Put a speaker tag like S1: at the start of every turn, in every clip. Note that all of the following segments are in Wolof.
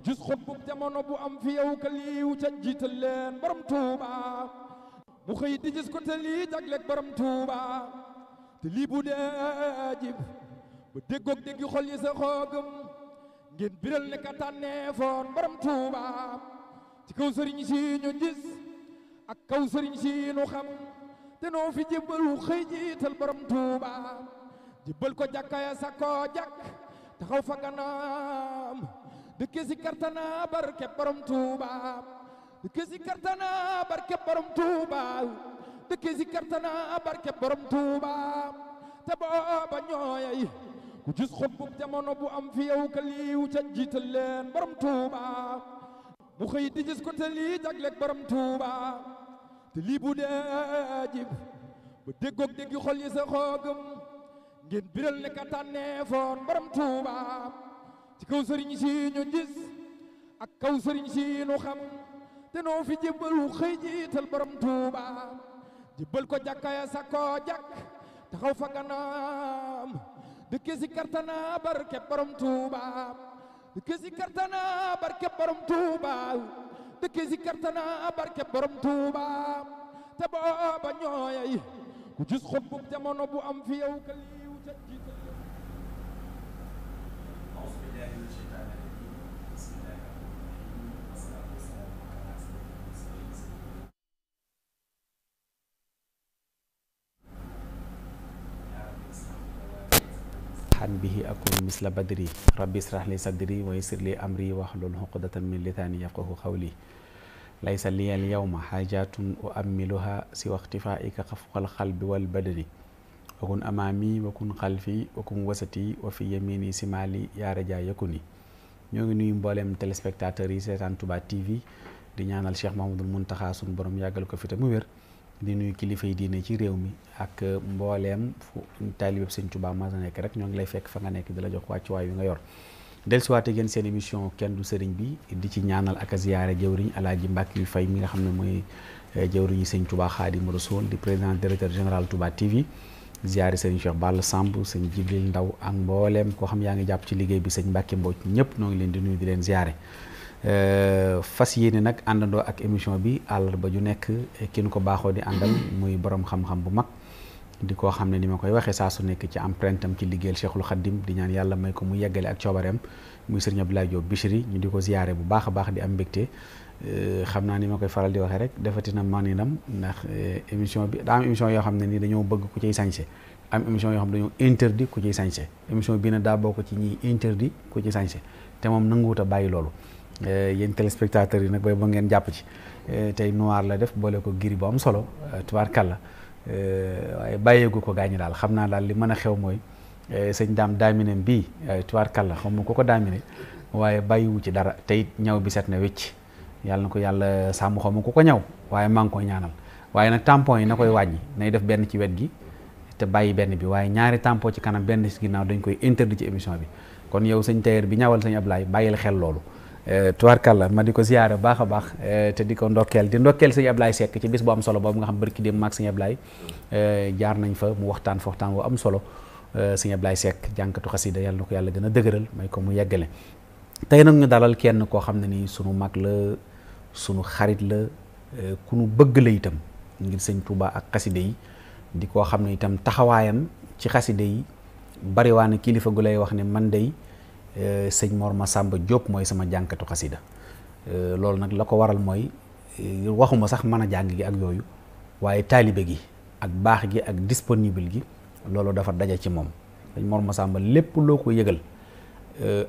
S1: ku gis xutbub jamono bu am fi yow ka liiw ca jiital leen borom tuuba mu xëy di gis ko te lii jagleeg borom tuuba te lii bu dee jib ba déggoog déggi xol yi sa xoogam ngeen biral ne ka tànnee foon borom ci kaw sëriñ si ñu ak kaw sëriñ si xam te noo fi jébbalu xëy jiital borom tuuba jébbal ko jàkka sa koo jàkk taxaw fa ganaam dëkk si kartana barke borom Touba dëkk si kartana barke borom Touba dëkk si kartana barke ñooyay ku gis xutbub jamono bu am fi yow ka ca jiital leen borom Touba mu xëy di gis ko te lii jagleeg borom Touba te lii bu dee jib ba déggoog déggi xol yi sa xoogam ngeen biral ne ka tànneefoon borom ci kaw sëriñ si ñu ak kaw sëriñ si xam te noo fi jébbalu xëy jiital borom Touba jébbal ko jàkka ya sa ko jàkk taxaw fa ganaam dëkke si kartana barke borom Touba dëkke si kartana barke borom Touba dëkke si kartana barke borom Touba te booba ñooyay ku bu am fi yow kali
S2: an bihi akun misla badri rabbi israh li sadri wa yassir li amri wahlul uqdatan min lisani yafqahu qawli laysa liya al yawma hajatun uammiluha siwa ikhtifaika xafqal qalbi wal badani wakun amaami wakun xalfi wakun wasati wa fi yamini simali yaara jaa ni ñoo ngi nuyu mbooleem téléspectateurs yi seetaan Touba TV di ñaanal Cheikh Mahamadul Muntaxa suñu borom yàggale ko fi te mu wér di nuyu kilifa yi diine ci réew mi ak mbooleem fu taalibeb sëñ Touba mas a nekk rek ñoo ngi lay fekk fa nga nekk di la jox waay yu nga yor dellusiwaate ngeen seen émission kenn du sëriñ bi di ci ñaanal ak a ziyaare jëwriñ alaaji Mbàkke yu fay mi nga xam ne mooy eh, jëwriñu sëñ Touba Xaadimu Rasuul di président directeur général Touba TV ziyaari sëñ Cheikh Balla Samb sëñ Jibril Ndaw ak mbooleem koo xam yaa ngi jàpp ci liggéey bi sëñ Mbàkke Mbooj ñëpp noo ngi leen di nuyu di leen ziyaare euh, fas yéene nag àndandoo ak émission bi àllarba ju nekk ki nu ko baaxoo di àndal muy borom xam-xam bu mag di koo xam ne ni ma koy waxee saa su nekk ci empreinte am ci liggéeyal Cheikhul Khadim di ñaan yàlla may ko mu yeggale ak coobareem muy sëriñ Abdoulaye Diop Bichri ñu di ko ziyaare bu baax a baax di am mbégte Euh, xam naa ni ma koy faral di waxee rek defatina nam ndax euh, émission bi daa am émission yoo xam ne nii dañoo bëgg ku ciy sañse am émission xam ne dañoo interdit ku ciy sañse émission bi nag daa bokk ci ñi interdit ku ci sañse te moom nanguwut a bàyyi loolu euh, yéen téléspectateurs yi nag bay ba ngeen jàpp ci tey noir la def boole ko giri bu am solo tubaarkàlla waaye bàyyeegu ko gaañi daal xam naa daal li mën a xew mooy sëñ daam daaminem bii tubaarkàlla xam mu ko ko daamine waaye bàyyiwu ci dara te ñaw bi set na wécc yàlla na ko yàlla sàmm xaw ma ku ko ñaw waaye maa ngi koy ñaanal waaye nag tampon yi na koy wàññi nay def benn ci wet gi te bàyyi benn bi waaye ñaari tempo ci kanam benn ci ginnaaw dañ koy interdit ci émission bi kon yow sëñ tailleur bi ñawal sëñ Ablaye bàyyil xel loolu eh, tubaarkàlla ma di ko ziyaare baax a baax eh, te di ko ndokkeel di ndokkeel sëñ Ablaye sekk ci bis bu am solo boobu nga xam barki dem maag sëñ Ablaye eh, jaar nañ fa mu waxtaan fa waxtaan am solo sëñ Ablaye Seck jànkatu xasida yàlla na ko yàlla gën a dëgëral may ko mu yeggale tey nag ñu sunu xarit la euh, ku nu bëgg la itam ngir sëñ Touba ak xaside yi di koo xam ne itam taxawaayam ci xaside yi bariwaa na kilifa gu lay wax ne man day euh, sëñ Mor Massamba Diop mooy sama jànkatu xasida euh, loolu nag la ko waral mooy waxuma sax mën a jàng gi ak yooyu waaye taalibe gi ak baax gi ak disponible gi loolu dafa daja ci moom sëñ Mor Massamba lépp loo ko yëgal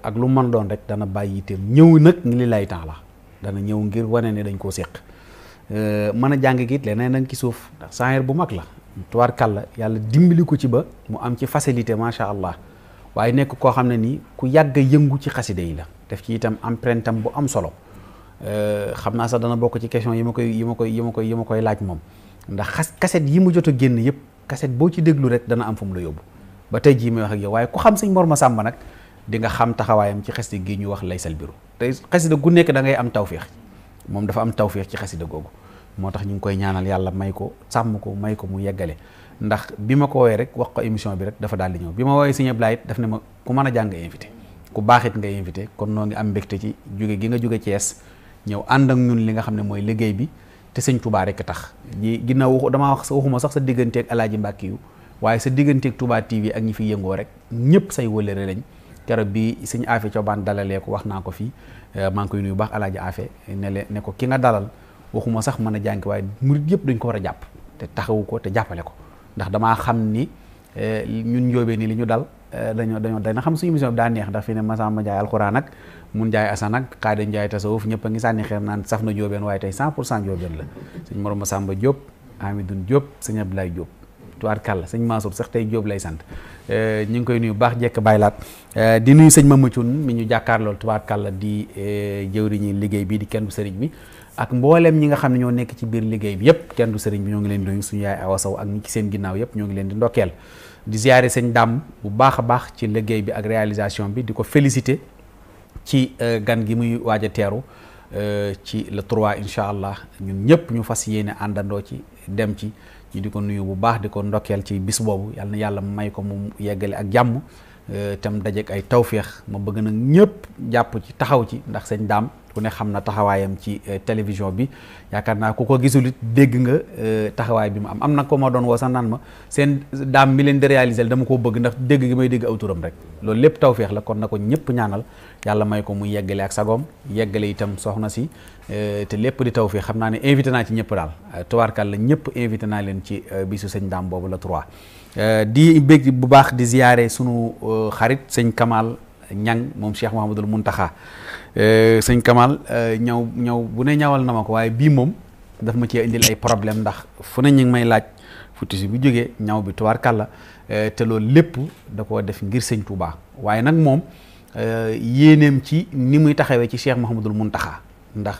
S2: ak lu man doon rek dana bàyyi itam ñëw nag ngi li lay temps la dana ñëw ngir wane ne dañ koo séq euh, mën a jàng gi it leneen nag ci suuf ndax saayir bu mag la tuwaar kàlla yàlla dimbali ko ci ba mu am ci facilité macha allah waaye nekk koo xam ne nii ku yàgg a yëngu ci xaside yi la def ci itam empreinte am bu am solo euh, xam naa sax dana bokk ci question yi ma koy yi ma koy yi ma koy yi koy laaj moom ndax xas kaset yi mu jot a génn yëpp kaset boo ci déglu rek dana am fu la yóbbu ba tey jii may wax ak yow waaye ku xam sëñ Mor Masamba nag di nga xam taxawaayam ci xaside gi ñu wax laysal biru te xasida gu nekk dangay ngay am tawféex moom dafa am tawféex ci xasida googu moo tax ñu ngi koy ñaanal yàlla may ko sàmm ko may ko mu yeggale ndax bi ma ko woowee rek wax ko émission bi rek dafa daal di ñëw bi ma woowee Sëñ Ablaay it daf ne ma ku mën a jàng invité ku baaxit nga invité kon noo ngi am mbégte ci jóge gi nga jóge Thiès ñëw ànd ak ñun li nga xam ne mooy liggéey bi te Sëñ Touba rek tax ji ginnaaw damaa wax waxuma sax sa digganteeg Alaaji Mbàkkiyu waaye sa digganteeg Touba TV ak ñi fi yëngoo rek ñëpp say wëlëre lañ keroog bi sëñ Afe Coobaan dalalee ko wax naa ko fii eh, manque yu koy nuyu baax alaaji Afe ne le ne ko ki nga dalal waxuma sax mën a jànki waaye murit yëpp dañ ko war a jàpp te taxawu ko te jàppale ko ndax damaa xam ni eh, ñun njóobee ni li ñu dal eh, dañoo dañoo dana xam suñu émission bi daa neex ndax fi ne Masamba Njaay alxuraan ak mun jaay asan ak xaada njaay tasawuf ñëpp a ngi sànni xeer naan saf na njóobeen waaye tey 100 pour cent njóobeen la suñ morom Masamba Diop Amidou Diop sëñ Abdoulaye Diop tuwaat kàlla sëñ Mansour sax tey Jóob lay sant euh, ñu ngi koy nuyu baax jekk baylaat euh, di nuyu sëñ ma Cuun mi ñu jàkkaarlool tuwaat kàlla di euh, jëwriñi liggéey bi di kenn du sëriñ bi ak mbooleem ñi nga xam ne ñoo nekk ci biir liggéey bi yëpp kenn du sëriñ bi ñoo ngi leen di nuyu suñu yaay Awa Sow ak ñi ci seen ginnaaw yëpp ñoo ngi leen di ndokkeel di ziare sëñ Dame bu baax a baax ci liggéey bi ak réalisation bi di ko félicité ci gan gi muy waaj a teeru ci le 3 incha allah ñun ñëpp ñu fas yéene àndandoo ci dem ci ñu di ko nuyu bu baax di ko ndokkeel ci bis boobu yàlla na yàlla may ko mu yeggale ak jàmm euh, tam dajeek ay tawféex ma bëgg nag ñëpp jàpp ci taxaw ci ndax sëñ daam ku ne xam na taxawaayam ci euh, télévision bi yaakaar naa ko ko gisulit dégg nga euh, taxawaay bi mu am am na ko ma doon woo sax ma seen daam mi leen di réaliser dama koo bëgg ndax dégg gi may dégg aw rek loolu lépp tawféex la kon na ko ñëpp ñaanal yàlla may ko mu yeggale ak sagoom yeggale itam soxna si euh, te lépp di tawféex xam naa ne invité naa ci ñëpp daal tubaarkal la ñëpp invité naa leen ci bisu sañ daam boobu la trois di bég bu baax di ziyaare sunu xarit sëñ Kamal Ñang moom Cheikh Mouhamadul Muntaxa Euh, sëñ Kamal euh, ñaw ñaw bu ne ñawal na ma ko waaye bii moom daf ma cee indil ay problème ndax fu ne ñu ngi may laaj fu tissu bi jógee ñaw bi tubaarkàlla euh, te loolu lépp da koo def ngir sëñ Touba waaye nag moom yéeneem ci ni muy taxawee ci Cheikh mun taxaa ndax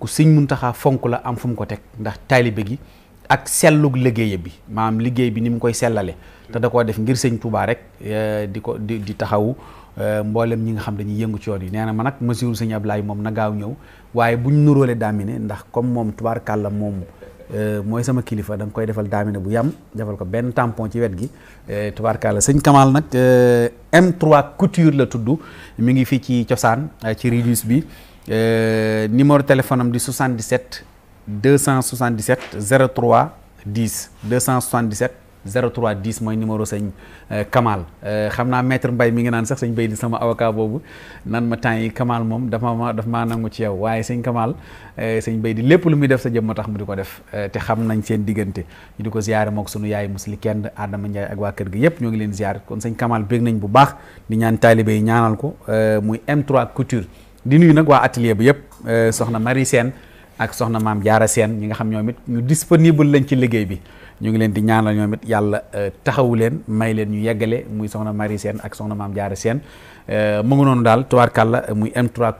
S2: ku sëñ taxaa fonk la am fu mu ko teg ndax taalibe gi ak sellug liggéeya bi maanaam liggéey bi ni mu koy sellale te da koo def ngir sëñ Touba rek di ko di di taxawu. Euh, mboolem ñi nga xam dañuy yëngu ci yoon yi nee na ma nag mesure sëñ Ablaye moom na gaaw ñëw waaye bu ñu nuróole daamine ndax comme moom tubaarkàlla moom euh, mooy sama kilifa da nga koy defal daamine bu yam defal ko benn tampon ci wet gi euh, tubaarkàlla sëñ Kamal nag M3 couture la tudd mu ngi fii ci cosaan ci Ridus bi numéro téléphone am di 77 277 03 10 277. 03 10 mooy numéro sëñ euh, Kamal euh, xam naa maître mbay mi ngi naan sax sëñ Mbaye di sama avocat boobu nan ma temps yi Kamal moom dafa ma dafa maa nangu ci yow waaye sëñ Kamal euh, sëñ Mbaye di lépp lu muy def sa jëm ma tax mu di ko def te xam nañ seen diggante ñu ko ziare mook sunu yaay musli kenn Adama Ndiaye ak waa kër gi yépp ñoo ngi leen ziare kon sëñ Kamal bég nañ bu baax di ñaan taalibe yi ñaanal ko muy M3 di nuyu nag waa atelier bi yëpp soxna Marie seen ak soxna maam Jaara seen ñi nga xam ñoom it ñu disponible lañ ci liggéey bi ñu ngi leen di ñaanal ñoom it yàlla euh, taxawu leen may leen ñu yeggale muy soxna mari seen ak soxna maam Diarra Sène euh, mu ngi noonu daal kàlla muy M3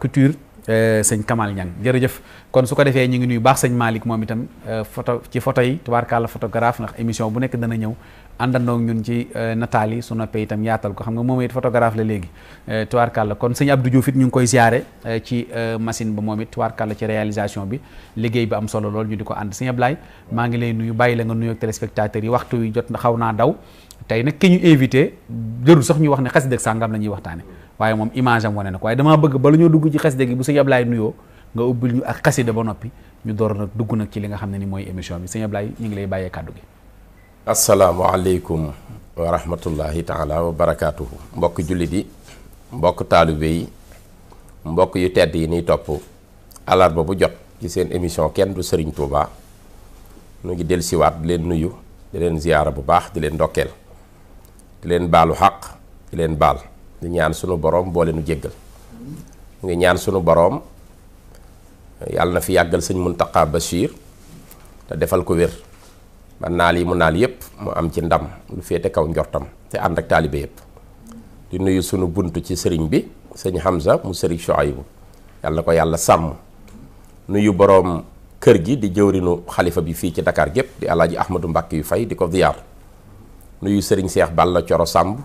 S2: Eh, sëñ Kamal Niang jërëjëf kon su ko defee ñu ngi nuyu baax sañ Malick moom itam eh, photo ci photo yi tubaarkàlla photographe ndax émission bu nekk dana ñëw àndandoo ñun ci eh, nataal yi su noppee itam yaatal ko xam nga moom it photographe la léegi tubaarkàlla kon sëñ Abdou Diouf it ñu ngi koy ziare ci machine ba moom it tubaarkàlla ci réalisation bi liggéey bi am solo lool ñu di ko ànd sëñ Ablaye maa ngi lay nuyu bàyyi la nga nuyu ak téléspectateurs yi waxtu wi jot na xaw naa daw tey nag ki ñu invité sax ñu wax ne xas dëgg sàngam la ñuy waxtaane waaye moom image am wane na waaye dama bëgg bala ñoo dugg ci xasida gi bu sëñ Ablaye nuyoo nga ubbil ñu ak xasida ba noppi ñu door nag dugg nag ci li nga xam ne ni mooy émission bi sëñ Ablaye ñu ngi lay bàyyee kàddu gi
S3: asalaamualeykum wa rahmatullahi taala wa barakaatuhu mbokk jullit yi mbokk taalibe yi mbokk yu tedd yi niy topp alarba bu jot ci seen émission kenn du sëriñ Touba nu ngi del siwaat di leen nuyu di leen ziyaara bu baax di leen ndokkeel leen baalu xaq di leen di ñaan sunu boroom boole nu jéggal ngi ñaan sunu boroom yàlla na fi yàggal sëñ Muntaqa Bachir te defal ko wér ba naal yi mu naal yépp mu am ci ndam lu féete kaw njortam te ànd ak taalibe yépp di nuyu sunu bunt ci sëriñ bi sëñ Hamza mu sëriñ Shuaybu yàlla ko yàlla sàmm nuyu boroom kër gi di jëwrinu xalifa bi fii ci ndakaar gépp di alaaji Ahmadou mbàkk yu fay di ko ziyaar nuyu sëriñ Seex Balla Coro sàmm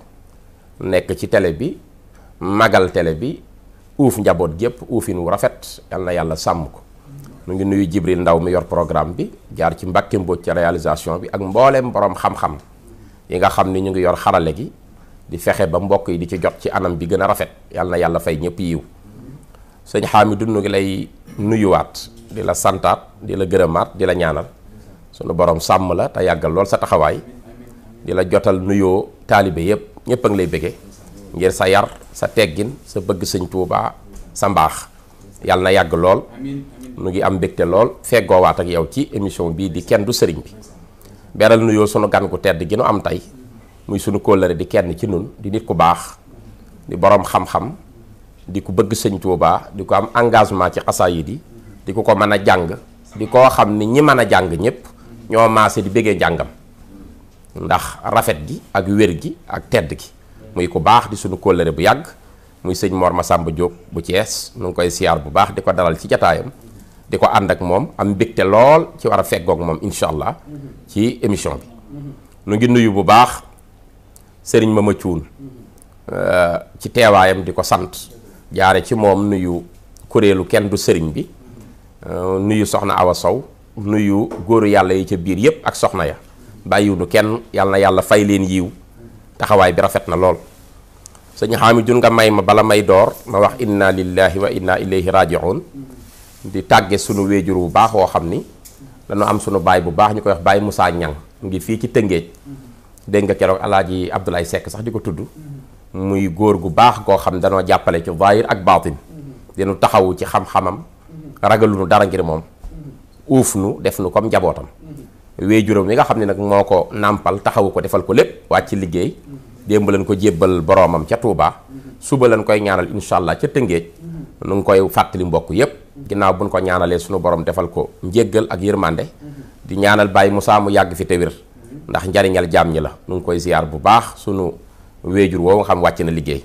S3: nekk ci tele bi magal tele bi uuf njaboot gépp uufin wu rafet yal na yàlla sàmm ko mu ngi nuyu Jibril Ndaw mi yor programme bi jaar ci Mbàkke Mbóoj ci réalisation bi ak mbooleem boroom xam-xam yi nga xam ni ñu ngi yor xarale gi di fexe ba mbokk yi di ci jot ci anam bi gën a rafet yal na yàlla fay ñëpp yiw sëñ Hamidou nu ngi lay nuyuwaat di la santaat di la gërëmaat di la ñaanal sunu borom sàmm la te yàggal lool sa taxawaay di la jotal nuyoo taalibe yëpp ñëpp a lay bëggee ngir sa yar sa teggin sa bëgg sëñ Tuubaa sa mbaax yàlla na yàgg lool mu ngi am mbégte lool feggoowaat ak yow ci émission bii di kenn du sëriñ bi beral nuyoo sunu gan gu tedd gi nu am tey muy sunu kóllëre di kenn ci nun di nit ku baax di boroom xam-xam di ku bëgg sëñ Tuubaa di ko am engagement ci xasaayid yi di ku ko mën a jàng di koo xam ni ñi mën a jàng ñëpp ñoo maase di bëggee njàngam ndax rafet gi ak wér gi ak tedd gi muy ku baax di suñu kóllëre bu yàgg muy sëñ Mor Massamba jóg bu cees nu ngi koy siyaar bu baax di ko dalal ci jataayam di ko ànd ak moom am mbégte lool ci war a feggoog moom incha allah ci émission bi nu nuyu bu baax sëriñ Mama Cuun euh, ci teewaayam di ko sant jaare ci moom nuyu kuréelu kenn du sëriñ bi euh, nuyu soxna Awa Sow nuyu góoru yàlla yi ca biir yépp ak soxna ya bàyyiwunu kenn yàlla na yàlla fay leen yiw taxawaay bi rafet na lool sëñ xaami jun nga may ma bala may door ma wax inna lillahi wa inna ilayhi rajiun di tàgge sunu wéejur bu baax woo xam ni dañu am sunu baay bu baax ñu koy wax bàyyi Moussa Ñang mu fii ci Tëngéej dégg nga keroog alaaji Abdoulaye sekk sax di ko tudd muy góor gu baax goo xam danoo jàppale ci zahir ak baatin dinu taxawu ci xam-xamam ragaluñu dara ngir moom uuf nu def nu comme njabootam wéejuram mi nga xam ne nag moo ko nàmpal taxawu ko defal ko lépp wàcc liggéey démb lañ ko jébbal boroomam ca Touba suba lañ koy ñaanal incha allah ca Tëngéej nu ngi koy fàttali mbokk yépp ginnaaw buñ ko ñaanalee sunu borom defal ko njéggal ak yërmande di ñaanal Baye Moussa mu yàgg fi te ndax njariñal jaam ñi la nu ngi koy ziar bu baax sunu wéejur woowu nga xam wàcc na liggéey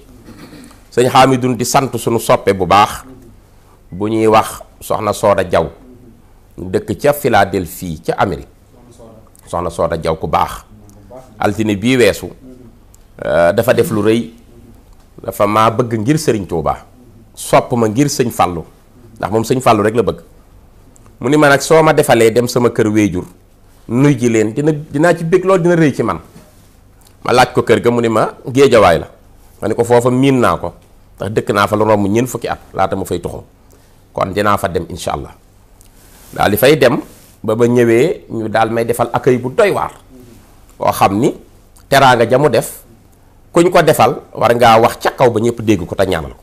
S3: sëñ dun di sant sunu soppe bu baax bu ñuy wax soxna Sooda Jaw dëkk ca Philadelphie ca Amérique soxna Sooda Jaw ku baax altine bii weesu euh, dafa def lu rëy dafa maa bëgg ngir sëriñ Tuuba sopp ma ngir sëñ Fallu ndax moom sëñ Fallu rek la bëgg mu ni ma nag soo ma defalee dem sama kër wéejur nuy ji leen dina dinaa ci bég lool dina rëy ci man ma laaj ko kër ga mu ni ma géejawaay la ma ne ko foofa miin naa ko ndax dëkk naa fa lu romb ñeent fukki at laata ma fay toxo kon dinaa fa dem incha allah daal di fay dem ba ba ñëwee ñu daal may defal accueil bu doy waar boo xam ni teraanga ja mu def kuñ ko defal war ngaa wax ca kaw ba ñëpp dégg ko te ñaanal ko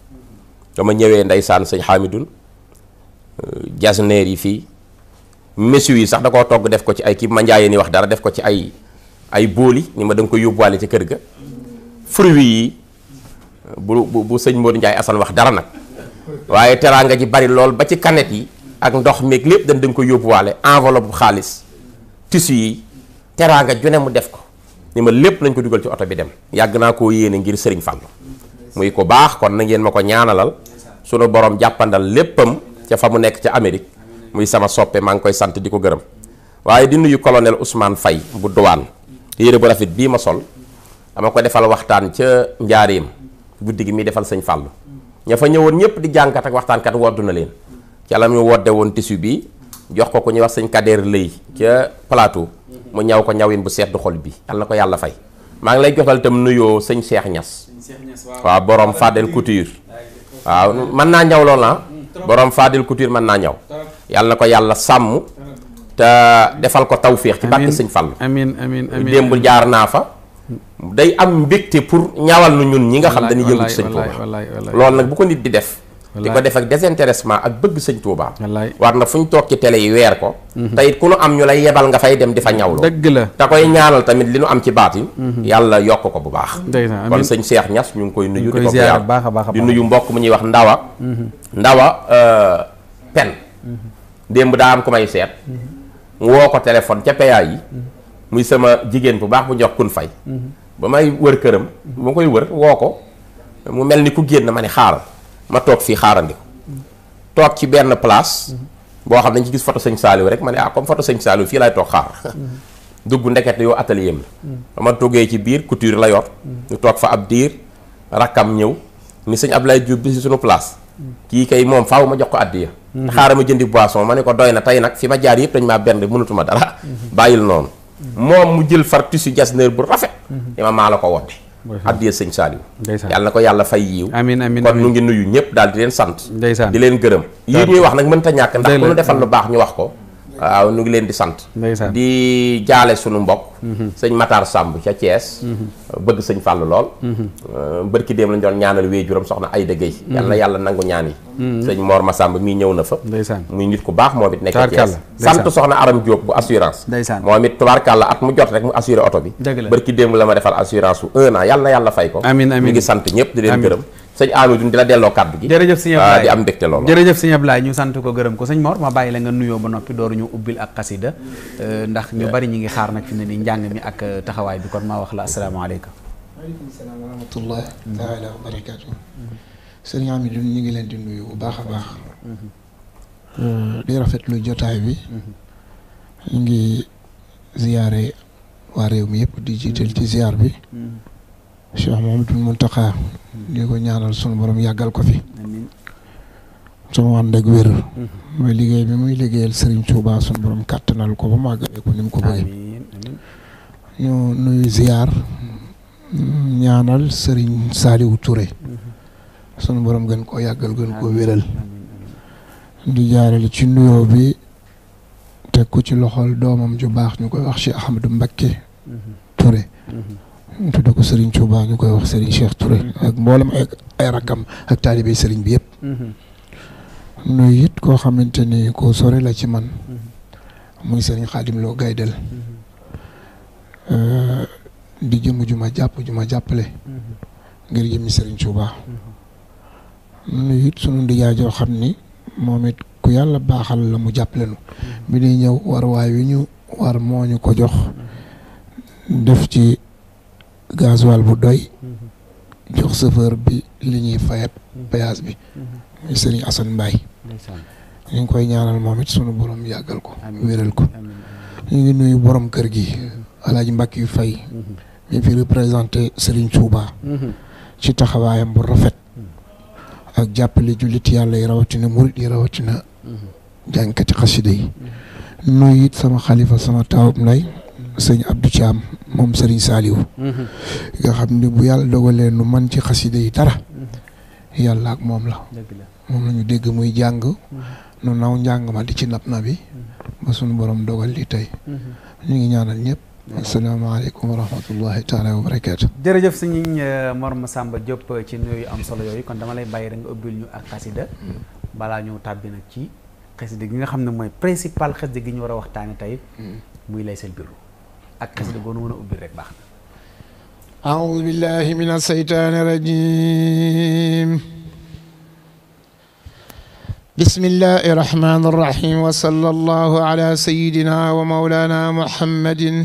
S3: dama ñëwee ndeysaan sëñ Hamidun euh, jasneer yi fii messieurs yi sax da koo togg def ko ci ay kii manjaayee ni wax dara def ko ci ay ay booli ni ma da nga koy yóbbuwaale ci kër ga fruits yi bu bu bu sëñ Modou Ndiaye Assane wax dara nag waaye teraanga ji bari lool ba ci kanet yi ak ndox meeg lépp dañ dañ ko yóbbuwaale enveloppe bu xaalis tissu yi teraanga ju ne mu def ko ni ma lépp nañ ko dugal ci oto bi dem yàgg naa ko yéene ngir sëriñ Fallu muy ko baax kon na ngeen ma ko ñaanalal sunu borom jàppandal léppam ca fa mu nekk ca Amérique muy sama soppe maa ngi koy sant di ko gërëm waaye di nuyu colonel Ousmane fay bu duwaan yére bu rafit bii ma sol dama ko defal waxtaan ca njaareem guddi gi muy defal sëñ Fallu ña fa ñëwoon ñëpp di jàngkat waxtaankat woddu na leen ca la mu wodde woon tissu bi jox ko ku ñuy wax sëñ Kader lëy ca plateau mu ñaw ko ñawin bu sedd xol bi yal na ko yàlla fay maa ngi lay joxal itam nuyoo sañ Cheikh ñas waaw boroom Fadel Couture waaw mën naa ñaw lool na ah. hmm, borom Fadel Couture mën naa ñaw yàlla na ko yàlla sàmm te defal ko tawféex ci barke sëñ Fall
S4: amiin jaar naa fa day
S3: am mbégte pour ñawal nu ñun ñi nga xam dañuy yëngu ci sëñ loolu nag bu ko nit di def di ko def ak désintéressement ak bëgg sëñ Touba. war na fu ñu toog ci télé yi weer ko. Mhm. te it ku nu am ñu lay yebal nga fay dem di fa ñawlu. dëgg la te koy ñaanal tamit li nu am ci baat yi. Mhm. yàlla yokk ko bu baax. kon sëñ Cheikh Niass ñu ngi koy nuyu. di ko ziar baax a baax di nuyu mbokk mu ñuy wax Ndawa. Mhm. Ndawa euh, pen. daa am ku may seet. woo ko téléphone ca PA yi. muy sama jigéen bu baax bu jox kun fay. ba may wër këram. bu ma koy wër woo ko mu mel ni ku génn ma ne xaaral. ma toog fii xaarandi ko toog ci benn place boo xam ne dañ ci gis photo sëñ Saliou rek ma ne ah comme photo sëñ Saliou fii laay toog xaar dugg ndeket yow atelier am la mm-hmm. ma duggee ci biir couture la yor mm-hmm. ñu toog fa ab diir rakkam ñëw ni sëñ Ablaye Diop bi si suñu place mm-hmm. kii kay moom faaw ma jox ko addiya xaaral ma jëndi boisson ma ne ko doy na tey nag fi ma jaar yëpp dañ maa benn mënatuma dara bàyyil noonu moom mu jël far tissu jasneer bu rafet dama maa la ko wodde addiya sëñ Saliou yàlla na ko yàlla fay yiw amiin amiin kon nu ngi nuyu ñëpp dal di leen sant di leen gërëm yii ñuy wax nag mën ta ñàkk ndax ku nu defal lu baax ñu wax ko waaw nu ngi leen di sant di jaale suñu mbokk mhm. sëñ Matar Samb ca Thiès mhm. bëgg sëñ Fall lool mhm. euh, bërki déem lañ doon ñaanal wéejuram soxna Ayda Gueye yàlla yàlla nangu ñaan yi sëñ Mor Massamba mii ñëw na fa muy nit ku baax moom it nekk Thiès sant soxna Aram Diop bu assurance moom it tubaarkàlla at mu jot rek mu assuré oto bi bërki déem la ma defal assurance su un an yàlla na yàlla fay ko amiin ngi sant ñëpp di leen gërëm sëñ Amidou di la delloo kàddu gi. jërëjëf sëñ ah, di am mbégte loolu.
S2: jërëjëf sëñ Ablaye ñu sant ko gërëm ko sëñ Mor ma bàyyi la nga nuyoo ba noppi dooru ñu ubbil ak xasida euh, ndax ñu bari ñu ngi xaar nag fi ne nii njàng mi ak euh, taxawaay bi kon maa wax la asalaamaaleykum.
S4: waaleykum salaam wa
S5: rahmatullah taala wa ñu ngi leen di nuyu bu baax a baax.
S4: Mm-hmm.
S5: Euh, di rafetlu jotaay bi. Mm-hmm. ñu ngi ziyaare waa réew mi yëpp di jiital ci ziyaar bi. Mm-hmm. Cheikh Mouhamadoul Mountakha li ko ñaanal sunu borom yàggal ko fi. sama ànd ak wér. ba mm-hmm. liggéey bi muy liggéeyal Serigne Touba sunu borom kàttanal ko ba màggale ko ni mu ko bëggee. ñu nuyu ziar. ñaanal sëriñ Saliou ture mm-hmm. sunu borom gën koo yàggal gën koo wéral. di jaarale ci nuyoo bi teg ko ci loxol doomam ju baax ñu koy wax Cheikh Ahmadou Mbacké mm-hmm. Touré. tudde ko Serigne Touba ñu koy wax Serigne Cheikh Touré. Mm-hmm. ak mboolem ay ay rakkam ak taalibe sëriñ bi yëpp. Mm-hmm. nooy it koo xamante ni ko sore la ci man. Mm-hmm. muy Serigne Khadim Lo euh, di jëmm juma jàpp juma jàppale. ngir jëmmi Serigne Touba. nuyu it sunu ndijaay joo xam ni moom it ku yàlla baaxal la mu jàppale nu. bi ñëw war waay wi ñu war moo ñu ko jox. def ci. gasoil bu doy jox chauffeur bi li ñuy fayat péage bi muy Serigne Assane Mbaye ñu ngi koy ñaanal moom it sunu borom yàggal ko wéral ko ñu ngi nuyu boroom kër gi Alaaji Mbàkke Fay mi mm-hmm. fi représenté Serigne Touba mm-hmm. ci taxawaayam bu rafet mm-hmm. ak jàppale jullit yàlla yi rawatina murit yi rawatina jànkati xasida yi nuyu it sama xalifa sama taawub nday sëñ Abdou Thiam moom sëriñ Saliou mhm. nga xam ne bu yàlla dogalee nu man ci xasida yi dara mhm. yàlla ak moom la moom la dégg muy jàng mhm. nu naw njàng ma di ci nap na bi ba sunu borom dogal li tey ñu ngi ñaanal ñëpp asalaamaaleykum wa rahmatullahi taala wa barakaatu
S2: jërëjëf sëñ euh, Mor Massamba Diop euh, ci nuyu am solo yooyu kon dama lay bàyyi rek nga ñu ak xasida balaa ñu tàbbi nag ci xasida gi nga xam ne mooy principal xasida gi ñu war a waxtaane tey muy lay
S5: sel ak xasida goonu mën a ubbi rek baax na aoudu billahi min alseytaani rajim bismillahi rahmani rahim wa sallallahu ala sayidina wa maulana muhammadin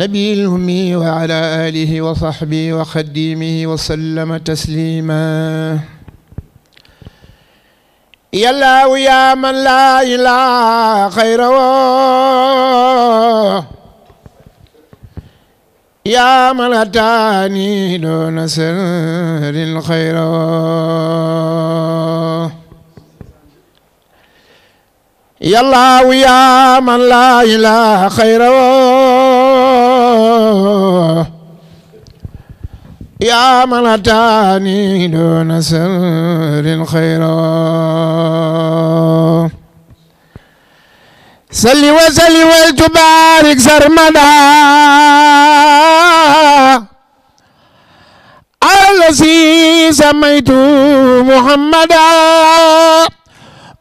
S5: nabiil ummi wa ala alihi wa sahbihi wa xadimihi wa sallama taslima yàllaawu yaa man laa ilaa xayra woo يا من أتاني دون سر الخير يا الله يا من لا إله خير يا من أتاني دون سر الخير salli wa salli wal tubaarik sarmada allasi samaytu muhammada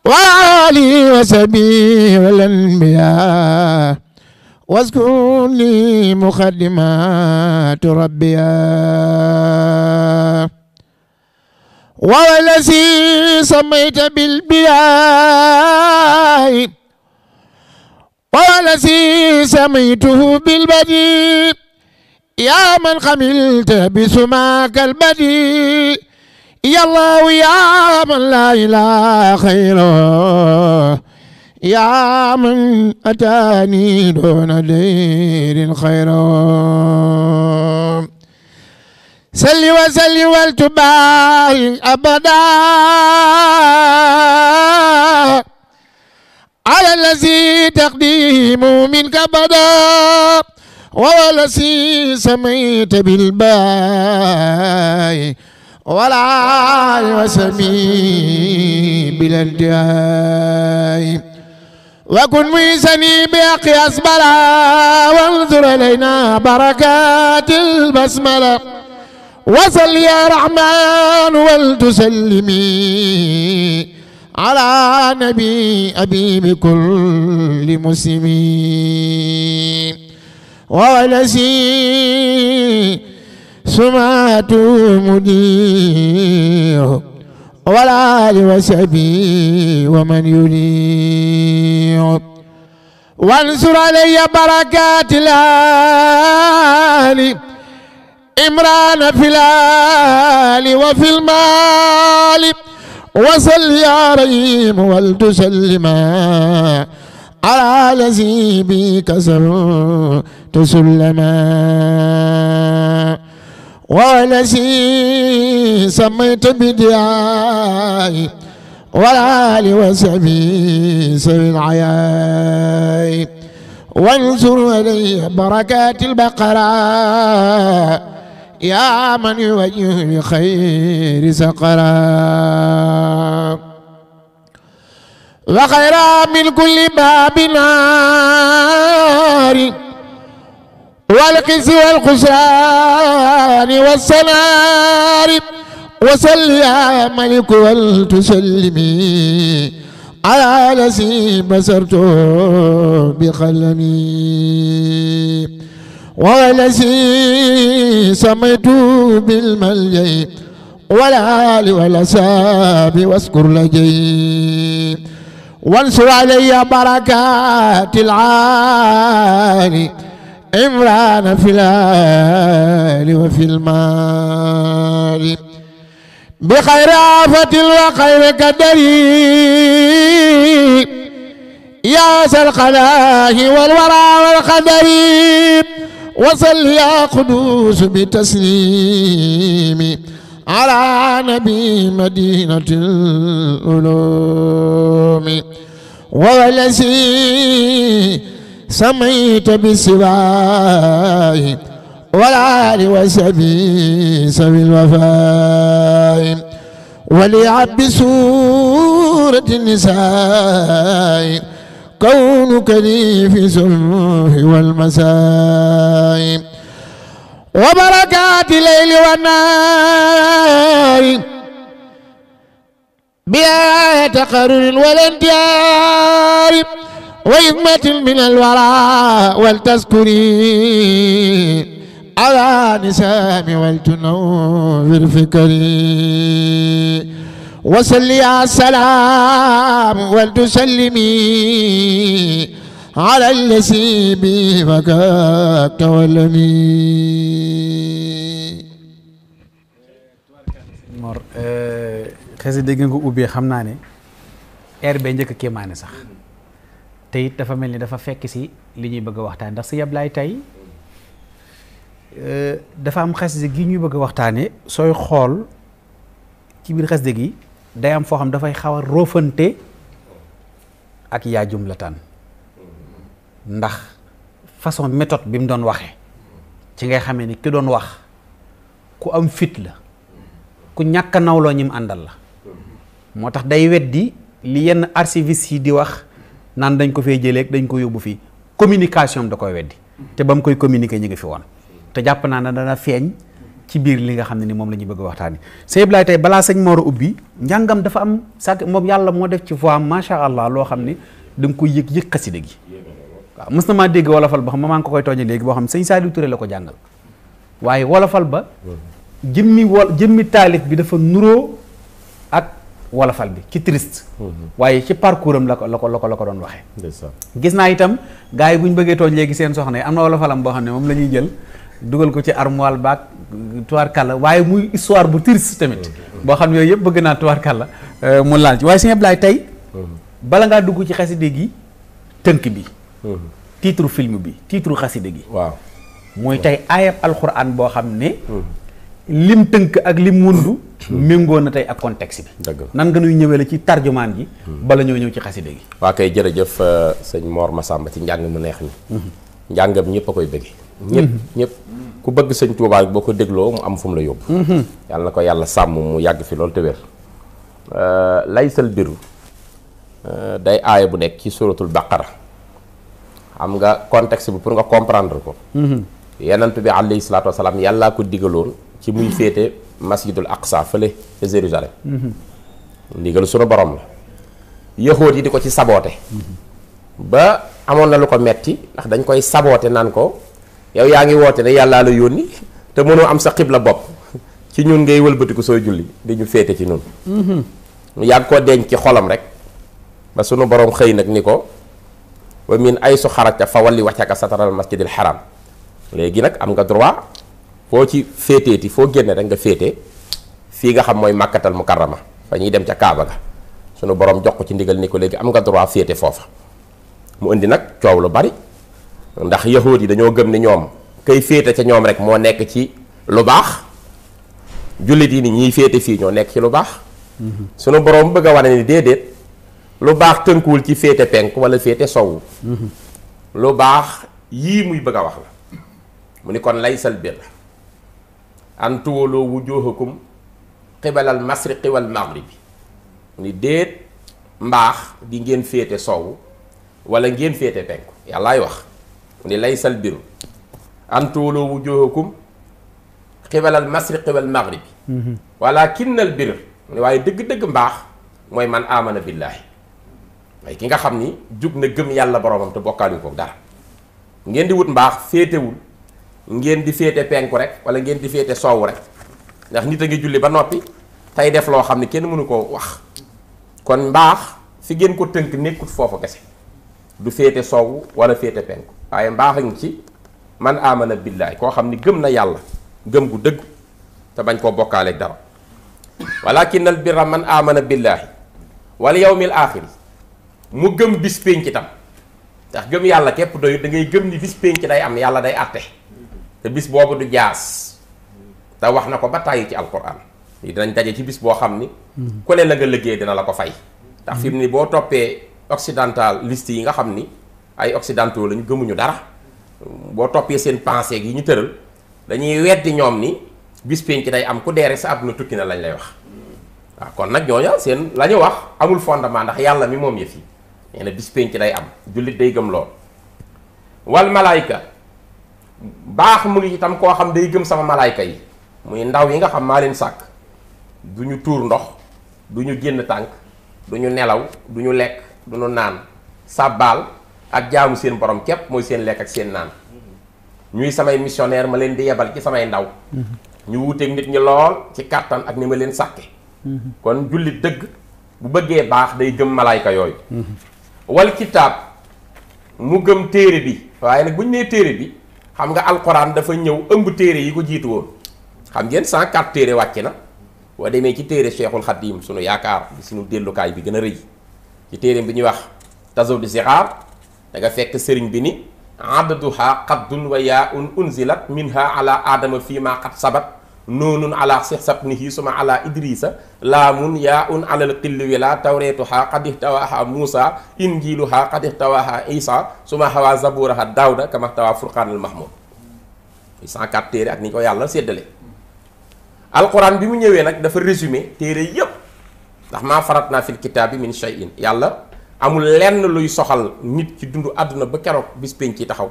S5: wa ali wa sabi wal anbiya waskun li muqaddimat rabbiya wa allasi samayta bil biyaa قال سي سميته بالبديء يا من خملت بسماك البديء يا الله يا من لا إله خيره يا من أتاني دون دير خير سل وسل والتباهي أبدا على الذي تقديم منك بدا وهو الذي سميت بالباء ولا وسمي بالانتهاء وكن ميزني بأقي أسبلا وانظر إلينا بركات البسملة وصل يا رحمن ولتسلمي على نبي أبي بكل مسلم والذي سمعت مدير ولا لوسبي ومن ينير وانصر علي بركات الآل إمران في الآل وفي المال وصل يا ريم ولتسلما على الذي بك سرت سلما والذي سميت بدعائي والآل وسبي سبي العياء وانزل إليه بركات البقرة yaa man yuwajjihu bi xayri saqara wa xayra min kulli baabi naari wal qisi wal xusraani wa sanaari wa salli yaa malik wal tusallimi ala lasi basartu bi xalami والذي سميت بالملجئ والآل والأصحاب واذكر لجي وانصر علي بركات العالي عمران في الآل وفي المال بخير آفة وخير قدري يا ذا القلاه والورى والقدر wasal yaa qudus bi taslimi ala nabi madinati ulumi walasi samayta bi siwaay walaali wasabi sabi lwafaay wali abbi surati nisaay كونك لي في سلوه والمسائم وبركات الليل والنهار بآية تقرر والانتهار وإذمة من الورى والتذكري على نسام والتنور فكري وصل يا سلام ولتسلمي على الذي بفكاك ولمي
S2: Mor eh, xasida dégg nga ubbee xam naa ne air be njëkk kéemaane sax te it dafa mel ni dafa fekk si li ñuy bëgg a waxtaan ndax si yablaay tey eh, dafa am xasida gi ñuy bëgg a waxtaane sooy xool ci biir xasida gi day am foo xam dafay xaw a roofante ak yaa jumlataan ndax façon méthode bi mu doon waxee ci ngay xamee ni ki doon wax ku am fit la ku ñàkk a nawloo ñim àndal la moo tax day weddi li yenn archiviste yi di wax naan dañ ko fee jëlee dañ ko yóbbu fii communication da koy weddi te ba mu koy communiquer ñu ngi fi woon te jàpp naa ne dana feeñ ci biir li nga xam ne ni moom la ñuy bëgg a waxtaani sëñ Ablaye tey balaa sëñ Mor ubbi njàngam dafa am sàkk moom yàlla moo def ci voix macha allah loo xam ne da nga koy yëg yëg xasida gi waaw na maa dégg wolofal ba xam ma maa ngi ko koy tooñe léegi boo xam sëñ Saliou Touré la ko jàngal waaye wolofal ba jëmmi wol jëmmi taalif bi dafa nuroo ak wolofal bi ci triste mm-hmm. waaye ci parcours la ko la ko la la ko doon waxee gis naa itam gars yi bu ñu bëggee tooñ léegi seen soxna yi am na wolofalam boo xam ne moom la ñuy jël dugal ko ci armoire baak tubaarkàlla waaye muy histoire bu triste tamit. boo xam ne yooyu yëpp bëgg naa tubaarkàlla euh, mu laal ci waaye sëñ Ablaye tey. bala ngaa dugg ci xaside gi tënk bi. titre film bi titre xaside gi. waaw mooy tey ayab alxuraan boo xam ne. Hmm. lim tënk ak lim wundu hmm. méngoo na tey ak contexte bi. dëgg nan nga nuy ñëwee la ci tarjumaan gi. Hmm. bala ñoo ñëw ci xaside gi.
S3: waa kay jërëjëf euh, sëñ Mor Massamba ci njàng mu neex mi. njàngam ñëpp a koy bëggee. ñëpp mhm. ñëpp ku bëgg sëñ Tuubaa boo ko dégloo mu am fu mu la yóbbu mhm. yàlla na ko yàlla sàmm mu yàgg fi loolu te wér euh, laysal biru euh, day aaya bu nekk ci suratul baqara xam nga contexte bi pour nga comprendre ko mhm. yenant bi alayhi salaatu wasalaam yàllaa ko digaloon ci muy féete masjidul aqsa fële ca Jérusalem ndigal sunu borom la yëxóot yi di ko ci saboote ba amoon na lu ko metti ndax dañ koy saboote naan ko yow yaa ngi woote ne yàllaa la yónni te mënoo am sa la bopp ci ñun ngay wëlbatiku soo julli dañu féete ci ñun. Mhm. mu yàgg koo denc ci xolam rek ba sunu borom xëy nag ni ko wa min ay su xarajta fa walli wajhaka sataral masjidil haram léegi nag am nga droit foo ci féeteeti foo génne rek nga féete fii nga xam mooy màkkatal mukarrama fa ñuy dem ca Kaaba ga sunu borom jox ko ci ndigal ni ko léegi am nga droit féete foofa mu indi nag coow lu bari. ndax yahuud yi dañoo gëm ni ñoom kay féete ca ñoom rek moo nekk ci lu baax jullit yi ni ñiy féete fii ñoo nekk ci lu baax sunu borom bëgg a wane ni déedéet lu baax tënkuwul ci féete penk walla féete sowu lu baax yii muy bëgg a wax la mu ni kon laysal birra an tuwaloo wujuhakum qibalal masriqi wal maghribi mu ni déet mbaax di ngeen féete sowu walla ngeen féete penku yàllaay wax mu ne laysal birru an tuwallu wujuhakum qibalal masriqi wal maghribi mhm. walaakinnal birra mu ne waaye dëgg-dëgg mbaax mooy man amana billaahi waaye ki nga xam ni jug na gëm yàlla boromam te bokkaale ko dara ngeen di wut mbaax féetewul ngeen di féete penku rek wala ngeen di féete soowu rek ndax nit a ngi julli ba noppi tey def loo xam ne kenn mënu koo wax kon mbaax fi ngeen ko tënk nekkut foofu kese du féete soowu wala féete penku waaye mbaax a ngi ci man amana billaay koo xam ni gëm na yàlla gëm gu dëgg te bañ koo bokkaaleeg dara walakin al birra man amana billaahi wal yawmil axir mu gëm bis pénc tam ndax gëm yàlla képp doyut da ngay gëm ni bis pénc day am yàlla day àtte te bis boobu du jaas te wax na ko ba tàyyi ci alquran lii dinañ daje ci bis boo xam ni ku ne la nga liggéey dina la ko fay ndax fi mu ni boo toppee occidental liste yi nga xam ni ay occidentaux lañu gëmuñu dara boo toppee seen pensée yi ñu tëral dañuy weddi ñoom ni bis pénc day am ku dee rek sa àdduna tukki na lañ lay wax waaw kon nag ñooñu seen la wax amul fondement ndax yàlla mi moom yëf yi nee na bis pénc day am jullit day gëm lool wal malaayka
S4: baax
S3: mu ngi itam koo xam day gëm sama malaayka yi muy ndaw yi nga xam maa leen sàkk du ñu tuur ndox duñu génn tànk duñu nelaw du ñu lekk duñu naan sàbbaal ak jaamu seen borom képp mooy seen lekk ak seen naan ñuy samay missionnaire ma leen di yebal ci samay ndaw ñu wuuteeg nit ñi lool ci kàttan ak ni ma leen sàkke kon jullit dëgg bu bëggee baax day gëm malaayka yooyu wal kitaab mu gëm téere bi waaye nag bu ñu nee téere bi xam nga alxuraan dafa ñëw ëmb téere yi ko jiitu woon xam ngeen 104 téere wàcc na boo demee ci téere Cheikhul Khadim sunu yaakaar bi sunu dellukaay bi gën a rëy ci téere bi ñuy wax tasaw di da nga fekk sëriñ bi ni adaduha xaddun wa yaa un unzilat minha ala aadama fii ma xat sabat noonun ala si sabnihi suma ala idrisa laamun yaa un alal xilli wi la tawreetuha qad ixtawaha muusa injiluha qad ixtawaha isa suma xawaa zaburaha daawda kama xtawaa furqaanal mahmud 104 téere ak ni ko yàlla séddale alquran bi mu ñëwee nag dafa résumé téere yépp ndax maa farat naa fil kitaabi min shay'in yàlla amul lenn luy soxal nit ci dundu àdduna ba keroog bis pénc ci taxaw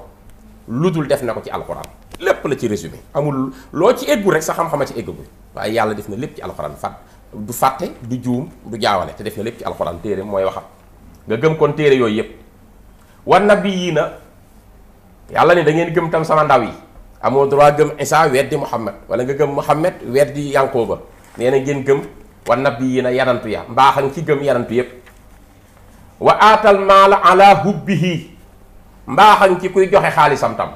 S3: lu dul def na ko ci alxuraan lépp la ci résumé amul loo ci eggul rek sa xam-xama ci eggagul waaye yàlla def na lépp ci alxuraan fat du fàtte du juum du jaawale te def na lépp ci alxuraan téere mooy waxam nga gëm kon téere yooyu yëpp war na bi yii na yàlla ne da ngeen gëm tam sama ndaw yi amoon amoo droit gëm Isa weddi Muhammad wala nga gëm Muhammad weddi Yankooba nee na ngeen gëm war na bi yii na yarantu ya mbaaxang ci gëm yarantu yëpp wa aatal maala ala hubbihi mbaaxañ ci kuy joxe xaalisam tam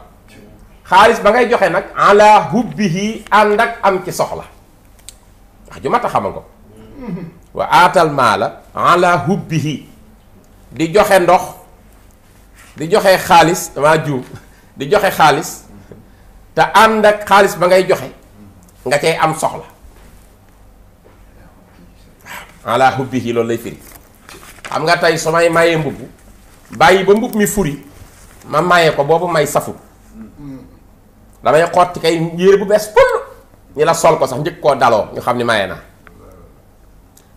S3: xaalis ba ngay joxe nag ala hubbihi ànd ak am ci soxla wax ju mat a xamal ko wa aatal maala ala hubbihi di joxe ndox di joxe xaalis damaa juum di joxe xaalis te ànd ak xaalis ba ngay joxe nga cay am soxla waaw ala hubbihi loolu lay firi xam nga tey su may mayee mbubb bàyyi ba mbubb mi furi ma maye ko boobu may safut damay xotti kay yére bu bees ful ñi la sol ko sax njëkk koo daloo ñu xam ni maye naa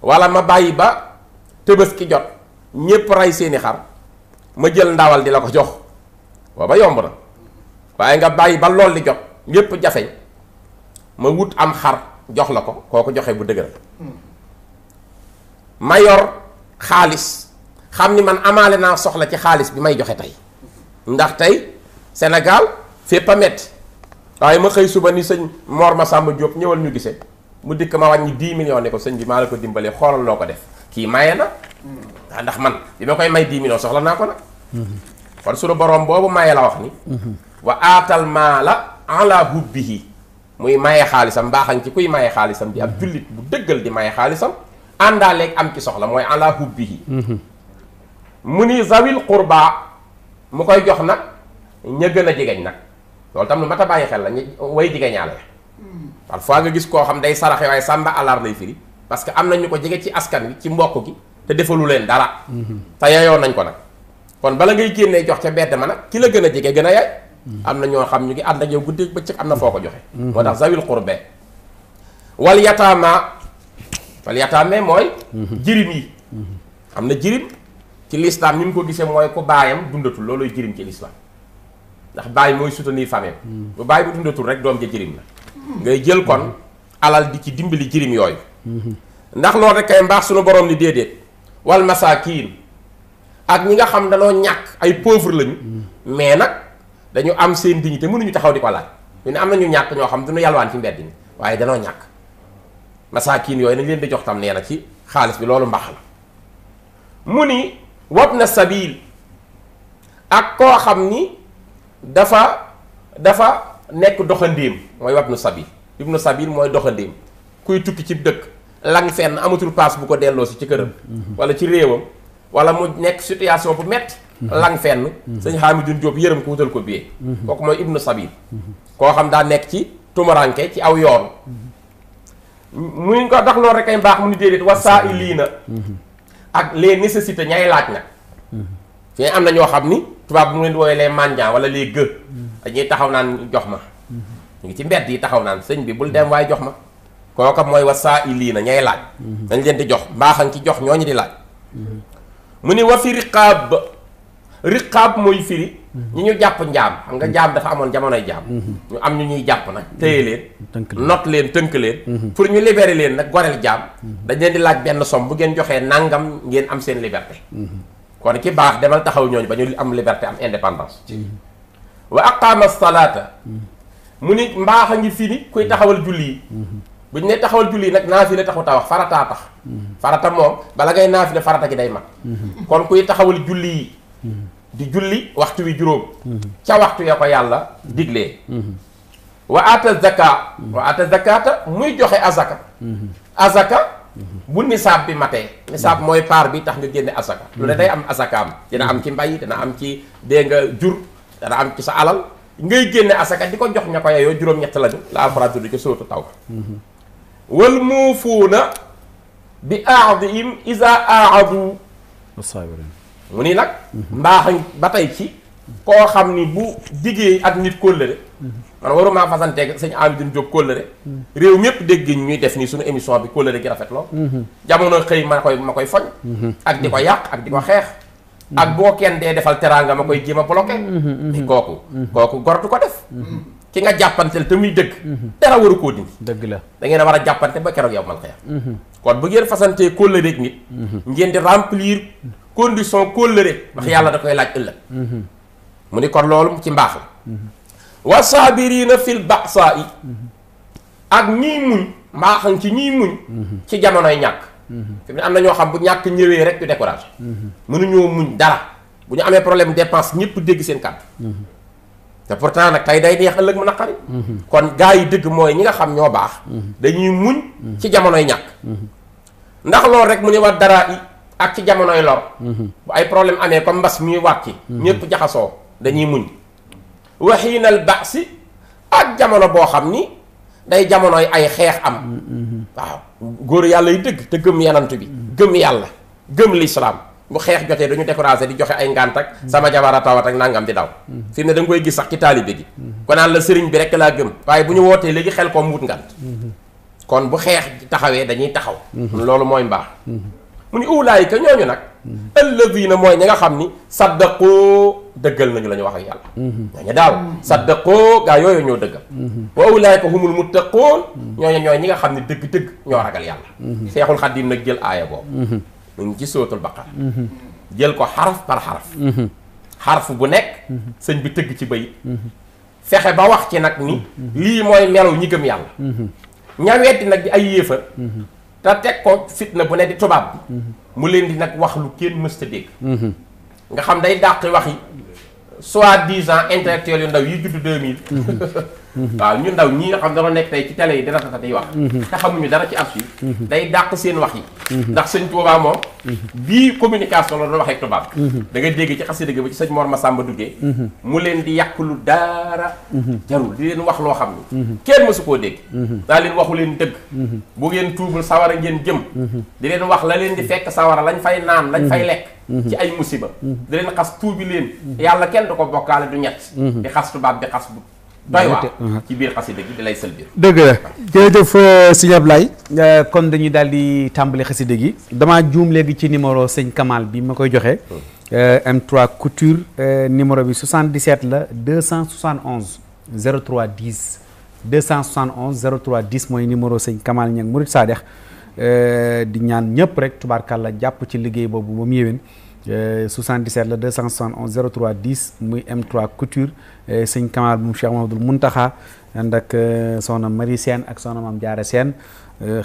S3: walla ma bàyyi ba tëbës ki jot ñépp rey seeni xar ma jël ndawal di la ko jox booba yomb na waaye nga bàyyi ba lool di jot lépp jafe ma wut am xar jox la ko koo ko joxe bu dëgër hmm. ma yor xaalis xam ni man amaale naa soxla ci xaalis bi may joxe tey ndax tey Sénégal fépp a metti waaye ma xëy suba ni sëñ Mor Massamba Diop ñëwal ñu gise mu dikk ma wàññi 10 millions ne ko sëñ bi maa la ko dimbalee xoolal loo ko def kii maye na ndax man bi ma koy may 10 soxla naa ko nag kon suñu borom boobu maye la wax ni wa aatal maala ala hubbihi muy maye xaalisam mbaaxañ ci kuy maye xaalisam di ab jullit bu dëggal di maye xaalisam àndaaleeg am ki soxla mooy ala hubbihi mu ni zawil qurbaa mu koy jox nag ña gën a jegeñ nag loolu tam lu mat bàyyi xel la ñu way jegeñaale parfois nga gis koo xam day saraxe waaye sàmba alaar lay firi parce que am na ñu ko jege ci askan wi ci mbokk gi te defalu leen dara te yayoon nañ ko nag kon bala ngay génnee jox ca bedd ma nag ki la gën a jege gën a yaay am na ñoo xam ñu ngi ànd ak yow guddeeg bëccëg am na foo ko joxe moo tax zawil qurbe wal wala yataame mooy jirim yi am na jirim ci lislaam ni mu ko gisee mooy ko baayam dundatul looloy jirim ci lislaam ndax bàyyi mooy soutenir famille bu mm. bàyyi bu dundatul rek doom ja jirim la ngay jël kon alal bi ci dimbali jirim yooyu mm-hmm. ndax loolu rek kay mbaax suñu borom ni déedéet wal masaakiin ak ñi nga xam danoo ñàkk ay pauvre lañu mm. mais nag dañu am seen dignité mënuñu taxaw di ko laaj ñu ne am na ñu ñàkk ñoo xam duñu yalwaan ci mbedd mi waaye danoo ñàkk masaakiin yooyu na leen di jox tam nee na ci xaalis bi loolu mbax la mu ni wabna sabil ak koo xam ni dafa dafa nekk doxandéem mooy wab wabnu sabil ibnu sabil mooy doxandéem kuy tukki ci dëkk lang fenn amatul paas bu ko delloo si ci këram mhm. wala ci réewam wala mu nekk situation bu metti mhm. lang fenn mhm. sëñ Hamidou Diop yërëm ko wutal ko biyee
S4: kooku mooy ibnu sabil
S3: koo xam daa nekk ci tumaranke ci aw yoon muy ko ndax loolu rek ay baax mu ni déedéet wasaa lii na ak les nécessités ñay laaj nag fii am na ñoo xam ni tubaab bu mu leen woowee les mendiants wala les gë dañuy taxaw naan jox ma ñu ngi ci mbedd yi taxaw naan sëñ bi bul dem waaye jox ma kooka mooy wasaa lii na ñay laaj dañ leen di jox mbaaxan ci jox ñoo ñu di laaj mu ni wa fi riqaab riqaab mooy firi ñi ñu jàpp njaam xam nga njaam dafa amoon jamonoy jaam mhm. ñu am ñu ñuy jàpp nag téye mhm.
S4: leen
S3: not leen tënk leen mhm. pour ñu libérer leen nag goreel jaam dañ leen di laaj benn somme bu ngeen joxee nangam ngeen am seen liberté kon ci baax demal taxaw ñooñu ba ñu am liberté am indépendance wa aqaama salaata mu ni mbaax a ngi fi ni kuy taxawal julli yi bu ñu ne taxawal julli yi nag naafila taxut a wax farataa tax farata moom bala ngay naafila farata gi day mat kon kuy di julli waxtu wi juróom ca waxtu ya ko yàlla diglee wa aata zaka wa aata zakata muy joxe azaka azaka bu nisaab bi matee nisaab mooy part bi tax nga génne azaka lu ne day am azakaam dina am ci mbay dina am ci dee nga jur dana am ci sa alal ngay génne asaka di ko jox ña ko yeyoo juróom-ñett lañu la alxuraan tudd ci sóotu taw wal muufuuna bi aadihim isa aadu mu ni nag mbaax ba tey ci koo xam ni bu diggee ak nit kóllëre man waruma fasanteeg sëñ Amidou Diop kóllëre réew mépp dégg ñuy def nii suñu émission bi kóllëre gi rafet lool jamono xëy ma koy ma koy foñ ak di ko yàq ak di ko xeex ak boo kenn dee defal nga ma koy jéem a bloqué kooku kooku gortu ko def ki nga jàppanteel te muy dëgg dara waru koo dindi dëgg la da ngeen a war a jàppante ba keroog yow man xëy mhm. kon bu ngeen fasantee kóllëre ak nit mhm. ngeen di remplir condition kóllëre wax yàlla da koy laaj ëllëg mhm. mu ni kon loolu ci mbaax la wa saabiriina fil ba'saa yi ak ñiy muñ mbaaxan ci ñiy muñ mhm. ci jamonoy ñàkk mhm. fi mu ne am na ñoo xam bu ñàkk ñëwee rek ñu découragé mënuñoo muñ dara bu ñu amee problème dépense ñëpp dégg seen kàddu te pourtant nag kay day neex ëllëg a naqari kon gaa yi dëgg mooy ñi nga xam ñoo baax dañuy muñ ci jamonoy ñàkk ndax loolu rek mu ne wa dara i ak ci jamonoy lor. Mhm. bu ay problème amee comme mbas mi wàcc. Mhm. ñëpp jaxasoo dañuy muñ. waxiinal baasi ak jamono boo xam ni day jamonoy ay xeex am. Mhm, waaw góor yàlla yu dëgg te gëm yanantu bi. gëm yàlla gëm lislaam bu xeex jotee dañu découragé di joxe ay ngànt ak sama jabara tawat ak nangam di daw. fi mu ne da koy gis sax ci taalibe di ko naan la sëriñ bi rek laa gëm. waaye bu ñu wootee léegi xel koom wut ngànt kon bu xeex taxawee dañuy taxaw. loolu mooy mbaax. mu ni ulaayika ñooñu nag mm-hmm. alladina mooy ñi nga xam ni saddaqoo dëggal nañu la ñu wax ak yàlla mm-hmm. ñooñu daal mm-hmm. saddaqoo gaa yooyu ñoo dëggal wa ulaayika humul muttaqoon ñooñu ñooy ñi nga xam ne dëgg-dëgg ñoo ragal yàlla seexul xaddim nag jël aaya boobu mu ngi ci sóotul baqara jël ko xaraf par xaraf xaraf bu nekk sëñ bi tëgg ci bay fexe ba wax ci nag ni lii mooy melaw ñi gëm yàlla ña weddi nag di ay yéefar te teg ko fitna bu ne di tubaab bi mu leen di nag wax lu kenn mësta dégg mhm. nga xam day dàq wax yi soit disant intellectuels yu ndaw yi judd 2000 Mhm. waaw ñu ndaw ñi nga xam dañoo nekk tey ci télé yi dara tata di wax mhm. te xamuñu dara ci archive mhm. day dàq seen wax yi ndax sëñ Tuubaa moom bii communication la doon waxee tubaab da nga dégg ci xasida gi ba ci sëñ Mor Masamba duggee mu leen di yàq lu dara jarul di leen wax loo xam ni kenn mësu koo dégg daa leen waxu leen dëgg bu ngeen tuubul sawara ngeen jëm di leen wax la leen di fekk sawara lañ fay naan lañ fay lekk ci ay musiba di leen xas tuubi leen yàlla kenn du ko bokkaale du ñett di xas tubaab di xas doy waa ci biir xasida gi di lay sël biir
S2: dëgg la jërëjëf euh, sëñ Ablaye euh, kon dañuy daal di tàmbali xasida gi damaa juum léegi ci numéro sëñ Kamal bi ma koy joxe euh, M3 couture numéro bi 77 la 271 03 10 271 03 10 mooy numéro sëñ Kamal Ñang Murid Saadex di ñaan ñëpp rek tubaarkàlla jàpp ci liggéey boobu ba mu yéwén 77 euh, la 271 03 10 muy M3 couture euh, sëñ Kamal bu Cheikh Mamadou Muntaxa ànd ak euh, soxna seen ak soxna Maam Jaara seen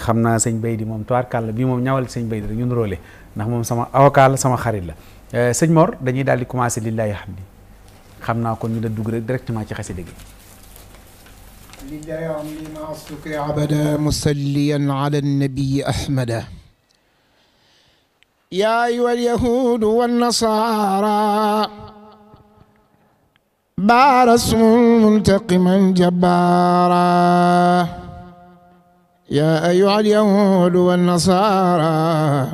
S2: xam naa sañ bay di moom tuwaar kàll bii moom ñawal sëñ bay di ñu roole ndax moom sama avocat sama xarit la sëñ Mor dañuy daal di commencé lillahi hamdi xam naa kon ñu da dugg rek
S5: directement ci xasida gi lillahi hamdi ma asuki abada musalliyan ala nabi ahmada يا أيها اليهود والنصارى بار اسم منتقما جبارا يا أيها اليهود والنصارى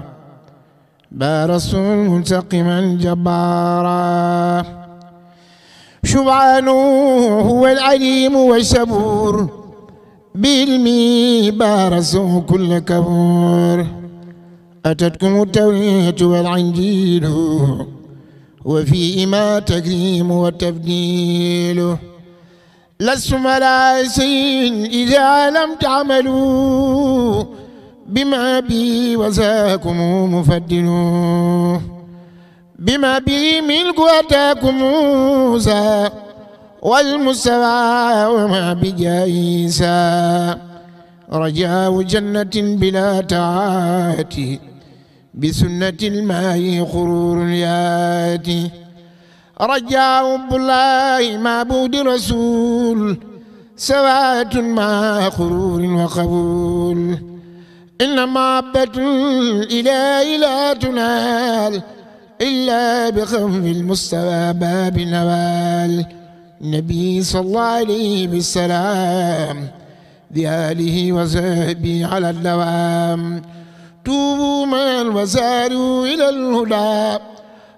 S5: بار اسم منتقما جبارا شبعان هو العليم والشبور بالمي بارسه كل كبور أتتكم التوراة والإنجيل وفيهما تكريم وتفضيل لستم ملائس إذا لم تعملوا بما بي وزاكم مفدل بما بي ملك أتاكم موسى والمستوى وما بجائسا رجاء جنة بلا تعاتي بسنة الماء خرور ياتي رجاء الله معبود رسول سواة مع خرور وقبول إن محبة الإله لا تنال إلا بخف المستوى باب نوال النبي صلى الله عليه بالسلام بآله وصحبه على الدوام توبوا مع المساروا إلى الهدى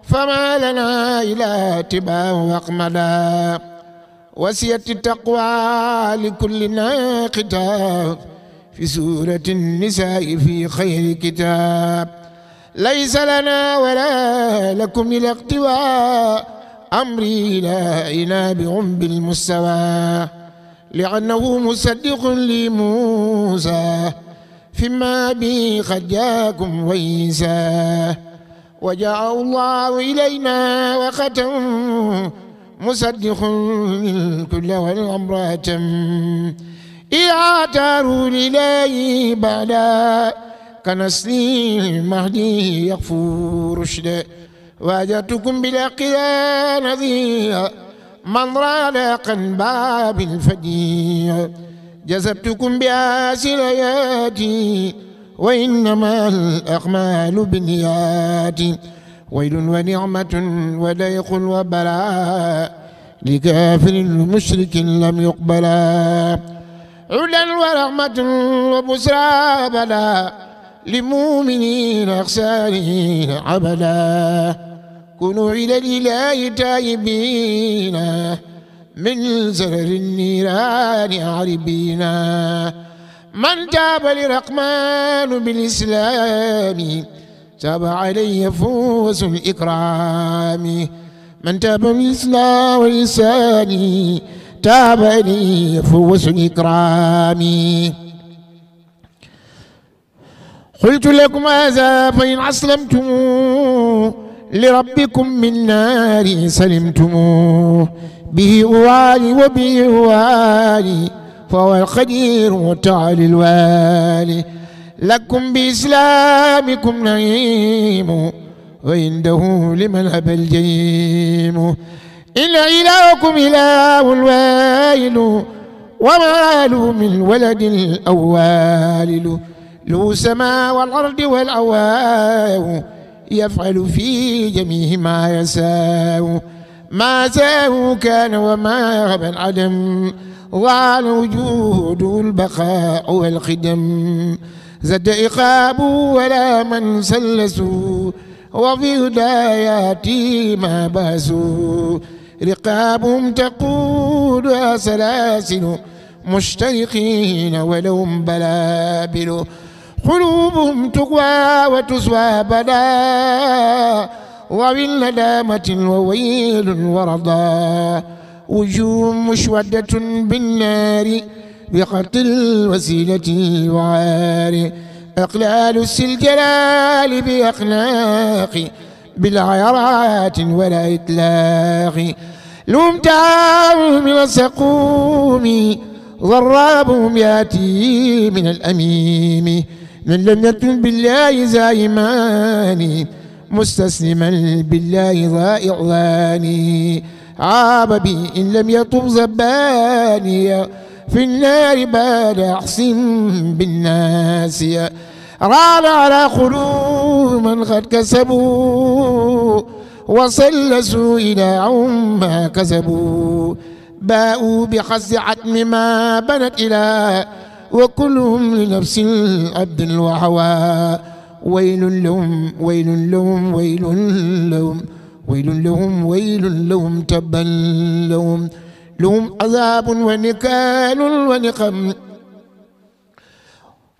S5: فما لنا إلى اتباع وأقمدا وسيت التقوى لكل ناقتا في سورة النساء في خير كتاب ليس لنا ولا لكم إلى اقتواء أمري لا إنابع بالمستوى لأنه مصدق لموسى فيما به قد جاكم ويسا وجاء الله إلينا وقتا مصدق للكل والأمر أتم إعتار لله بعدا كنسلي المهدي يغفو رشدا واجرتكم بالأقيا نذير من رالق باب الفجير جزبتكم بآسرياتي وإنما الأعمال بالنيات ويل ونعمة وديق وبلاء لكافر مشرك لم يقبلا علا ورحمة وبسرى بلا لمؤمنين أخسارين عبدا كونوا إلى الإله تائبين من زرر النيران عربينا من تاب لرقمان بالإسلام تاب عليه فوز الإكرام من تاب بالإسلام والإسان تاب عليه فوز الإكرام قلت لكم هذا فإن أسلمتم لربكم من نار سلمتموه به أوالي وبه أوالي فهو القدير متعالي الوالي لكم بإسلامكم نعيم وعنده لمذهب الجيم إن إلهكم إله وائل وما له من ولد الأوال له سماء والأرض والأواء يفعل في جميع ما يساء ما ساه كان وما غاب العدم وعلى وجود البقاء والخدم زد إقاب ولا من سلسوا وفي هداياتي ما باسوا رقابهم تقود سلاسل مشترقين ولهم بلابل قلوبهم تقوى وتسوى بلاء ومن ندامة وويل ورضا وجوه مشودة بالنار بقتل الوسيلة وعار أقلال السلجلال بأخلاق بالعيرات ولا إطلاق لمتعه من السقوم ضرابهم ياتي من الأميم من لم يكن بالله زايماني مستسلما بالله ذا إعلاني عاب بي إن لم يطب زباني في النار بعد أحسن بالناس ران على قلوب من قد كسبوا وسلسوا إلى ما كسبوا باءوا بحز عتم ما بنت إلى وكلهم لنفس الأبد الوحوى ويل لهم ويل لهم ويل لهم ويل لهم ويل لهم تبا لهم لهم عذاب ونكال ونقم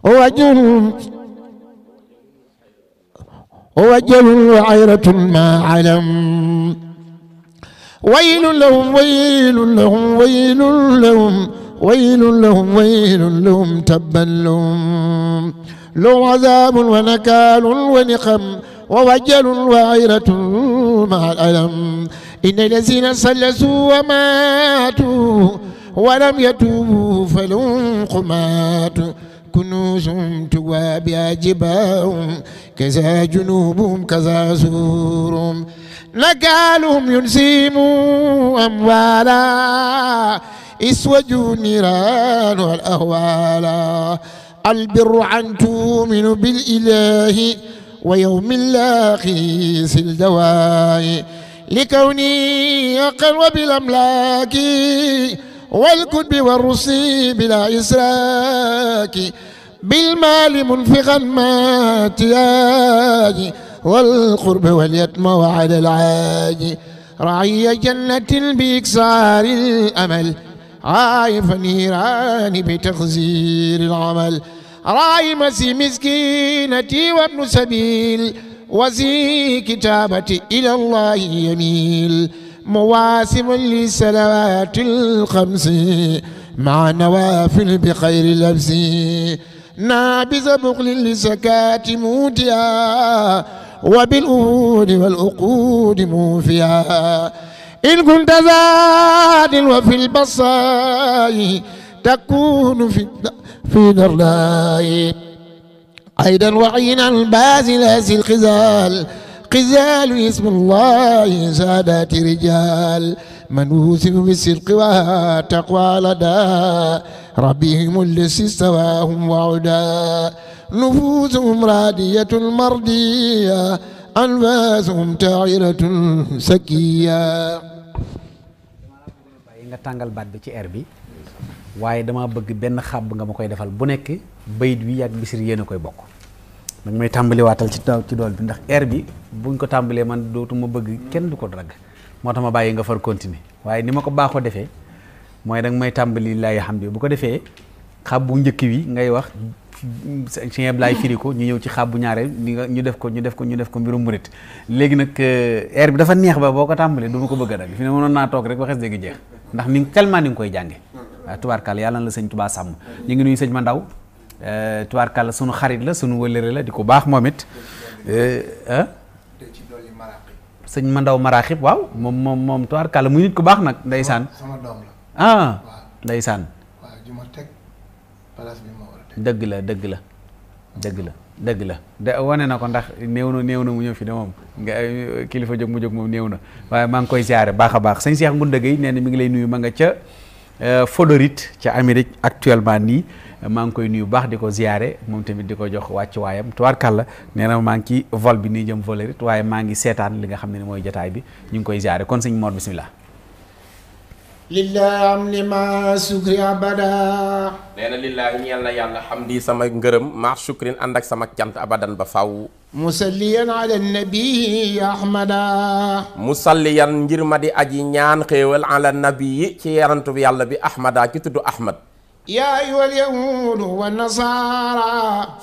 S5: وجل وجل وعيرة ما علم ويل لهم ويل لهم ويل لهم ويل لهم ويل لهم تبا لهم لو عذاب ونكال ونقم ووجل وعيرة مع الألم إن الذين سلسوا وماتوا ولم يتوبوا فلهم قمات كنوزهم توابع جباهم كذا جنوبهم كذا زورهم نكالهم ينسيم أموالا اسوجوا النيران والأهوالا البر أن تؤمن بالإله ويوم الآخر في الدواء لكوني أقل بالأملاك والكتب والرسل بلا إسراك بالمال منفقا ما تياج والقرب واليتم وعلى العاج رعي جنة بإكسار الأمل عائف نيران بتخزير العمل رائم سي مسكينتي وابن سبيل وزي كتابتي إلى الله يميل مواسم للسلوات الخمس مع نوافل بخير لبس نابز بخل لزكاة موتيا وبالأهود والأقود موفيا إن كنت زاد وفي البصاي تكون في في درلاي أيضا وعينا باز لاس الخزال قزال اسم الله سادات رجال من وثب بالصدق وتقوى لدى ربهم الذي استواهم وعدا نفوسهم رادية المردية أنفاسهم تعرة سكية tàngal
S2: baat bi ci air bi waaye dama bëgg benn xàbb nga ma koy defal bu nekk bayit wi ak bisir yéen a koy bokk nag may tàmbaliwaatal ci taw ci dool bi ndax air bi buñ ko tàmbalee man dootuma bëgg kenn du ko drag moo tax ma bàyyi nga far continuer waaye ni ma ko baaxoo defee mooy danga may tàmbali laay xam bi bu ko defee xàbbu njëkk wi ngay wax Cheikh Ablaye firi ko ñu ñëw ci xàbbu ñaare ni nga ñu def ko ñu def ko ñu def ko mbiru murit léegi nag euh, air bi dafa neex ba boo ko tàmbalee du ma ko bëgg a dagg fi ne mënoon naa toog rek ba xes dégg jeex ndax ni tellement ni nga koy jànge euh, tubaarkàlla yàlla na la sëñ tubaa sàmm ñu ngi nuyu sëñ ma ndaw euh, tubaarkàlla sunu xarit la sunu wëllëre la di ko baax moom it euh, sëñ ma ndaw maraaxib waaw moom moom moom tubaarkàlla mu nit ku baax nag ndeysaan sama doom la ah ndeysaan
S5: waaw ma teg
S2: dëgg la dëgg la dëgg la dëgg la de wane na ko ndax néew na néew na mu ñëw fi de moom nga kilifa jóg mu jóg moom néew na waaye maa ngi koy siyaare baax a baax sëñ Cheikh Ngounda Gueye nee na mi ngi lay nuyu ma nga ca euh, Floride ca Amérique actuellement nii maa ngi koy nuyu baax di ko ziare moom tamit di ko jox wàcc wàccuwaayam tubaarkàlla nee na maa ngi ci vol bi nii jëm Floride waaye maa ngi seetaan li nga xam ne mooy jotaay bi ñu ngi koy ziare kon sëñ Mor bisimilah.
S5: lillaahi am li ma sukri abada nee lillaahi ñeel na yàlla
S2: xam di sama ngërëm
S3: maa sukrin ànd sama cant abadan ba faw
S5: musalliyan ala nabii
S3: ahmada musalliyan ngir ma di aji ñaan xéewal ala nabii ci yarantu bi yàlla bi ahmada ki tudd ahmad
S5: yaa ayyuhal yahuudu wa nasaara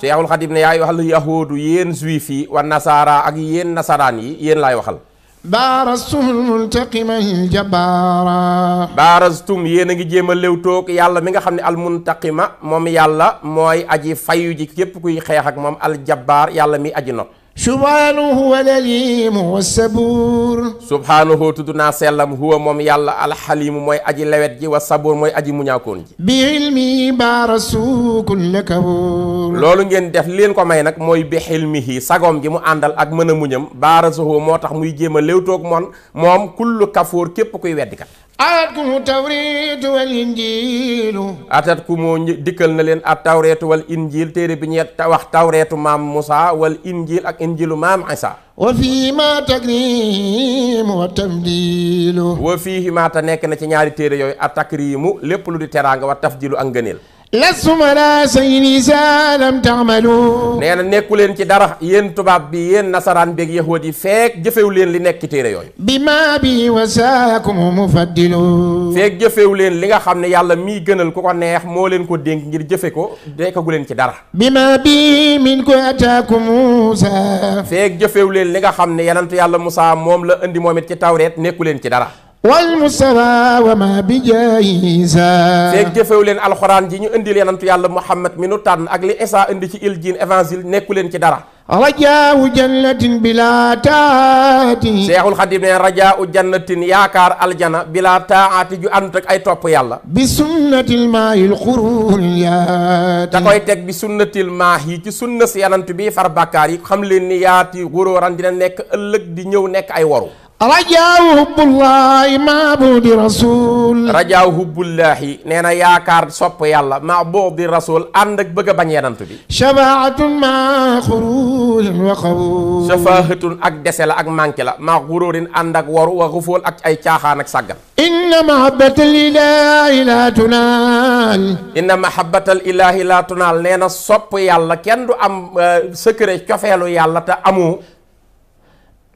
S3: Seexul Xadiim ne yaa ayyuhal yahuudu yéen juif yi wa nasaara ak yéen nasaraan yi yéen laay waxal
S5: baarastum almuntaqimahi jabaara baarastum
S3: yéen a ngi jéem a léwtoog yàlla mi nga xam ne almuntaqima moom yàlla mooy aji fayu ji képp kuy xeex ak moom aljabaar yàlla mi aji not
S5: subhaanahu huwa alalimu wasabuur
S3: subhaanahu tudd naa sellam huwa moom yàlla alxalimu mooy aji lewet ji wa sabuur mooy aji muñaakoon ji
S5: bi ilmi baarasu kulla kabuur
S3: loolu ngeen def leen ko may nag mooy bi xilmihi sagoom gi mu àndal ak mën a muñam baarasuhu moo tax muy jéem a léewtoog moon moom kullu kafuur képp kuy weddikat
S5: atatkumu tawreetu wal injiilu
S3: atatkumu dikkal na leen at tawreetu wal injiil téere bi ñuy wax tawreetu maam Moussa wal injiil ak injiilu maam Isa wa fii ma takrimu wa tamdiilu wa fii ma ta nekk na ci ñaari téere yooyu at takrimu lépp lu di teraanga wa tafdiilu ak ngëneel
S5: lasumala sayni sa lam taamalu
S3: nee na nekku leen ci dara yéen tubaab bi yéen nasaraan beeg yahuud yi feek jëfewu leen li nekk ci téere yooyu
S5: bi ma bi wasaakum mufaddilu
S3: feek jëfewu leen li nga xam ne yàlla mii gënal ku ko neex moo leen ko dénk ngir jëfe ko dekkagu leen ci dara
S5: bi bi min ko ataakum Muusa
S3: feek jëfewu leen li nga xam ne yanant yàlla Muusa moom la indi moom it ci tawreet nekku leen ci dara
S5: wal Mustafa wa ma bi jaayisa. feeg
S3: jëfewu leen alxuraan ji ñu indi leen antu yàlla Muhammad mi nu tànn ak li Isa indi ci il jiin évangile nekku leen ci dara.
S5: rajaawu jannatin bila taati.
S3: seexul xadim ne rajaawu jannatin yaakaar aljana bila taati ju ànd ak ay topp
S5: yàlla. bi sunnatil maahil xuruuriyaati. da koy
S3: teg bi sunnatil maah yi ci sunna si yanant bi far bàkkaar yi xam leen ni yaati xuróoran dina nekk ëllëg di ñëw nekk ay waru.
S5: rajaawu hubbullaahi maabudi rasul
S3: rajaawu hubbullaahi nee na yaakaar sopp yàlla maabudi rasul ànd ak bëgg a bañ yenant bi
S5: shafaatun ma xururin wa xabul shafaatun
S3: ak dese la ak manqué la ma xururin ànd ak waru wa xufóol ak ay caaxaan ak sàggan
S5: inna mahabbatal ilaahi laa tunaal
S3: inna mahabbatal ilaahi laa tunaal nee na sopp yàlla kenn du am euh, secret cofeelu yàlla te amu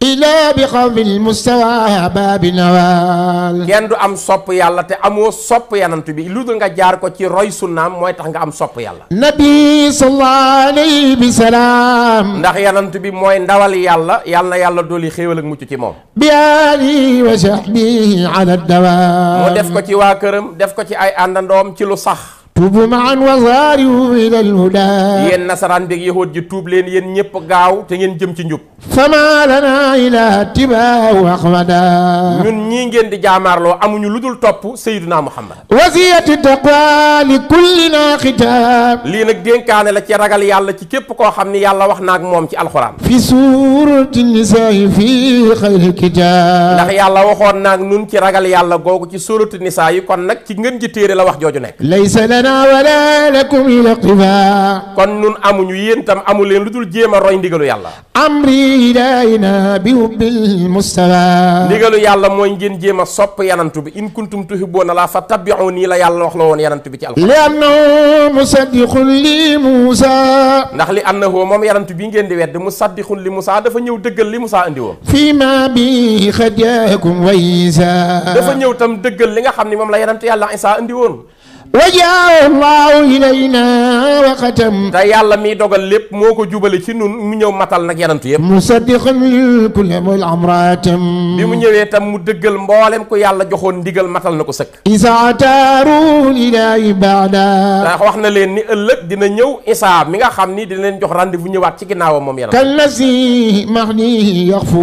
S5: la bi xawfil mustawa baabi nawaal du am
S3: sopp yàlla te amoo sopp yanantu bi lu nga jaar ko ci roy sunnaam mooy tax nga am sopp yàlla
S5: nabi sallallahu
S3: ndax yanantu bi mooy ndawal yàlla yàlla yàlla dooli xéewal ak mucc ci moom
S5: bi ali wa sahbihi ala dawaam mu def
S3: ko ci waa këram def ko ci ay àndandoom ci lu sax
S5: tuubu maan wasaariu ila alhuda yéen
S3: nasaraan beeg yahood ji tuub leen yéen ñëpp gaaw te ngeen jëm ci njub
S5: fama lana ila tibau ahmada ñun
S3: ñii ngeen di jaamaarloo amuñu lu dul topp sayyiduna muhammad
S5: wasiyati taqwa li kulli naaqitab
S3: lii nag dénkaane la ci ragal yàlla ci képp koo xam ni yàlla wax naak moom ci alxuraan
S5: fi suurati nisaa'i fi yàlla waxoon
S3: naak nun ci ragal yàlla googu ci suurati nisaa'i kon nag ci ngën ji téere la wax jooju nekk
S5: lana wala lakum yaqfa
S3: kon nun amuñu yéen tam amu leen lu dul jéem a roy ndigalu yàlla
S5: amri ilayna bi hubbil mustafa ndigalu
S3: yàlla mooy ngeen jéem a sopp yanantu bi in kuntum tuhibbuuna la fa tabi'uni la yàlla wax la woon yanantu bi ci alxuraan
S5: li annahu musaddiqun li musa
S3: ndax li annahu moom yanantu bi ngeen di wedd musaddiqun li musa dafa ñëw dëggal li musa andi woon
S5: fi ma bi xadjaakum wa isa dafa
S3: ñëw tam dëggal li nga xam ne moom la yanantu yàlla isa andi woon wajaa allahu ilayna waxatam te yàlla miy dogal lépp moo ko jubale ci nun mu ñëw matal nag yanant yëpp musaddiqan
S5: kulle mul amratam bi mu
S3: ñëwee tam mu dëggal mboolem ko yàlla joxoon ndigal matal na ko sëkk
S5: isaa taaru ilaahi baada ndax
S3: wax na leen ni ëllëg dina ñëw isaa mi nga xam ni dina leen jox rendez-vous ñëwaat ci ginnaawam moom yanant
S5: kallazi mahdi yaxfu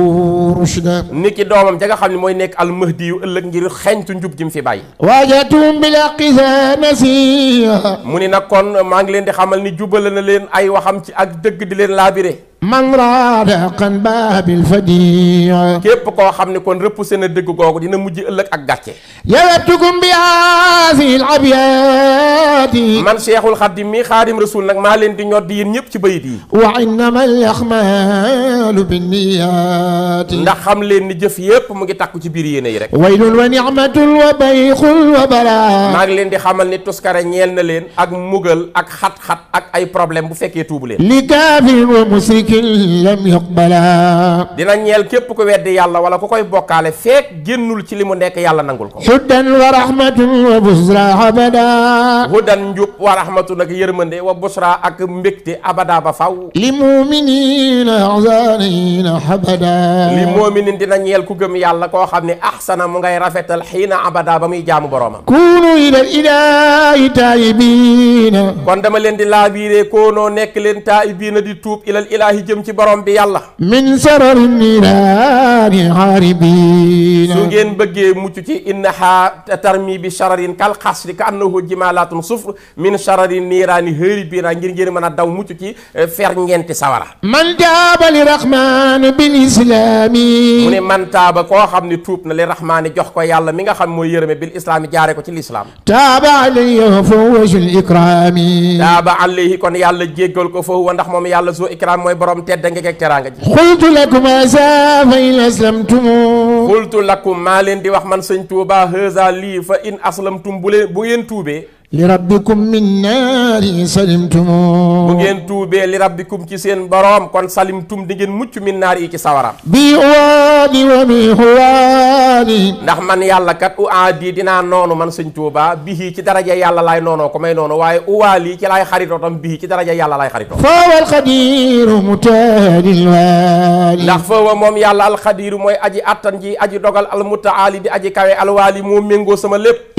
S5: rushda
S3: ni ki doomam ja nga xam ne mooy nekk almahdi yu ëllëg ngir xeñtu njub gi mu fi bàyyi waajatum
S5: bil aqizar nasiha
S3: mu ni nag kon maa ngi leen di xamal ni jubale na leen ay waxam ci ak dëgg di leen laabire
S5: man raada qan baabil fadiya
S3: képp koo xam ne kon repoussé na dëgg googu dina mujj ëllëg ak gàcce yawettukum bi haazihil abyaati man Cheikhul Xadim mi xaadim rasul nag maa leen di ñor di yéen
S5: ñëpp ci bayit yi wa innama al axmaalu binniyaati ndax
S3: xam leen ni jëf yëpp mu ngi takku ci biir yéene yi rek waylun
S5: wa nicmatun wa bayxun wa balaa maa
S3: ngi leen di xamal ni tuskare ñeel na leen ak mugal ak xat-xat ak ay problème bu fekkee tuubu leen
S5: li kaafir wa musrik lam yuqbala
S3: dina ñeel képp ku weddi yàlla wala ku koy bokkaale feek génnul ci li mu nekk yàlla nangul ko
S5: huddan wa rahmatun wa busra abada huddan
S3: njub wa rahmatun ak yërmande wa busra ak mbégte
S5: abada ba faw li muminina ahsanina abada li muminin
S3: dina ñeel ku gëm yàlla koo xam ne ahsana mu ngay rafetal xiina abada ba muy jaamu boroomam
S5: kunu ila ilahi taibina
S3: kon dama leen di laabiire koonoo nekk leen taibiina di tuub ilal ilahi ilahi jëm ci borom bi yàlla
S5: min sarari niiraani xaaribiina su ngeen
S3: bëggee mucc ci innaha tarmi bi shararin kal xasri ka annahu jimalatun sufr min sharari niiraani xaaribiina ngir ngeen mën a daw mucc ci eh, fer ngenti sawara
S5: man taaba li rahman bil islami mu ne
S3: man taaba koo xam ne tuub na li rahmaani jox ko yàlla mi nga xam mooy yërëme bil islaami jaare ko ci lislaam
S5: taaba alayhi fa wajul ikrami
S3: taaba alayhi kon yàlla jéggal ko foofu ndax moom yàlla soo ikram mooy borom tedd nga ak teraanga ji
S5: xultu lakum haza fa in aslamtum
S3: xultu lakum maa leen di wax man sëñ Tuuba haza lii fa in aslamtum bu leen bu ngeen tuubee
S5: li rabbikum min naari salimtum bu ngeen
S3: tuubee li rabbikum ci seen boroom kon salimtum di ngeen mucc min naar yi ci sawara
S5: bi uwaani wa bi huwaani
S3: ndax man yàlla kat u aadi dinaa noonu man sëñ Tuuba bihi ci daraja yàlla lay noonoo ko may noonu waaye uwaali ci laay xaritoo bii ci daraja yàlla laay xaritoo
S5: fawa alxadiiru mutaadil waali ndax fawa moom yàlla alxadiiru
S3: mooy aji attan ji aji dogal almutaali di aji kawe alwaali moo méngoo sama lépp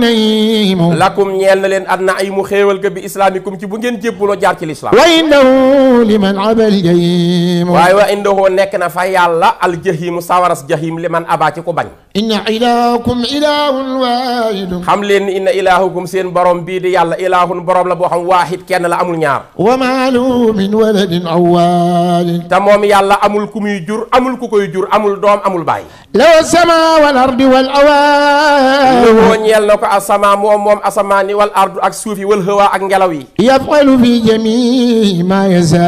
S3: naymu lakum ñeel na leen ad naimu xéewal ga bi islaamikum ci bu ngeen jébbaloo jaar ci lislaam wa
S5: indahu liman abal jahim waaye wa
S3: indahu nekk na fa yàlla al jahimu sawaras jahim liman abaa ci ko bañ inna ilahakum ilahun waahidun xam leen ni inna ilahakum seen borom bii di yàlla ilahun borom la boo xam waahid kenn la amul ñaar wa ma lahu min waladin aw waalid te moom yàlla amul ku muy jur amul ku koy jur amul doom amul bàyyi law sama wal
S5: ardi wal awaa
S3: ñeel na ko ko asama moom moom asamaani wal ardu ak suuf yi wal hëwa ak ngelaw yi
S5: yafalu fi jami maa yasa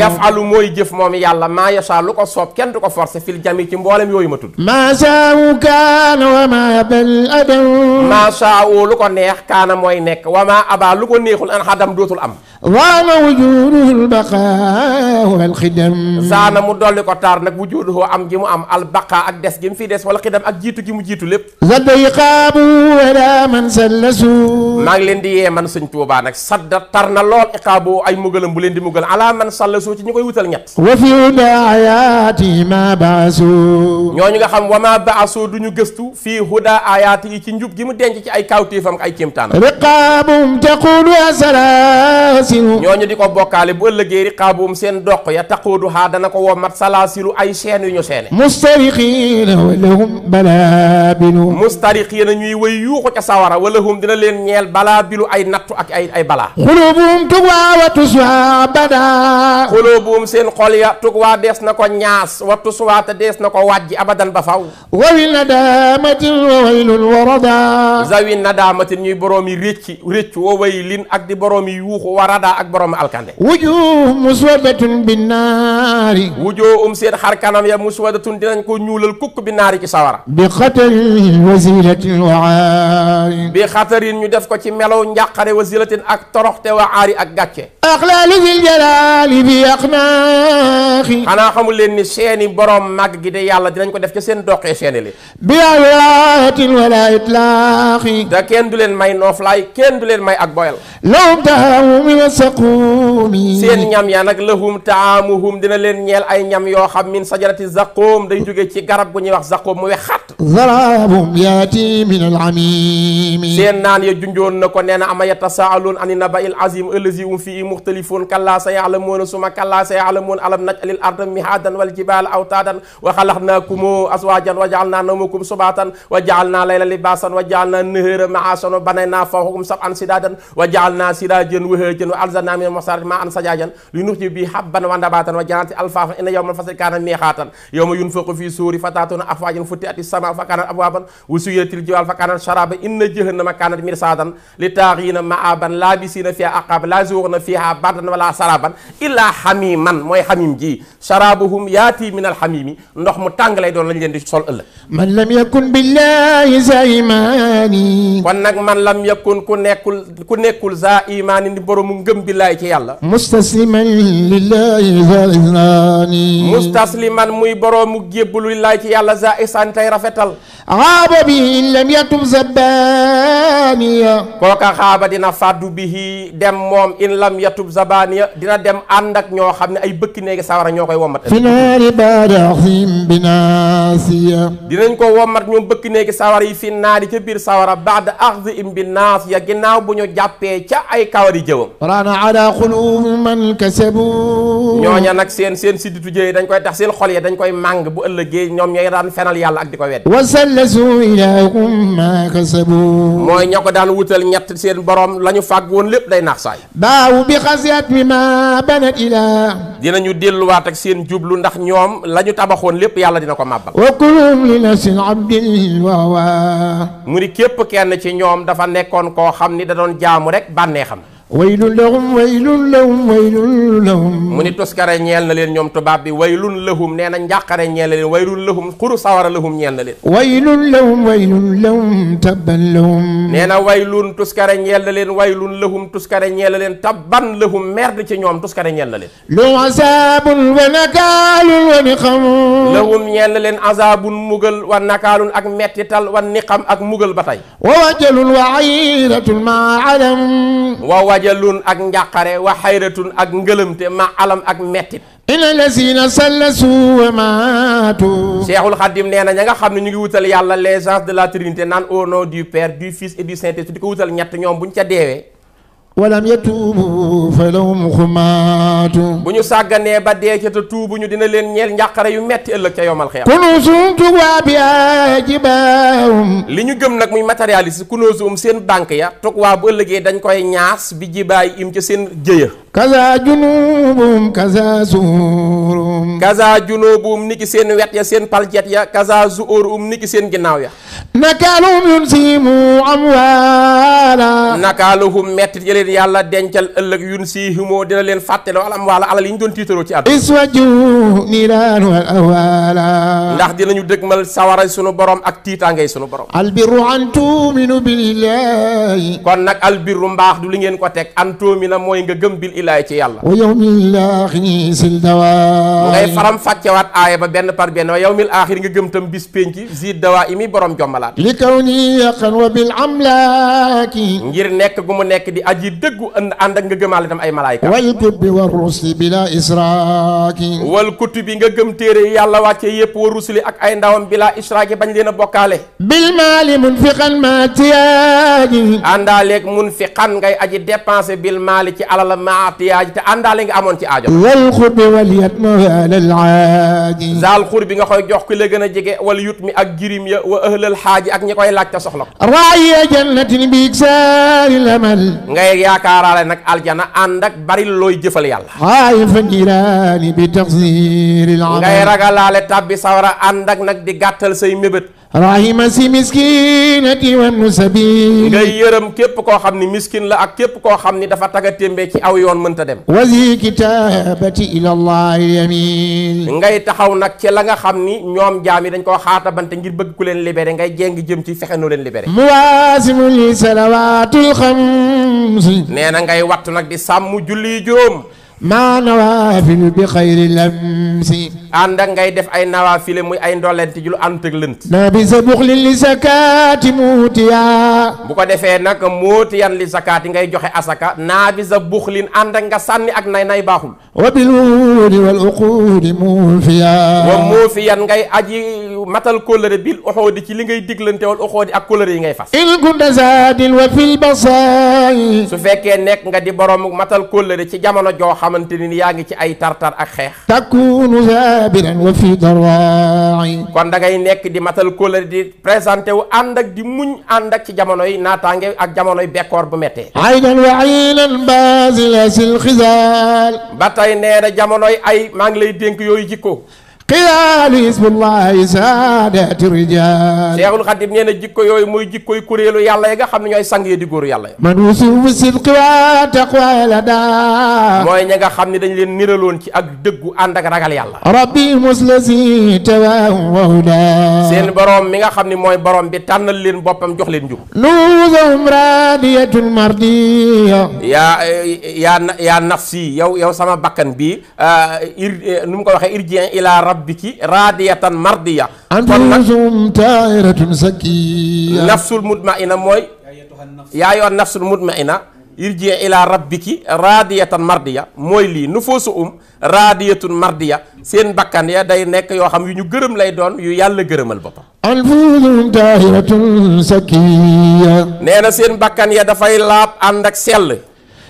S3: yafalu mooy jëf moom yàlla maa yasa lu ko soob kenn du ko forcé fil jami ci mboolem yooyu ma tudd
S5: maa saawu kaana wa maa abal
S3: adam maa saawu lu ko neex kaana mooy nekk wa maa abaa lu ko neexul an xadam dootul am
S5: waala wujuduhu albaqaa wal xidam zaana mu dolli ko
S3: taar nag wujuduhu am gi mu am albaqaa ak des gi mu fi des wala xidam ak jiitu gi mu jiitu lépp
S5: sadda iqaabu wala man sallasu maa
S3: ngi leen di yee man sëñ Tuubaa nag sadda tar na lool iqaabu ay mugalam bu leen di mugal ala man sallasu ci ñu koy wutal ñett
S5: wa fi hudaayati ma baasu ñooñu nga xam wa ma baasu
S3: du ñu gëstu fii huda ayaati yi ci njub gi mu denc ci ay kawtéefam ak salaasilu ñooñu di ko bokkaale bu ëllëgee riqaabum seen doq ya taquudu haa dana ko wommat salaasilu ay chaîne yu ñu seene
S5: mustariqiina walahum balaabilu
S3: mustariqiina ñuy wëy yuuxu ca sawara walahum dina leen ñeel balaabilu ay nattu ak ay ay balaa
S5: xulubuum tugwaa wa tuswaa badaa
S3: xulubuum seen xol ya tugwaa dees na ko ñaas wa tuswaa te dees na ko wàjji abadan ba faw
S5: wawi nadaamatin wa waylun wa radaa
S3: zawi nadaamatin ñuy boroomi récci récc wa ak di boroomi yuuxu wara saada ak borom alkande
S5: wujuu muswadatun binnaari
S3: wujuu um seen xar kanam ya muswadatun dinañ ko ñuulal kukk bi naari ci sawara
S5: bi xatarin wasilatin wa aari
S3: bi ñu def ko ci melow njàqare wasilatin ak toroxte wa ak
S5: gàcce axlaali fil jalaali bi axnaaqi xanaa
S3: xamul leen ni seeni borom màgg gi de yàlla dinañ ko def ca seen doqee seeni li
S5: bi awlaatin wala itlaaqi da
S3: kenn du leen may nooflaay kenn du leen may ak boyal
S5: saquumi
S3: seen ñam ya nag lahum taamuhum dina leen ñeel ay ñam yoo xam min sajarati zaqoom day jóge ci garab gu ñuy wax zaqoom mu wexat
S5: zarabum yaati min
S3: alamimi seen naan ya junjoon na ko nee na ama yatasaaluun ani naba il azim ëllësi um fii muxtalifuun kallaa sa yaalamuuna suma kallaa sa yaalamuun alam naj alil arda mihaadan wal jibaala awtaadan wa xalaqnaakum aswaajan wa jaalnaa nawmakum subaatan wa jaalnaa layla libaasan wa jaalnaa nahaara maasan wa banaynaa fawqakum sab'an sidaadan wa jaalnaa siraajan wa haajan alzanna min masarati ma an sajaajan li nuxji bi habban wa nabatan wa janati alfafa inna yawmal fasli kana miqatan yawma yunfaqu fi suuri fatatuna afwajan futihat as-sama fa kanat abwaban wa suyirat al-jibal fa kanat sharaba inna jahannama kanat mirsadan li taaghina ma'aban labisina fiha aqab la zughna fiha bardan wala saraban illa hamiman mooy hamim ji sharabuhum yaati min al ndox mu tàng lay doon lañ di sol
S5: man lam yakun billahi za
S3: imaani kon nag man lam yakun ku nekkul ku nekkul za imaani ni boromu ngëm billaay ci yàlla
S5: mustasliman lillahi za ihsaani
S3: mustasliman muy boroomu jébbalu lillaay ci yàlla za ihsaan tey rafetal
S5: xaaba bihi lam yatub zabaaniya
S3: kooka xaaba dina fàddu bihi dem moom in lam yatub zabaaniya dina dem ànd ak ñoo xam ne ay bëkki néegi sawara ñoo koy womat fi naari
S5: baada axim binaasiya
S3: dinañ ko wommat ñoom bëkk néegi sawar yi fi naari ca biir sawara baada axdi im bi naas ya ginnaaw bu ñu jàppee ca ay kawari
S5: jëwam raana ala xulubi man kasabu ñooña
S3: nag seen seen sidditu jëye dañ koy tax seen xol ya dañ koy màng bu ëllëgee ñoom ñooy daan fenal yàlla ak di ko wedd
S5: wasallasu ilahum ma kasabu
S3: mooy ña ko daan wutal ñett seen boroom la ñu fàgg woon lépp day naax saay
S5: baaw bi xasiyat mi ma banat ilaa
S3: dinañu delluwaat ak seen jublu ndax ñoom la tabaxoon lépp yàlla dina ko màbbal mu ni képp kenn ci ñoom dafa nekkoon koo xam ni da doon jaamu rek bànneexam
S5: waylun lahum waylun lahum waylun lahum mu
S3: ni tuskare ñeel na leen ñoom tubaab bi waylun lahum nee na njàqare ñeel na leen waylun lahum xuru sawara lahum ñeel na leen
S5: waylun lahum waylun lahum tabban lahum nee
S3: na waylun tuskare ñeel na leen waylun lahum tuskare ñeel na leen tabban lahum merde ci ñoom tuskare ñeel na leen
S5: lahum azabun wa nakaalun wa niqam lahum
S3: ñeel na leen azabun mugal wa nakaalun ak mettital wa niqam ak mugal ba tey wa wajalun wa ayratun ma alam wajalun ak njàqare wax xayratun ak ngëlëmte ma alam ak mettit
S5: ina lazina sallasu wa maatu
S3: Cheikhul Khadim nee na ña nga xam ne ñu ngi wutal yàlla l'essence de la Trinité naan au nom du Père du Fils et du Saint-Esprit di ko wutal ñett ñoom bu ñu ca deewee
S5: walam yatuubu fa lahum xumaatu
S3: bu ñu sàgganee ba dee ca te ñu dina leen ñeel njàqare yu metti ëllëg ca yowmal xiyaam kunuusum tukwaa bi
S5: jibaahum li ñu
S3: gëm nag muy matérialiste kunuusum seen banque ya tukwaa bu ëllëgee dañ koy ñaas bi jibaay im ca seen
S5: jëya kaza junubum kaza zuurum kaza junubum
S3: niki seen wet ya seen paljet ya kaza zuurum niki seen ginnaaw ya
S5: nakaaluhum yunsihimu amwaala
S3: nakaaluhum mettit ya leen yàlla dencal ëllëg yunsihimu dina leen fàtteloo al amwaala alal yi ñu doon tiitaroo ci àdduna
S5: iswaju niiraan wal awaala ndax
S3: dinañu dëgmal sawara sunu borom ak tiitaangay sunu borom
S5: albirru an
S3: tuuminu billahi kon nag albirru mbaax du li ngeen ko teg an tuumina mooy nga gëm bil wilaay ci yàlla
S5: wa yawmil aaxiri sil dawaa ngay faram
S3: fàccewaat aaya ba benn par benn wa yawmil aaxiri nga gëm tam bis pénc ziid dawaa imi borom jombalaat
S5: li kaw ni yaqan wa bil amlaaki
S3: ngir nekk gu mu nekk di aji dëggu ànd ak nga gëmaale tam ay malaayka
S5: wal kutubi wa rusli bila israaki wal kutubi nga gëm téere
S3: yàlla wàcce yépp wa rusli ak ay ndawam bila israaki bañ leen a bokkaale bil maali munfiqan ma tiyaagi àndaaleeg ngay aji dépensé bil ci alal ma atiyaaj te àndaale nga amoon ci aajo
S5: wal xurbi wal yat ma alal aaji zaal
S3: xur bi nga koy jox ku la a jege wala yut mi ak jirim ya wa ëhlal xaaji ak ñi koy laaj te soxla ko
S5: raaya jannatin bi saari lamal
S3: ngay yaakaaraale nag aljana ànd ak looy jëfal yàlla
S5: xaay fa jiraani bi taxsiril ngay ragalaale
S3: tàbbi sawara ànd ak di gàttal say mébét
S5: rahima si miskinati wa ibnu sabil ngay
S3: yërëm képp koo xam ni miskin la ak képp koo xam ni dafa taga témbe ci aw yoon mënta dem
S5: wasi kitabati ila allah yamin ngay
S3: taxaw nag ci la nga xam ni ñoom jaam yi dañ koo xaata bante ngir bëgg ku leen libéré ngay jéng jëm ci fexe nu leen libéré
S5: muwaasimu li salawatul xamsi
S3: nee na ngay wattu nag di sàmm julli juróom
S5: maa nawaafil bi xayri lamsi. ànd ak ngay def
S3: ay nawaafile muy ay ndolleenti ju lu ànd ak lënt.
S5: na sa buxli li sakaati muutiya.
S3: bu ko defee nag muutiyan li sakaati ngay joxe asaka naa bi sa buxlin ànd ak nga sànni ak nay nay baaxul.
S5: wa bil wuudi wal uquudi muufiya. wa
S3: muufiyan ngay aji matal kóllëre bil uxoodi ci li ngay diglante wal uxoodi ak kóllëre yi ngay fas.
S5: in kunta saadin wa fil basaay. su
S3: fekkee nekk nga di borom matal kóllëre ci jamono joo xam xamante ni yaa ngi ci ay tartar ak xeex
S5: takunu sabiran wa fi darai
S3: kon dangay nekk di matal kóolari di présenté wu ànd ak di muñ ànd ak ci jamonoy naataange ak jamonoy bekkoor bu méttee
S5: aynan wa aynan basila
S3: sil xisaal ba tey nee na ay maa ngi lay dénk yooyu jikko
S5: xiyaali hisbullahi saadaati rijaal
S3: Seexul Xadim nee na jikko yooyu mooy jikkoy kuréelu yàlla yi nga xam ne ay sang yi di yàlla ya
S5: man wusufu sidqi wa taqwa la daa mooy
S3: ña xam ni dañ leen niraloon ci ak dëggu ànd ak ragal yàlla
S5: rabbi muslasi tawaahu wa hudaa seen
S3: borom mi nga xam ne mooy borom bi tànnal leen boppam jox leen njub
S5: nuusahum raadiyatul mardiya
S3: yaa yaa yaa nafsi yow yow sama bakkan bi ah, ir eh, nu mu ko waxee irjien ila rabbiki raadiyatan mardiya.
S5: kon nag ta'iratun sakiya. nafsul
S3: mutmaina mooy. yaa yoon nafsul mutmaina. irji ila rabbiki raadiyatan mardiya mooy lii nufuusu um raadiyatun mardiya seen bakkan ya day nekk yoo xam yu ñu gërëm lay doon yu yàlla gërëmal boppam.
S5: anfuusum tahiratun
S4: sakiya.
S3: nee na seen bakkan ya dafay laab ànd ak sell.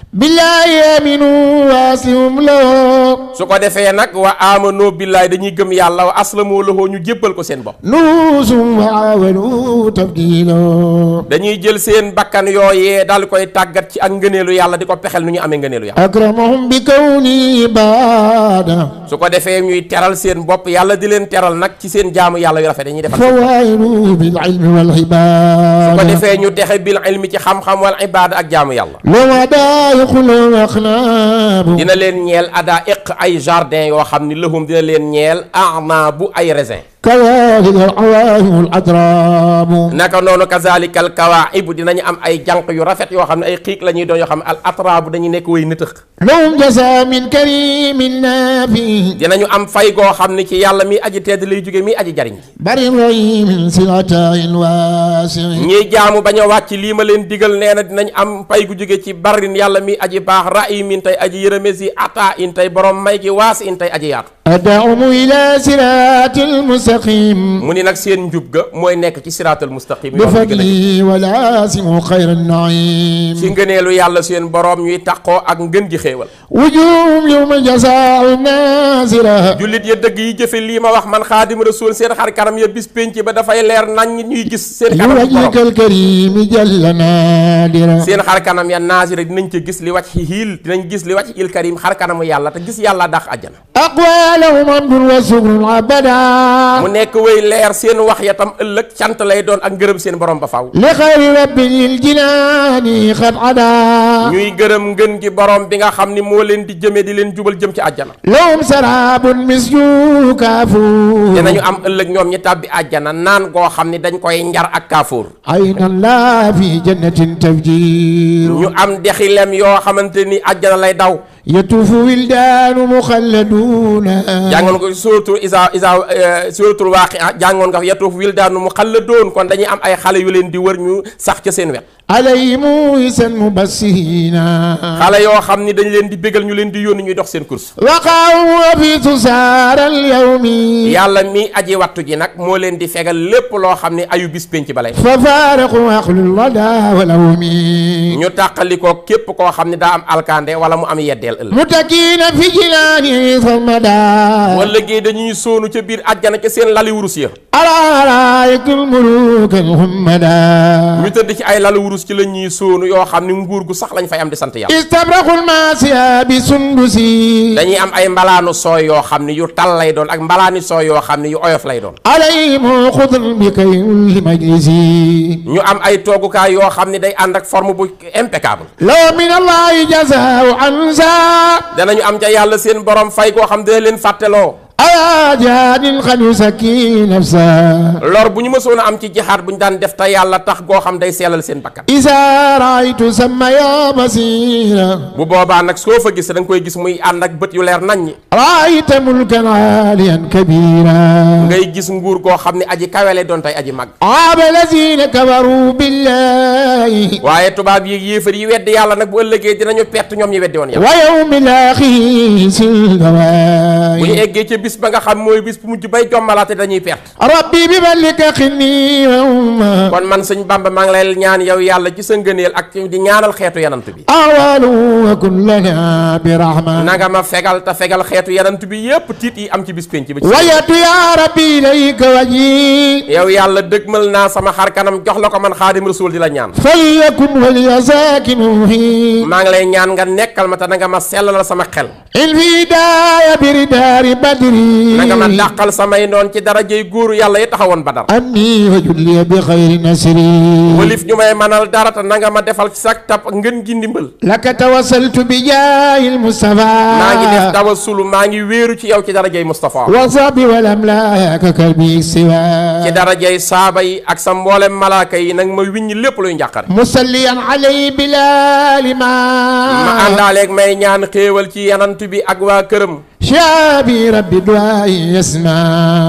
S3: billaahi aminu
S5: waasim lahu
S3: su ko defee nag wa amano billaahi dañuy gëm yàlla wa aslamu lahu ñu jébbal ko seen bopp
S5: nuusum waawanu tabdilo
S3: dañuy jël seen bakkan yooyee daal koy tàggat ci ak ngëneelu yàlla di ko pexel nu ñu amee ngëneelu yàlla
S5: akramahum bi kawni baada
S3: su ko defee ñuy teral seen bopp yàlla di leen teral nag ci seen jaamu yàlla yu rafet dañuy defal
S5: fawaayilu bil ilmi wal ibaada su ko
S3: defee ñu texe bil ilmi ci xam-xam wal ibaada ak jaamu
S5: yàlla dina
S3: leen ñeel ada iq ay jardin yoo xam ni lahum dina leen ñeel ana bu ay raisin
S5: kazaalika al-awaahimu al-atraam
S3: naka noonu kazaalika al-kawaa'ibu dinañu am ay jànq yu rafet yoo xam ne ay xiik la ñuy doon yoo xam ne al-atraabu dañuy nekk way nëtëx.
S5: lahum jazaa min kariimin naafi.
S3: dinañu am fay goo xam ne ci yàlla mi aji tedd lay jóge mi aji jariñ.
S5: bari rahimin si ataayin waasi. ñiy jaamu
S3: bañ a wàcc lii ma leen digal nee na dinañ am fay gu jóge ci barin yàlla mi aji baax rahimin tey aji yërëme si ataayin tey borom may gi waasi in tey aji yaatu. mustaqim mu ni nag seen njub ga mooy nekk ci siraatal mustaqim bi fadli
S5: wala simu xayra naim ci ngëneelu
S3: yàlla seen boroom ñuy taqoo ak ngën ji xéewal
S5: wujum yowma jasaa
S3: jullit ya dëgg yi jëfe lii ma wax man xaadim rasul seen xar kanam ya bis pénc ba dafay leer nañ ñuy gis seen kanam wajhikal
S5: karim jalla nadira seen xar
S3: kanam ya nasira dinañ ci gis li wàcc hiil dinañ gis li wàcc il karim xar kanamu yàlla te gis yàlla dax àjjana
S5: aqwalahum amdun wa sukrun mu
S3: nekk way leer seen wax ya tam ëllëg cant lay doon ak ngërëm seen borom ba faw li xayri
S5: rabbil jinaani xat ada
S3: ñuy gërëm ngën ji borom bi nga xam ni moo leen di jëmee di leen jubal jëm ci àjjana
S5: lahum sarabun misyu kaafuur dinañu
S3: am ëllëg ñoom ñi tàbbi àjjana naan goo xam ni dañ koy njar ak kaafuur
S5: aynan la fi jannatin tafjir ñu am dexi lem
S3: yoo xamante ni
S5: àjjana lay daw يطوف ولدان مخلدون jàngoon ko sóoratul isa isa
S3: sóoratul waaqia jàngoon nga yatuuf wildaan muxalladoon kon dañuy am ay xale yu leen di wër ñu sax ca seen wet
S5: alayhimu isan mubassirina xale yoo
S3: xam ni dañ leen di bégal ñu leen di yónni ñuy dox seen course
S5: waqaw fi tusaar yàlla
S3: mi aji wattu ji nag moo leen di fegal lépp loo xam ne ayu bis pénc balay fa faaraqu
S5: ahlul wada wala wumi ñu
S3: tàqalikoo képp koo xam ne daa am alkande wala mu am yeddeel ëllëg
S5: mutakiina fi jilaani sarmadaa wala
S3: géey dañuy sóonu ca biir àjjana ca seen lali wurus ya
S5: alaa araa'ikal muluuka hummadaa ñu
S3: tëdd ci ay lali wurus ci la ñuy sóonu yoo xam ne nguur gu sax lañ fay am di sant yàlla
S5: istabraxul maasiya
S3: bi sundusi dañuy am ay mbalaanu sooy yoo xam ne yu tal lay doon ak mbalaani sooy yoo xam ne yu oyof lay doon
S5: alayhimu xudun bi kayin li majlisi
S3: ñu am ay toogukaay yoo xam ne day ànd ak forme bu impeccable
S5: law min allahi jazaa
S3: danañu am ca yàlla seen borom fay koo xam dina leen fàtteloo
S5: ala jihaadin xad yusakki nafsa
S3: lor bu ñu mësoon a am ci jihaad bu ñu daan def te yàlla tax goo xam day seelal seen bakkan
S5: isa raaytu sama ya basira bu
S3: boobaa nag soo fa gis da nga koy gis muy ànd ak bët yu leer naññi
S5: raayta mulkan aaliyan kabira
S3: ngay gis nguur goo xam ne aji kawele doon tey aji mag
S5: abalazina kabaru billahi
S3: waaye tubaab yi yéefar yi weddi yàlla nag bu ëllëgee dinañu perte ñoom ñi weddi woon yàlla wa yawmil
S5: axir
S3: bis ba nga xam mooy bis bu mujj bay jommalaate dañuy perte rabbi bi balika xinni kon man sëñ Bamba maa ngi lay ñaan yow yàlla ci sa ngëneel ak di ñaanal xeetu yanant bi
S5: awalu kullaha bi rahma
S3: ma fegal fegal xeetu yanant bi yépp tiit yi am ci bis penc ba wayatu ya
S5: rabbi ilayka waji yow yàlla
S3: dëgmal naa sama xar kanam jox la ko man xaadim rasul di la ñaan
S5: falyakun waliya saakinu maa ngi lay
S3: ñaan nga nekkal ma te nanga ma sellalal sama xel
S5: ilfidaaya biri daari badri nanga ma dàqal
S3: samay noon ci darajey góoru yàlla yi taxawoon badar
S5: ami wa julliya bi xayri nasri walif ñu
S3: may manal dara te nanga ma defal ci sag tab ngën gi ndimbal
S5: laka tawasaltu bi jaayil mustafa maa ngi def
S3: tawasulu maa ngi wéeru ci yow ci darajey mustafa wa
S5: sabi walam laaka kalbi siwa
S3: ci darajey saaba yi ak sa mboolem malaaka yi nanga ma wiññi lépp luy njàqare musalliyan
S5: alay bilaalima ma
S3: àndaaleeg may ñaan xéewal ci yanant bi ak waa këram
S5: shaabi rabbi duwaay yasma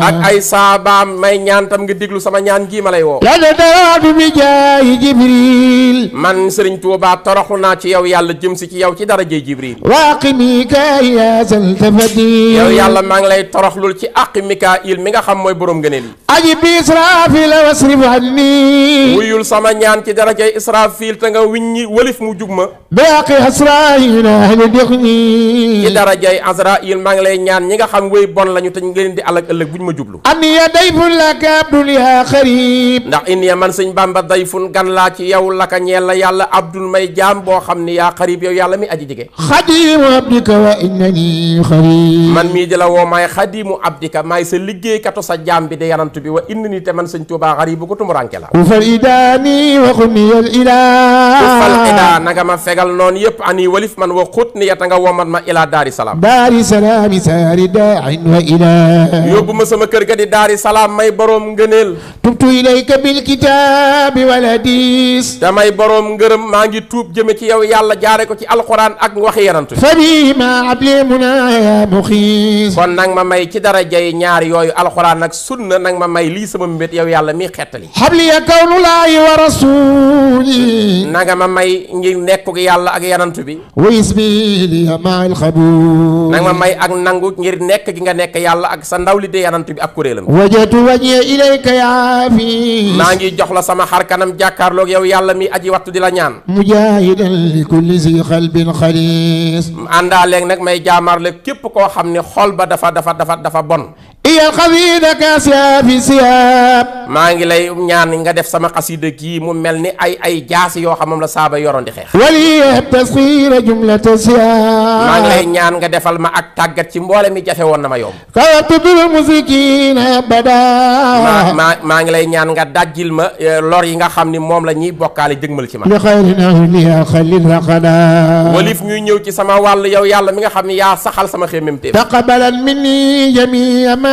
S3: ak ay saabaam may ñaan tam nga déglu sama ñaan gii ma lay woo
S5: yaddaraabu bi jaayi jibril
S3: man sëriñ tuuba toroxu naa ci yow yàlla jëm si ci yow ci darajey jibril
S5: waaqi mikaayil yaa saltafati yow yàlla maa ngi lay
S3: toroxlul ci aqi mikaayil mi nga xam mooy borom ngëneel yi
S5: aji bi israafil wasrif anni wuyul
S3: sama ñaan ci darajey israafil te nga wiññi walif mu jug ma
S5: bi aqi asraayil ahli dixni ci
S3: darajey azraayil maa ngi lay ñi nga xam wéy bon lañu te ñu leen di alak ëllëg bu ñu ma jublu
S5: an ya dayfun laka abdun yaa
S3: xarib ndax in ya man sëñ bàmba dayfun gan laa ci yow laka ñeel la yàlla abdul may jaam boo xam ni yaa xarib yow yàlla mi aji jige xadimu abdika wa
S5: innani xarib man
S3: mii di la woo maay xadimu abdika maay sa liggéeykatu sa jaam bi de yanantu bi wa innani te man sañ tuubaa xarib bu ko tumuranke la
S5: ku fal idaani wa xumiyal ilaa ku fal
S3: idaa na nga xut ni nga womat ma ilaa daari salaam
S5: salaam salaam saari daain wa ilaa yóbbu
S3: ma sama kër ga di daari salaam may boroom ngëneel tubtu ilayka bil kitaabi wal hadiis damay boroom ngërëm maa ngi tuub jëme ci yow yàlla jaare ko ci alquran ak waxi yarantu fa bi ma ablee munaa yaa muxiis kon nag ma may ci darajay ñaar yooyu alquran ak sunna nag ma may lii sama mbét yow yàlla miy xettali
S5: xabliya kawnullaahi wa rasuuli
S3: nanga ma may ngir nekkuk yàlla ak yarantu bi
S5: wa isbiiliya maa alxabuur nanga ma
S3: may ak nangu ngir nekk ki nga nekk yàlla ak sa ndaw li de yanant bi ak kuréelam wajatu
S5: wajhiya ilayka yaafi
S3: maa ngi jox la sama xar kanam jàkkaarloog yow yàlla mi aji wattu di la ñaan
S5: mujahidan li kulli zi xalbin xalis àndaa léeg
S3: nag may jaamaarle képp koo xam ne xool ba dafa dafa dafa dafa bon maa ngi lay ñaan nga def sama xasida kii mu mel ni ay ay jaasi yoo xam moom la saaba yoroon di xeex
S5: maa ngi lay
S3: ñaan nga defal ma ak tàggat ci mboole mi jafe woon na ma yomb maa maa ngi lay ñaan nga dajjil ma eh, lor yi nga xam ni moom la ñuy bokkaale jëgmal ci ma walif ñuy ñëw ci sama wàll yow yàlla mi nga xam ni yaa saxal sama xéemam téem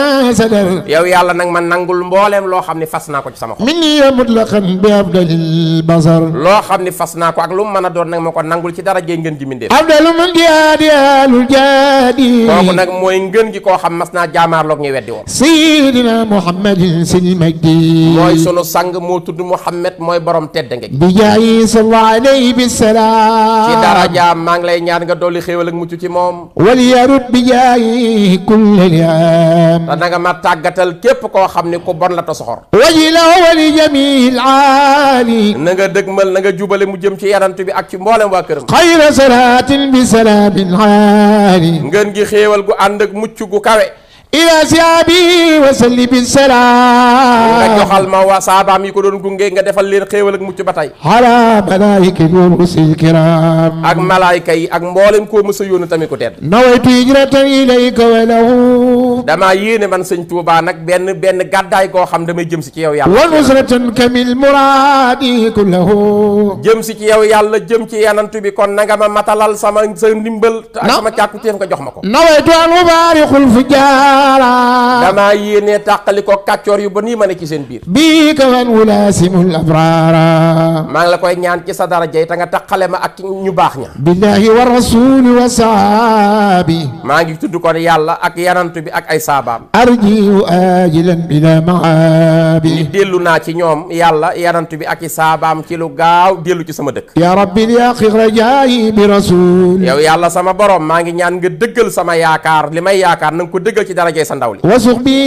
S5: ma sadar
S3: yow yàlla nag ma nangul mbooleem loo xam ne fas naa ko ci sama
S5: xol min ya mutlaqan bi abdalil basar
S3: loo xam ne fas naa ko ak lu mu mën a doon nag ma ko nangul ci dara gee ngeen ji mindee abdalu
S5: man diyaadi alul jaadi kooku nag mooy
S3: ngën gi koo xam mas naa jaamaarloog ñuy weddi woon
S5: sayidina muhammadin sil magdi mooy sunu
S3: sang moo tudd muhammad mooy borom tedd nga
S5: bi jaayi sallallahu alayhi bi salaam ci daraja maa ngi lay ñaan nga dolli
S3: xéewal ak mucc ci moom wal
S5: yarut bi jaayi kullal yaam
S3: nanga na ma tàggatal képp koo xam ni ku bon la te soxor
S5: wajila wali jamil aali na nga
S3: dëgmal na nga jubale mu jëm ci yarant bi ak ci mboolem waa këram xayra
S5: salaatin bi salaamin
S3: aali ngeen gi xéewal gu ànd ak mucc gu kawe yaa siyaabi wasalli bi salaam nga joxal ma waa saabaam yi ko doon gunge nga defal leen xéewal ak mucc ba tey
S5: ala malaayika yoon usil kiram ak malaayika
S3: yi ak mboolem koo mësa yoonu tamit
S5: ku tedd nawaytu hijratan ilayka walahu
S3: damaa yéene man sëñ Tuubaa nag benn benn gàddaay koo xam damay jëm si ci yow yàlla wa
S5: nusratan kamil muraadi kullahu jëm
S3: si ci yow yàlla jëm ci yanantu bi kon nanga ma matalal sama sa ndimbal ak sama càkkuteef nga jox ma ko
S5: nawaytu an ubaarixul fujaa أبرارا
S3: دما يني تقلي كو كاتور يو بني ماني كي سين بير
S5: بيك من ولاسم الأبرار
S3: ما لا كوي نيان كي سدار جاي تاغا تقالي ما اك ني باخ نيا
S5: بالله والرسول وصحابي
S3: ما نغي تود كو يالا اك يانانتو بي اك اي صحابام
S5: ارجي اجلا بلا معابي
S3: ديلو نا سي نيوم يالا يانانتو بي اك صحابام سي لو غاو ديلو سي سما دك
S5: يا ربي يا خير جاي برسول yow
S3: yàlla sama borom maa ngi ñaan nga dëggal sama yaakaar li may yaakaar na nga ko dëggal ci dara darajee sa ndaw li
S5: wasux bi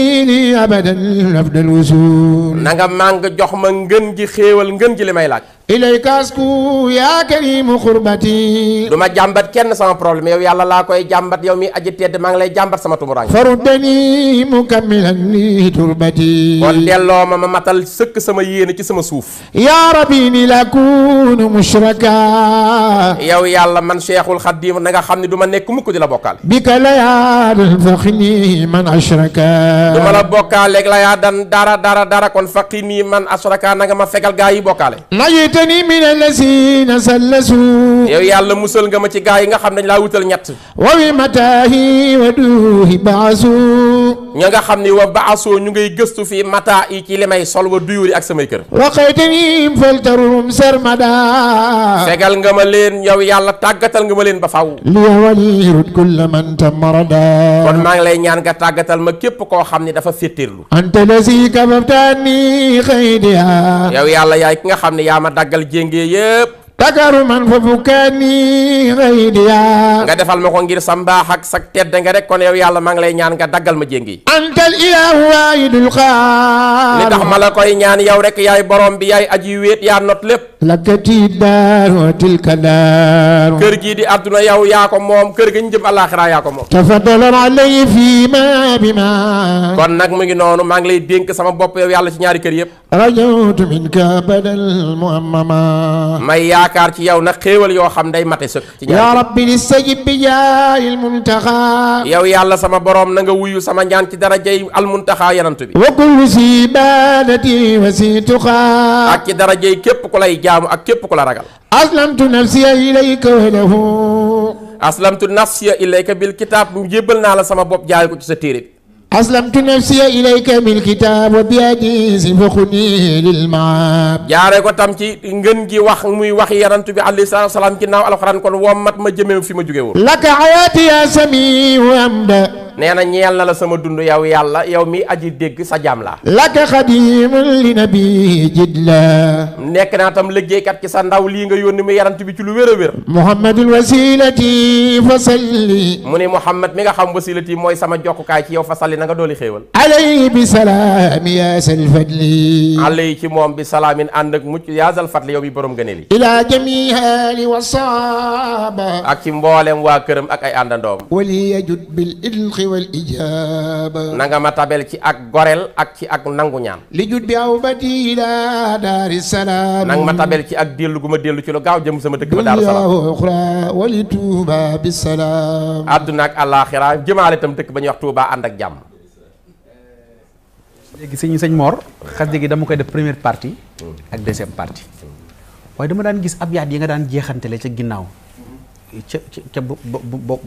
S5: abadan afdal wusul na
S3: nga màng jox ma ngën ji xéewal ngën ji li may laaj ilay kasku yaa karimu xurbati. du ma jàmbat kenn sama problème yow yàlla laa koy jàmbat yow mi aji tedd maa ngi lay jàmbat sama tumuraange.
S5: faruddani mukammilan li
S3: turbati. kon delloo ma ma matal sëkk sama yéene ci sama suuf.
S5: yaa rabbi ni la kunu mushraka.
S3: yow yàlla man Cheikhul Khadim na nga xam ne du ma nekk mukk di
S5: la bokkaal. bi ka la yaa dan faqini man ashraka. du ma la
S3: bokkaaleeg la yaa dan dara dara dara kon faqini man ashraka na nga ma fegal gaa yi bokkaale.
S5: najjatani min allazina sallasu yow yàlla
S3: musal nga ma ci gaa yi nga xam ne dañ laa wutal ñett
S5: wa bi mataahi wa duuhi baasu ña nga xam ni wa baasoo ñu
S3: ngay gëstu fii mataa yi ci li may sol wa duyuri ak samay kër
S5: waqaytanim faltarum sarmada
S3: fegal nga ma leen yow yàlla tàggatal nga ma leen ba faw
S5: liwalirut kulla man tamarada kon maa ngi
S3: lay ñaan nga tàggatal ma képp koo xam ne dafa féttéerlu
S5: anta lasi kababtaani xaydiya yow yàlla
S3: yaay ki nga xam ne yaa ma daggal jéngee yëpp
S5: takaru man foofu kaani xaydiya nga
S3: defal ma ko ngir sa mbaax ak sa tedd nga rek kon yow yàlla maa ngi lay ñaan nga daggal ma jéngi
S5: antal ilahu waahidul xaar li
S3: tax ma la koy ñaan yow rek yaay borom bi yaay aji wéet yaa not lépp
S5: lakkati daaru tilka daaru kër
S3: gii di àdduna yaw yaa ko moom kër gi ñu jëm àllaaxira yaa ko moom
S5: tafaddalan alayya fii ma bi ma
S3: kon nag mu ngi noonu maa ngi lay dénk sama bopp yow yàlla ci ñaari kër yëpp
S5: rajawtu minka badal
S3: yaakaar ci yow nag xéewal yoo xam day mate sëkk.
S5: ci ñaan yaa rabbi istajib bi jaayil muntaxa. yow
S3: yàlla sama borom na nga wuyu sama ñaan ci darajay al muntaxa yanant bi.
S4: wa
S5: kullu si ibaadati wa si tuqa. ak
S3: ci darajay képp ku lay jaamu ak képp ku la ragal.
S5: aslamtu nafsiya ilayka wa lahu.
S3: aslamtu nafsiya ilayka bil kitaab jébbal naa la sama bopp jaay ko ci sa téere bi.
S5: أسلمت نفسي إليك بالكتاب وبأجيز فخني للمعاب
S3: jaaree ko tam ci ngën gi wax muy wax yonent bi alayhi salaatu salaam ginnaaw alxuraan kon wommat ma jëmee fi ma jóge woon. لك حياتي
S5: يا سميع وأمدا
S3: nee na ñeel na la sama dund yow yàlla yaw mi aji dégg sa jaam laa
S5: laka xadimun li nabi jidla
S3: nekk naa tam kat ci sa ndaw lii nga yónni mu yarant bi ci lu wér a wér
S5: muhammadul wasilati fa salli
S3: mu ne muhammad mi nga xam wasilati mooy sama jokkukaay ci yaw fa salli na nga dooli xéewal
S5: alay bi salaam yaa sal fadli
S3: alay ci moom bi salaamin ànd ak mucc yaa sal fadli yow mi borom gëneel yi
S5: ila jamihaali wa saaba
S3: ak ci mboolem waa këram ak ay
S5: wal ijaaba
S3: ma tabel ci ak gorel ak ci ak nangu ñaan
S5: li jut bi aw bati ila daari salaam na ma tabel
S3: ci ak dellu gu ma dellu ci lu gaaw jëm sama dëkk ba daaru salaam
S5: uxra wali tuuba bi salaam
S3: àdduna ak àllaaxira jëmaale itam dëkk ba ñuy wax tuuba ànd ak jàmm
S2: léegi sëñ sëñ Mor xasida gi dama koy def première partie ak deuxième partie waaye dama daan gis ab yaat yi nga daan jeexantele ca ginnaaw ca ca bo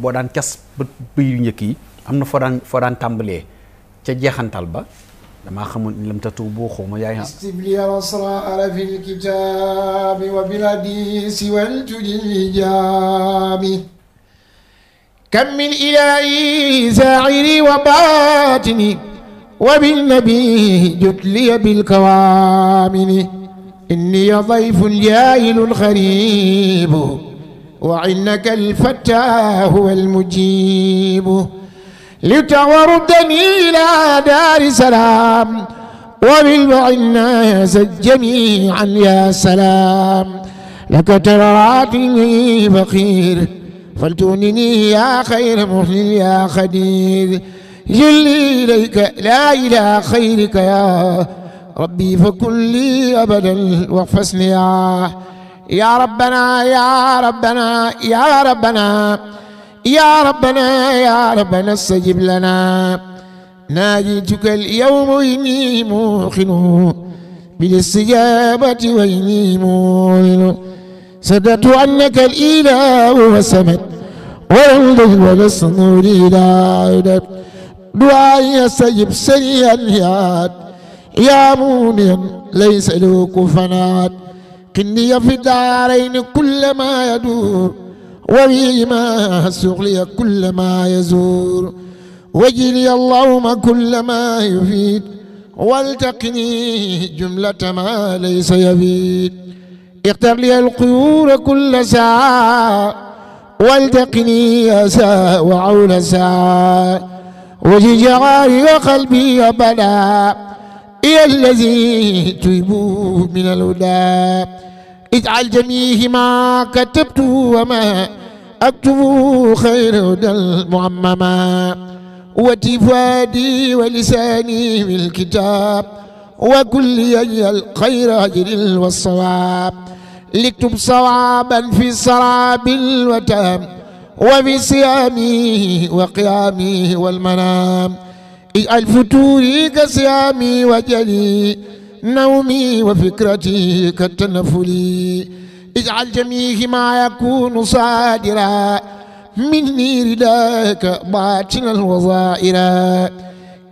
S2: boo daan cas ba bëy njëkk yi am na foo daan foo daan tàmbalee ca jeexantal ba damaa xamul lam tatuubu xawma yaay
S5: istibli alasra ala fi lkitaabi wa biladisi waltudi lijaami kam min ilahi sairi wa batini wa bilnabi jutliya bilkawaamini inni dayfun jaahilun xaribu وإنك الفتى هو المجيب لتوردني إلى دار سلام وبالبع الناس جميعا يا سلام لك تراتني فقير فلتونني يا خير مهل يا خدير جلي إليك لا إلى خيرك يا ربي فكن لي أبدا واحفظني يا يا ربنا يا ربنا يا ربنا يا ربنا يا ربنا استجب لنا ناجيتك اليوم إني موقن بالاستجابة وإني مؤمن صدقت أنك الإله وسمت ولم تجد ولا الصنور إله دعائي استجب سريعا يا مؤمن ليس له كفنات قني في الدارين كل ما يدور وبي ما سغلي كل ما يزور وجني اللهم كل ما يفيد والتقني جملة ما ليس يفيد اختر لي القيور كل ساعة والتقني يسا وعول ساعة وجي جغاري وقلبي أبدا إلى الذي تيب من الهدى اجعل جميع ما كتبت وما أكتب خير هدى المعمما وتيب وادي ولساني بالكتاب وكل يجي الخير أجر والصواب لكتب صوابا في سراب الوتام وفي صيامي وقيامي والمنام اجعل فتوري كصيامي وجلي نومي وفكرتي كالتنفلي اجعل جميع ما يكون صادرا مني رداك باطن الوظائرا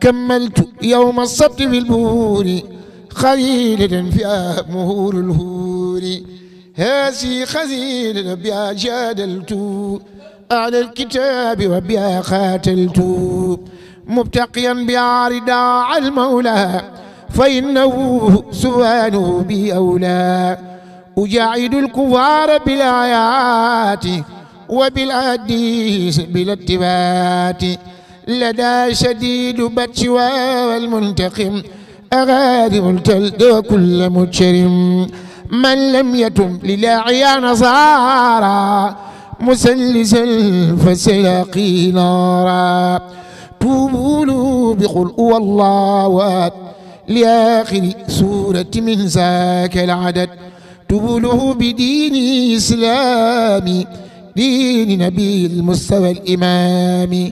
S5: كملت يوم السبت في البور خليلة فيها مهور الهور هذه خزيلة بها جادلت أعلى الكتاب وبها قاتلت مبتقيا بعار داع المولى فإنه سبحانه بي أولى أجاعد الكفار بالآيات وبالأحاديث بالاتباعات لدى شديد بتشوى والمنتقم أغادر الجلد وكل مجرم من لم يتم للاعيا نصارى مسلسا فسيلاقي نارا tuubulu bi qul huwallaahu ahad li aaxiri suurati min zaaka al adad tubuluhu bi diini islaami diini nabiil mustawa al imaami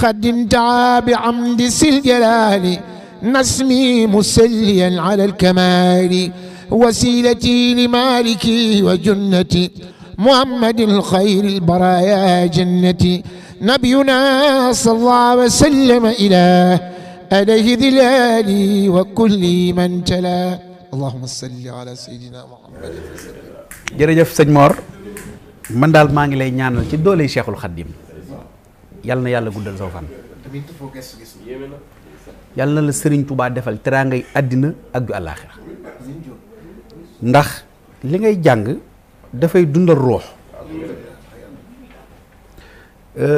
S5: xadim taa bi amdi sil jalaali nasmi musalliyan ala al kamaali wasiilati li maaliki wa junnati muhammadin xayril baraayaa jannati نبينا صلى الله وسلم إلى عليه ذلالي وكل من تلا اللهم صل على سيدنا محمد
S2: jërëjëf sëñ Mor man daal maa ngi lay ñaanal ci doole Cheikhul Khadim yal na yàlla guddal saw fan yal na la Sëriñ Tuubaa defal teraangay àddina ak ju àllaaxira ndax li ngay jàng dafay dundal ruux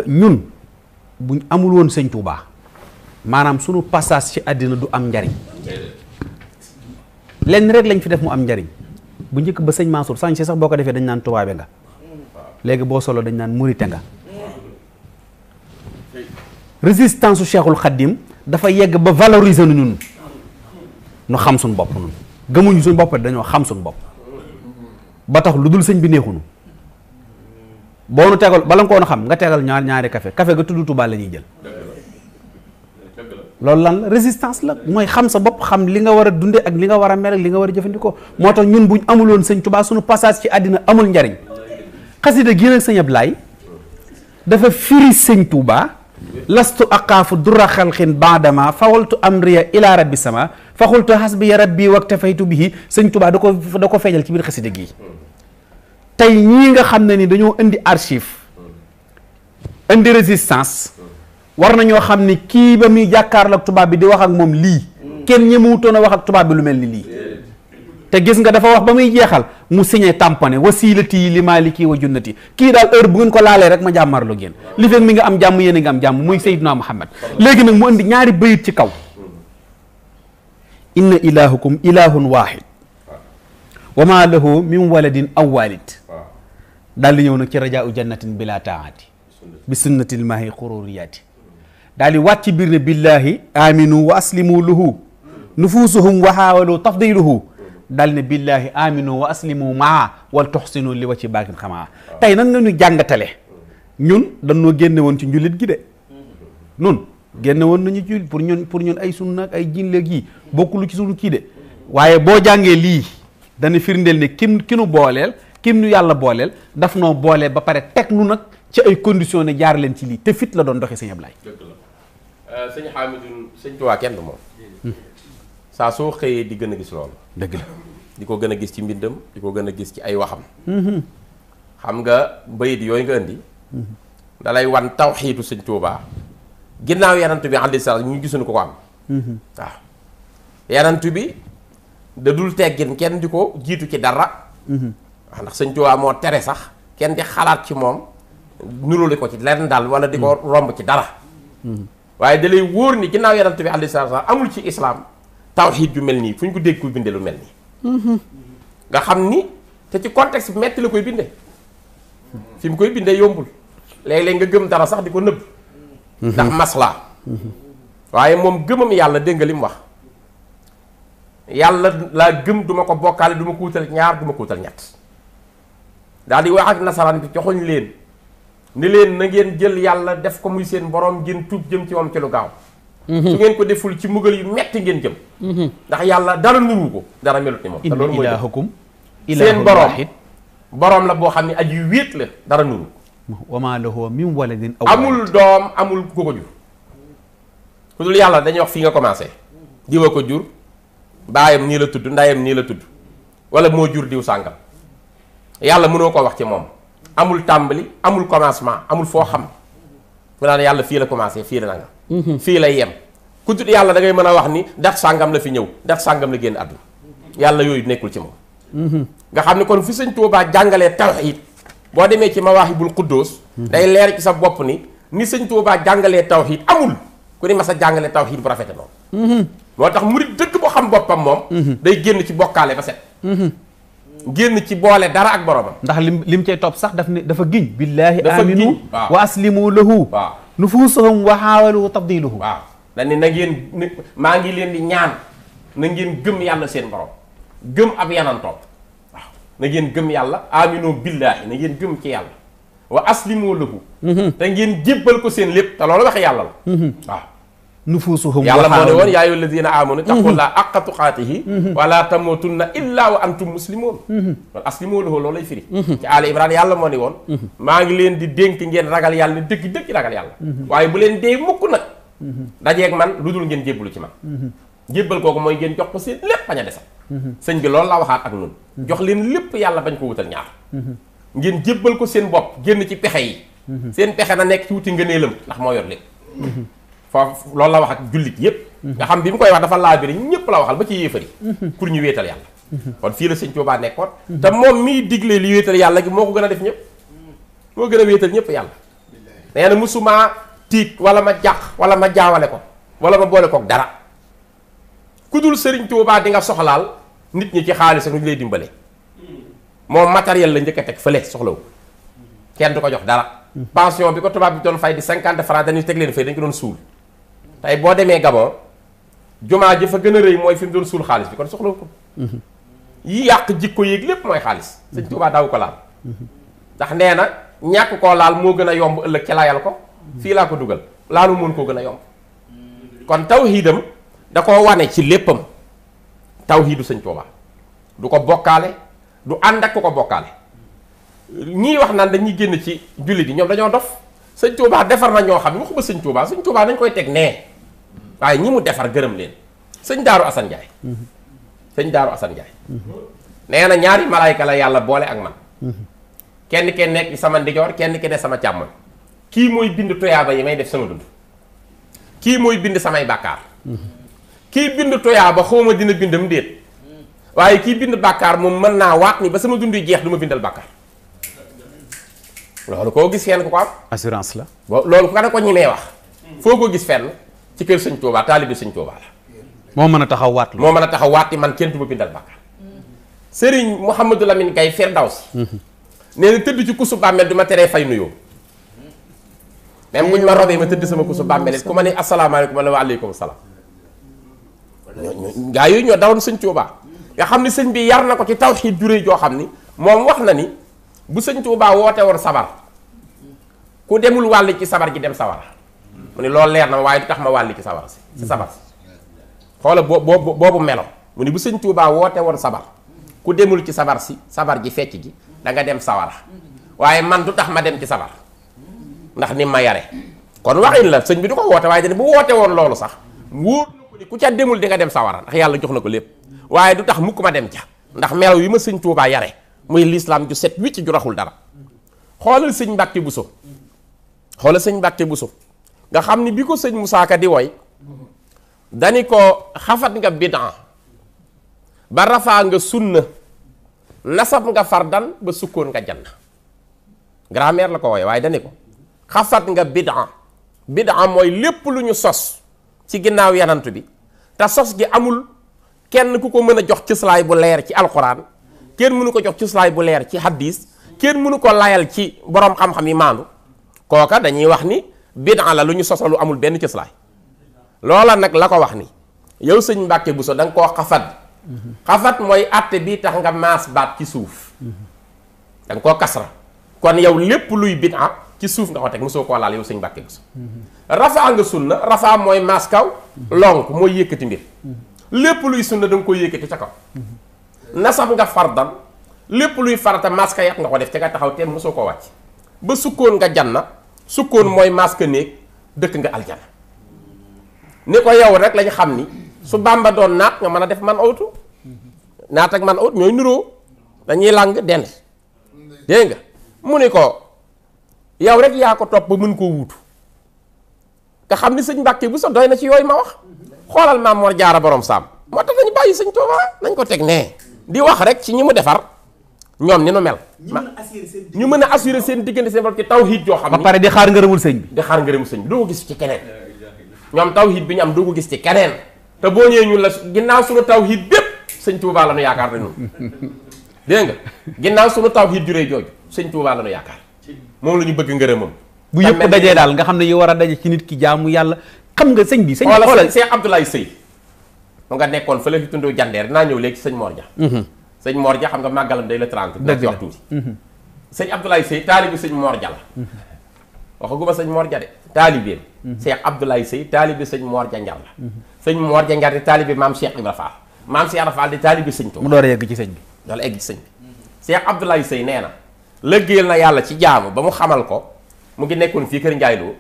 S2: ñun buñ amul woon sëñ Touba maanaam sunu passage ci àddina du am njariñ lenn rek lañ fi def mu am njariñ bu njëkk ba sëñ Mansour sañ si sax boo ko defee dañ naan tubaabe nga léegi boo solo dañ naan murite nga résistance su Cheikhul Khadim dafa yegg ba valoriser nu ñun nu xam suñ bopp nun gëmuñu suñ bopp dañoo xam suñ bopp ba tax lu dul sëñ bi neexunu boo nu tegal bala nga ko woon xam nga tegal ñaar ñaari kafe kafe ga tudd Touba la ñuy jël loolu lan la résistance la mooy xam sa bopp xam li nga war a dunde ak li nga war a mel li nga war a jëfandikoo moo tax ñun buñ amuloon sëñ tubaa suñu passage ci àddina amul njariñ xasida gi nag sëñ Ablaye dafa firi sëñ Touba lastu aqaafu dura xalqin baadama fawaltu amriya ila bi sama faxultu hasbiya rabbi waktafaytu bihi sëñ Touba da ko da ko feeñal ci biir xasida tey ñii nga xam ne ni dañoo indi archive indi résistance war ñoo xam ni kii ba muy jàkkaarloo ak tubaab bi di wax ak moom lii kenn ñemewutoon a wax ak tubaab bi lu mel ni lii te gis nga dafa wax ba muy jeexal mu signé tamponné wasilati yi li maa li kii wa junnati kii daal heure bu ngeen ko laalee rek ma jàmmarlu ngeen li fekk mi nga am jàmm yéen a am jàmm muy Seydina Muhammad léegi nag mu indi ñaari bayit ci kaw inna ilahukum ilahun wahid wa maa lahu min waladin aw walid daal di ñëw nag ci rajaa u jannatin bila taati bi sunnatil maahi xururiyaati daal di wàcc biir ne billaahi aminu wa aslimu lahu nufuusuhum wa xaawalu tafdiluhu daal ne billaahi aminu wa aslimu maa wal tuxsinu li wa ci baakin xamaa tey nan nga ñu jàngatale ñun dañoo génne woon ci njulit gi de nun génne woon nañu ci pour ñun pour ñun ay sunna ay jinleeg yi bokkulu ci sunu kii de waaye boo jàngee lii dana firndeel ni kim ki nu booleel kim nu yàlla booleel daf noo booleel ba pare teg lu nag ci ay conditions ne jaar leen ci lii te fit la doon doxee sëñ Ablaye.
S3: dëgg la euh, sëñ Hamidou sëñ Tuubaa hmm. soo xëyee di gën a gis loolu. dëgg di ko gën a gis ci mbindam di ko gën a gis ci ay waxam. Hmm. xam nga bayit yooyu nga indi. Hmm. dalay lay wan tawxiidu sëñ Tuubaa ginnaaw yarantu bi àndi saa ñu gisuñu ko ko am. waaw yarantu bi. da dul teggin kenn di ko jiitu ci dara. wax mhm. ah, ndax sëñ Tuubaa moo tere sax kenn di xalaat ci moom nurule ko ci lenn daal wala di ko mhm. romb ci dara. Mhm. waaye da lay wóor ni ginnaaw yonent bi alayhi salaatu amul ci islaam tawxiid ju mel nii fu ñu ko dégg kuy binde lu mel
S4: nii.
S3: nga xam ni te ci contexte bi metti la koy binde fi mu koy binde yombul léeg-léeg nga gëm dara sax di ko nëbb. ndax maslaa. waaye moom gëmam yàlla dégg nga li mu wax. yàlla laa gëm duma ko bokkaale duma ko wutal ñaar duma ko wutal ñett daal di wax ak nasaraan bi joxuñ leen ni leen na ngeen jël yàlla def ko muy seen borom ngeen tuub jëm ci om ci lu gaaw mhm. su ngeen ko deful ci mbugal yu metti ngeen jëm
S2: mhm. ndax yàlla dara nuru ko dara melut ni moom te loolu mooy seen borom borom la boo xam ne yu wéet la dara nuru ko wa maa lahu min waladin aw amul
S3: doom amul ku ko jur ku yàlla dañuy wax fi nga commencé diwa ko jur baayam nii la tudd ndayam nii la tudd wala moo jur diw sàngam yàlla mënoo ko wax ci moom amul tàmbali amul commencement amul foo xam nga yàlla fii la commencé fii la nanga mhm. fii lay yem ku yàlla da mën a wax ni ndax sàngam la ñëw ndax sàngam la génn àdduna yàlla yooyu nekkul ci moom mhm. nga xam ne kon fi sëñ Tuubaa jàngalee tawxiid boo demee ci mawaahibul quddóos mhm. day leer ci sa bopp ni ni sëñ Tuubaa jàngalee tawxiid amul ku ni mas a jàngalee tawxiid bu rafete
S4: noonu
S3: moo tax murit dëgg boo xam boppam moom. Mhm. day génn ci bokkaale ba set. Mhm. génn ci boole dara
S2: ak boromam. ndax lim lim cee toob sax daf ne dafa giñ. billaahi aminu wa aslimu lahu waaw nufuusahum wa xaawalu tabdiluhu waaw dañ ne na ngeen maa ngi leen di ñaan
S3: na ngeen gëm yàlla seen borom gëm ab yanantoom waaw na ngeen gëm yàlla aminu billaahi na ngeen gëm ci yàlla wa aslimu lahu mhm. te ngeen jébbal ko seen lépp te loolu wax yàlla la
S2: nufusuhum yàlla moo ne woon yaa
S3: ayyuha alladina amanu taqullaha haqqa tuqaatihi wala tamutunna illa wa antum muslimun wala aslimu lahu loolay firi ci aala imran yàlla moo ne woon maa ngi leen di dénk ngeen ragal yàlla ne dëgg dëgg ragal yàlla waaye bu leen dee mukk nag dajeeg man lu dul ngeen jébbalu ci man jébbal kooku mooy ngeen jox ko seen lépp bañ a desal sëñ bi loolu la waxaat ak nun jox leen lépp yàlla bañ ko wutal ñaar ngeen jébbal ko seen bopp génn ci pexe yi seen pexe na nekk ci wuti ngëneelam ndax moo yor lépp foofu loolu la wax ak jullit yépp nga xam bi mu koy wax dafa laabire ñëpp la waxal ba ci yéefar pour ñu wéetal yàlla kon fii la sëñ Tuubaa nekkoon te moom miy digle li wéetal yàlla gi moo ko gën a def ñëpp moo gën a wéetal ñëpp yàlla nee na musuma tiit wala ma jàq wala ma jaawale ko wala ma boole koog dara ku dul sëriñ Tuubaa di nga soxlaal nit ñi ci xaalis ak nu ñu lay dimbale moom matériel la njëkk a teg fële soxlawu kenn du ko jox dara pension bi ko tubaab bi doon fay di cinquante francs doon suul tey boo demee Gabon jumaa ji fa gën a rëy mooy fi mu doon suul xaalis bi kon soxla ko mhm. yi yàq jikko yéeg lépp mooy xaalis mhm. sëñ Tuubaa daaw ko laal
S4: mhm.
S3: nee na ñàkk koo laal moo gën a yomb ëllëg ci layal ko fii ko dugal laalu moon koo gën a yomb kon tawhiidam da koo wane ci léppam tawhiidu sëñ Tuubaa du ko bokkaale du ànd ak ku ko bokkaale ñii wax naan dañuy génn ci julli bi ñoom dañoo dof sëñ Tuubaa defar na ñoo xam ne waxuma sëñ Tuubaa sëñ Tuubaa dañ koy teg nee waaye ñi mu defar gërëm leen sëñ Daaru Assane Ndiaye. sëñ Daaru Assane Ndiaye. na ñaari malaayka la yàlla boole ak man. kenn ke nekk sama ndijoor kenn ke ne sama càmmoñ. kii mooy bind toyaaba yi may def sama dund. kii mooy bind samay bàkkaar. kii bind toyaaba xaw ma dina am déet. waaye kii bind bàkkaar moom mën naa waat ni ba sama dund jeex du ma bindal bàkkaar. loolu koo gis fenn ku ko am. assurance la. loolu ku ne ko ñemee wax. foo ko gis fenn. ci kër sëñ Touba taalibi sëñ Touba la. moo mën a taxaw waat moo mën a taxaw waat man kenn du ma bindal bàkkaar. Serigne Mouhamadou Lamine Gaye Firdawsi. Mm-hmm. nee na tëdd ci kusu bàmmeel du ma teree fay nuyoo. même buñ ma robee ma tëdd sama kusu bàmmeel it ku ma ne asalaamaaleykum wa waaleykum yooyu ñoo dawoon sëñ Touba. nga xam ni sëñ bi yar na ko ci tawxiid juré joo xam ni moom wax na ni bu sëñ Touba woote woon sabar ku demul wàll ci sabar gi dem sawara mu ne loolu leer na ma waaye du tax ma wàlli ci sabar si si sabar si xoola boo boo boobu melo mu ne bu sëñ Tuubaa woote woon sabar ku demul ci sabar si sabar ji fecc ji da dem sawara waaye man du tax ma dem ci sabar ndax ni ma yare kon waxin la sëñ bi du ko woote waaye dana bu woote woon loolu sax wóor ku ca demul di nga dem sawara ndax yàlla jox na ko lépp waaye du tax mukk ma dem ca ndax melaw yi ma sëñ Tuubaa yare muy lislaam ju set wicc ju raxul dara xoolal sëñ Mbàkke Buso xoolal sëñ Mbàkke Buso nga xam ni bi ko sëñ Moussa di woy dani ko xafat nga bidaa ba rafaa nga sunna nasab nga fardan ba sukkoon nga janna grammaire la ko woy waaye dani ko xafat nga bidaa bidaa mooy lépp lu ñu sos ci ginnaaw yanantu bi te sos gi amul kenn ku ko mën a jox cëslaay bu leer ci alxuraan kenn mënu ko jox cëslaay bu leer ci hadis kenn mënu ko layal ci boroom xam-xam yi maandu kooka dañuy wax ni bid'a la lu ñu sosalu amul benn cëslaay loola nag la ko wax ni yow sëñ Mbàkke Buso da nga koo xafat xafat mooy àtte bi tax nga maas baat ci suuf da koo kasra kon yow lépp luy bid'a ci suuf nga ko teg mosoo koo laal yow sëñ Mbàkke Buso rafaa nga sunna rafaa mooy maas kaw lonk mooy yëkkati mbir lépp luy sunna da nga koo yëkkati ca kaw nasab nga fardan lépp luy farata maas ka yat nga ko def ca nga taxaw te mosoo ko wàcc ba sukkoon nga janna sukkoon mooy masque néeg dëkk nga aljana ni ko yow rek lañ xam ni su bàmba doon naat nga mën a def man awtu naat ak man awut ñooy niroo dañuy làng dend dégg nga mu ni ko yow rek yaa ko topp ba mën koo wuutu nga xam ni sëñ Mbàkke bu sa doy na ci yooyu ma wax xoolal maam Mor Jaara borom saam moo tax nañ bàyyi sëñ Tuubaa nañ ko teg nee di wax rek ci ñi mu defar ñoom ni nu mel. ñu mën a assurer seen diggante seen bopp ci tawhid joo xam. ba pare di xaar ngërëmul sëñ bi. di xaar ngërëmul sëñ bi doo ko gis ci keneen. ñoom bi ñu am doo ko gis ci keneen. te boo ñëwee ñu la ginnaaw suñu tawhid bépp sëñ Tuubaa la nu yaakaar dañu. dégg nga ginnaaw suñu tawhid juree jooju sëñ Tuubaa la nu yaakaar. moom la ñu bëgg ngërëmam. bu yëpp dajee daal nga xam ne yi war a daje
S2: ci nit ki jaamu yàlla xam nga sëñ bi
S4: sëñ xoolal
S3: Cheikh Abdoulaye Seye mu nga nekkoon fële fi tundu jandeer naa ñëw léegi sëñ Mor Dia mhm. sëñ Mor Dia xam nga màggalam day la 30. dëgg la tuuti. Mhm. sëñ Abdoulaye Seye taalibi sëñ Mor Dia la. Mhm. sëñ Mor Dia de taalibeem. Mhm. Cheikh Abdoulaye Seye taalibi sëñ Mor Dia sëñ Mor Dia taalibi maam Cheikh Ibra Fall. maam Cheikh Ibra di taalibi sëñ Tuuba. mu
S2: door a yegg ci sëñ bi.
S3: door a egg ci sëñ bi. Cheikh Abdoulaye Seye nee na. lëggéeyal na yàlla ci jaamu ba mu xamal ko mu ngi nekkoon fii kër Ndiaye Lo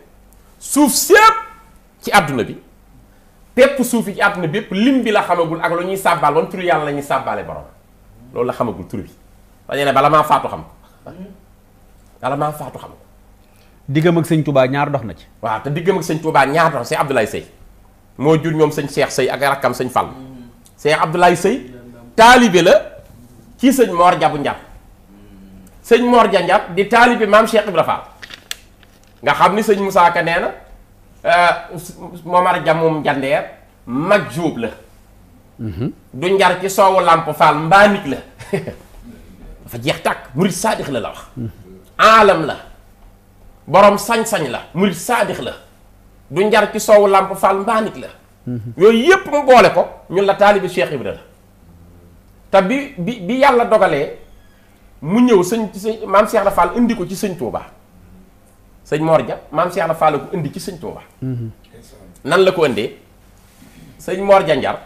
S3: suuf sépp ci àdduna bi pépp suuf yi ci àdduna bi yépp lim bi la xamagul ak lu ñuy sàbbaal woon tur yàlla la ñuy sàbbaale borom
S2: loolu la xamagul tur bi
S3: dañu ne bala maa faatu xam ko bala maa faatu xam
S2: sëñ Touba ñaar dox na ci.
S3: waaw te diggam sëñ Touba ñaar dox si Abdoulaye moo jur ñoom sëñ Cheikh Seye ak rakkam sëñ Fall. Cheikh Abdoulaye Seye taalibe la ci sëñ Mor Diabu Ndiab sëñ Mor Dia di taalibe maam Cheikh Ibra nga xam ni sëñ Moussa Ka nee na euh, Momar Dia moom jandeer mag jóob la. du njar ci soowu làmp faal mbaa nit la dafa jeex tàkk murit saadix la la wax aalam la boroom sañ-sañ la murit saadix la du njar ci soowu làmp faal mbaa la yooyu yépp mu boole ko ñun la taalibi Cheikh Ibra la te bi bi bi yàlla dogalee mu ñëw sëñ sëñ maam Cheikh la Fall indi ko ci sëñ Touba sëñ Mor Dia maam Cheikh la Fall ko indi ci sëñ Touba. Mm-hmm. nan la ko indee sëñ Mor Dia Njar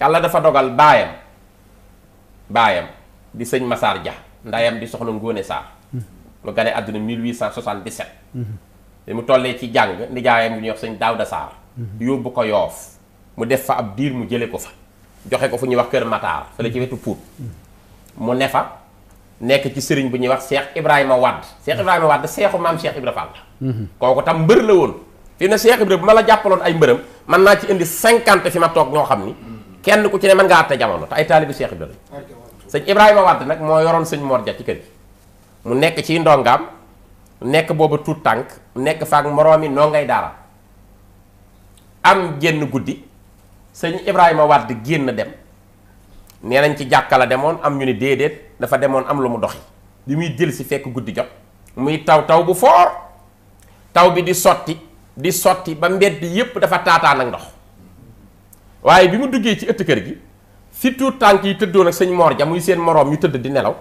S3: yàlla dafa dogal baayam baayam di sëñ masaar Dia ndayam di soxna Ngóone Sarr mu gane àdduna 1877 bi mu tollee ci jàng nijaayam bu ñuy wax sëñ Daawda Sarr yóbbu ko yoof mu def fa ab diir mu jële ko fa joxe ko fu ñuy wax kër Mataar fële ci wetu Pout mu ne fa nekk ci sëriñ bu ñuy wax Cheikh Ibrahima Wade Cheikh Ibrahima Wade seexu maam Cheikh Ibra Fall la kooku tam mbër la woon fi ne Cheikh Ibra bu ma la jàppaloon ay mbërëm mën naa ci indi cinquante fi ma toog ñoo xam ni kenn ku ci ne mën nga àtte jamono te ay taalibi Cheikh Ibra la sëñ Ibrahima Wade nag moo yoroon sëñ moor Ja ci kër gi mu nekk ci ndongaam nekk boobu tuut tànk nekk faak moroomi noo ngay daara am génn guddi sëñ Ibrahima Wade génn dem nee nañ ci jàkka demoon am ñu ni déedéet dafa demoon am lu mu doxi li muy jël si fekk guddi jot muy taw taw bu foor taw bi di sotti di sotti ba mbedd yépp dafa taataan ak ndox waaye bi mu duggee ci ëtt kër gi surtout tànk yi tëddoon ak sëñ moor ja muy seen moroom ñu tëdd di nelaw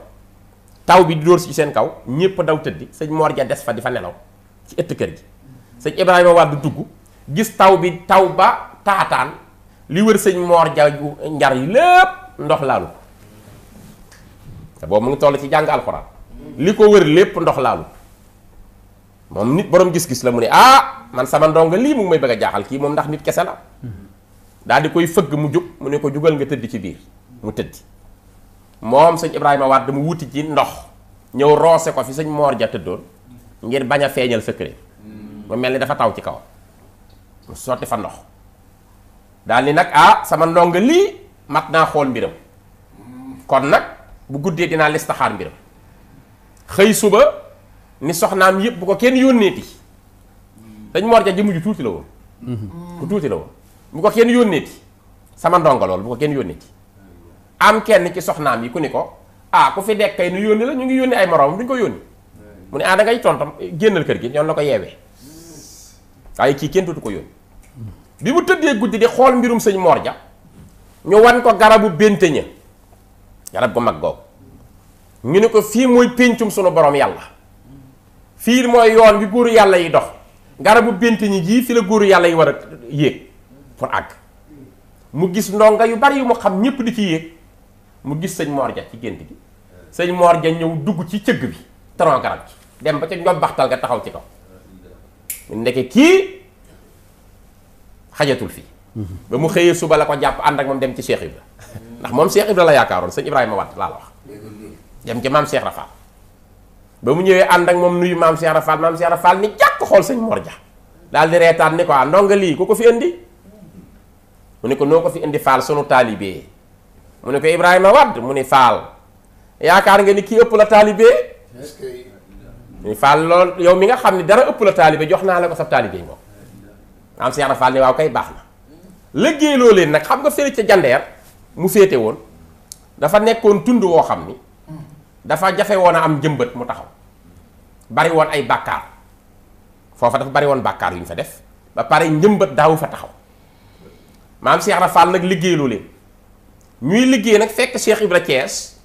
S3: taw bi di si seen kaw ñépp daw tëdd sëñ moor ja des fa di fa nelaw ci ëtt kër gi sëñ Ibrahima Wade dugg gis taw bi taw ba taataan li wër sëñ Mor ja njar yi lépp ndox laalu te boobu mu ngi toll ci jàng alxuraan li ko wër lépp ndox laalu moom nit boroom gis-gis la mu ne ah man sama ndonga lii mu ngi may bëgg a jaaxal kii moom ndax nit kese la mm-hmm. daal di koy fëgg mu jóg mu ne ko jugal nga tëdd ci biir mu tëdd moom sëñ Ibrahima Wade mu wuti ci ndox ñëw roose ko fi sëñ Moor ja tëddoon ngir bañ a feeñal secret hmm. mu mel ni dafa taw ci kaw mu sotti fa ndox dal ni nag ah sama ndonga lii mat naa xool mbiram kon nag bu guddee dinaa listaxaar mbiram xëy suba ni soxnaam yëpp bu ko kenn yónneeti hmm. sëñ Moor ja ji mujj tuuti la woon hmm. ku tuuti la woon bu ko kenn yónneeti sama ndongo loolu bu ko kenn yónneeti am kenn ci soxnaam yi ku ne ko ah ku fi dekk kay nu yónni la ñu ngi yónni ay moroomam duñ ko yónni mu ne ah da ngay tontam génnal kër gi ñoom la ko yeewe waaye kii kenn dootu ko yónni bi mu tëddee guddi di xool mbirum sëñ moor ja ñu wan ko garabu benteña garab gu mag googu ñu ne ko fii mooy péncum sunu borom yàlla fii mooy yoon bi góoru yàlla yi dox garabu benteñi gii fi la góoru yàlla yi war a pour àgg mu gis ndonga yu bari yu mu xam ñëpp di ci yéeg mu gis sëñ Mor ja ci gént gi sëñ Mor ja ñëw dugg ci cëgg bi tron garab ci dem ba ca ñoom baxtal ga taxaw ci kaw mu ndeke kii xajatul fii ba mu xëyee suba la ko jàpp ànd ak moom dem ci Cheikh Ibra ndax moom Cheikh Ibra la yaakaaroon sëñ Ibrahima Wade laa la wax dem ci maam Cheikh Rafal ba mu ñëwee ànd ak moom nuyu maam Cheikh Rafal maam Cheikh Rafal ni jàkk xool sëñ Mor ja daal di reetaan ni ko ah, lii ko fi mu ne ko noo ko fi indi faal sunu taalibe mu ne ko Ibrahima Wade mu ni faal yaakaar nga ni kii ëpp la taalibe mu faal lool yow mi nga xam ni dara ëpp la taalibe jox naa la ko sa taalibe moom am si yàlla faal ne waaw kay baax na liggéey loo leen nag xam nga fële ca jandeer mu féete woon dafa nekkoon tund woo xam ni dafa jafe woon a am jëmbët mu taxaw bari woon ay bàkkaar foofa dafa bari woon bàkkaar yu fa def ba pare njëmbët daawu fa taxaw maam Cheikh Ibra Fall nag liggéeyloo leen ñuy liggéey nag fekk Cheikh Ibra Thiès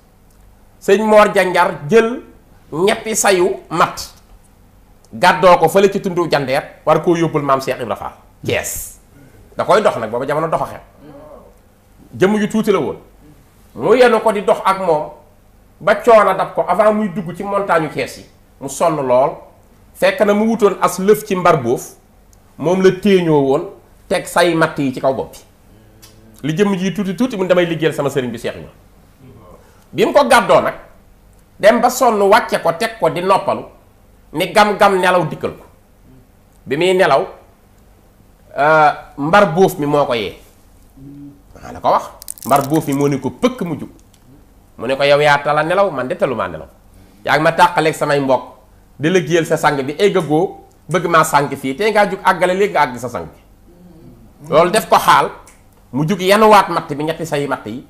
S3: sëñ Mor Janjar jël ñetti sayu matt gàddoo ko fële ci tundu jandeer war koo yóbbul maam Cheikh Ibra Fall Thiès da koy dox nag booba jamono dox a xew jëmm yu tuuti la woon mu yenu ko di dox ak moom ba coono dab ko avant muy dugg ci montagne Thiès yi mu sonn lool fekk na mu wutoon as lëf ci mbar boof moom la téeñoo woon teg say matt yi ci kaw bopp bi li jëmm jii tuuti tuuti mun damay liggéeyal sama sëriñ bi Cheikh Ibra bi mu ko gàddoo nag dem ba sonn wàcce ko teg ko di noppalu ni gam-gam nelaw dikkal ko bi muy nelaw euh, mbar bóof mi moo ko yee maa la ko wax mbar bóof mi moo ne ko pëkk mu jug mu ne ko yow yaa tala nelaw man de talumaa nelaw yaa ngi ma tàqaleeg samay mbokk di liggéeyal sa sang bi eggagoo bëgg maa sànq fii tey ngaa jug àggale léegi nga àgg sa sang bi loolu def ko xaal mu jug yanuwaat matt bi ñetti say matt yi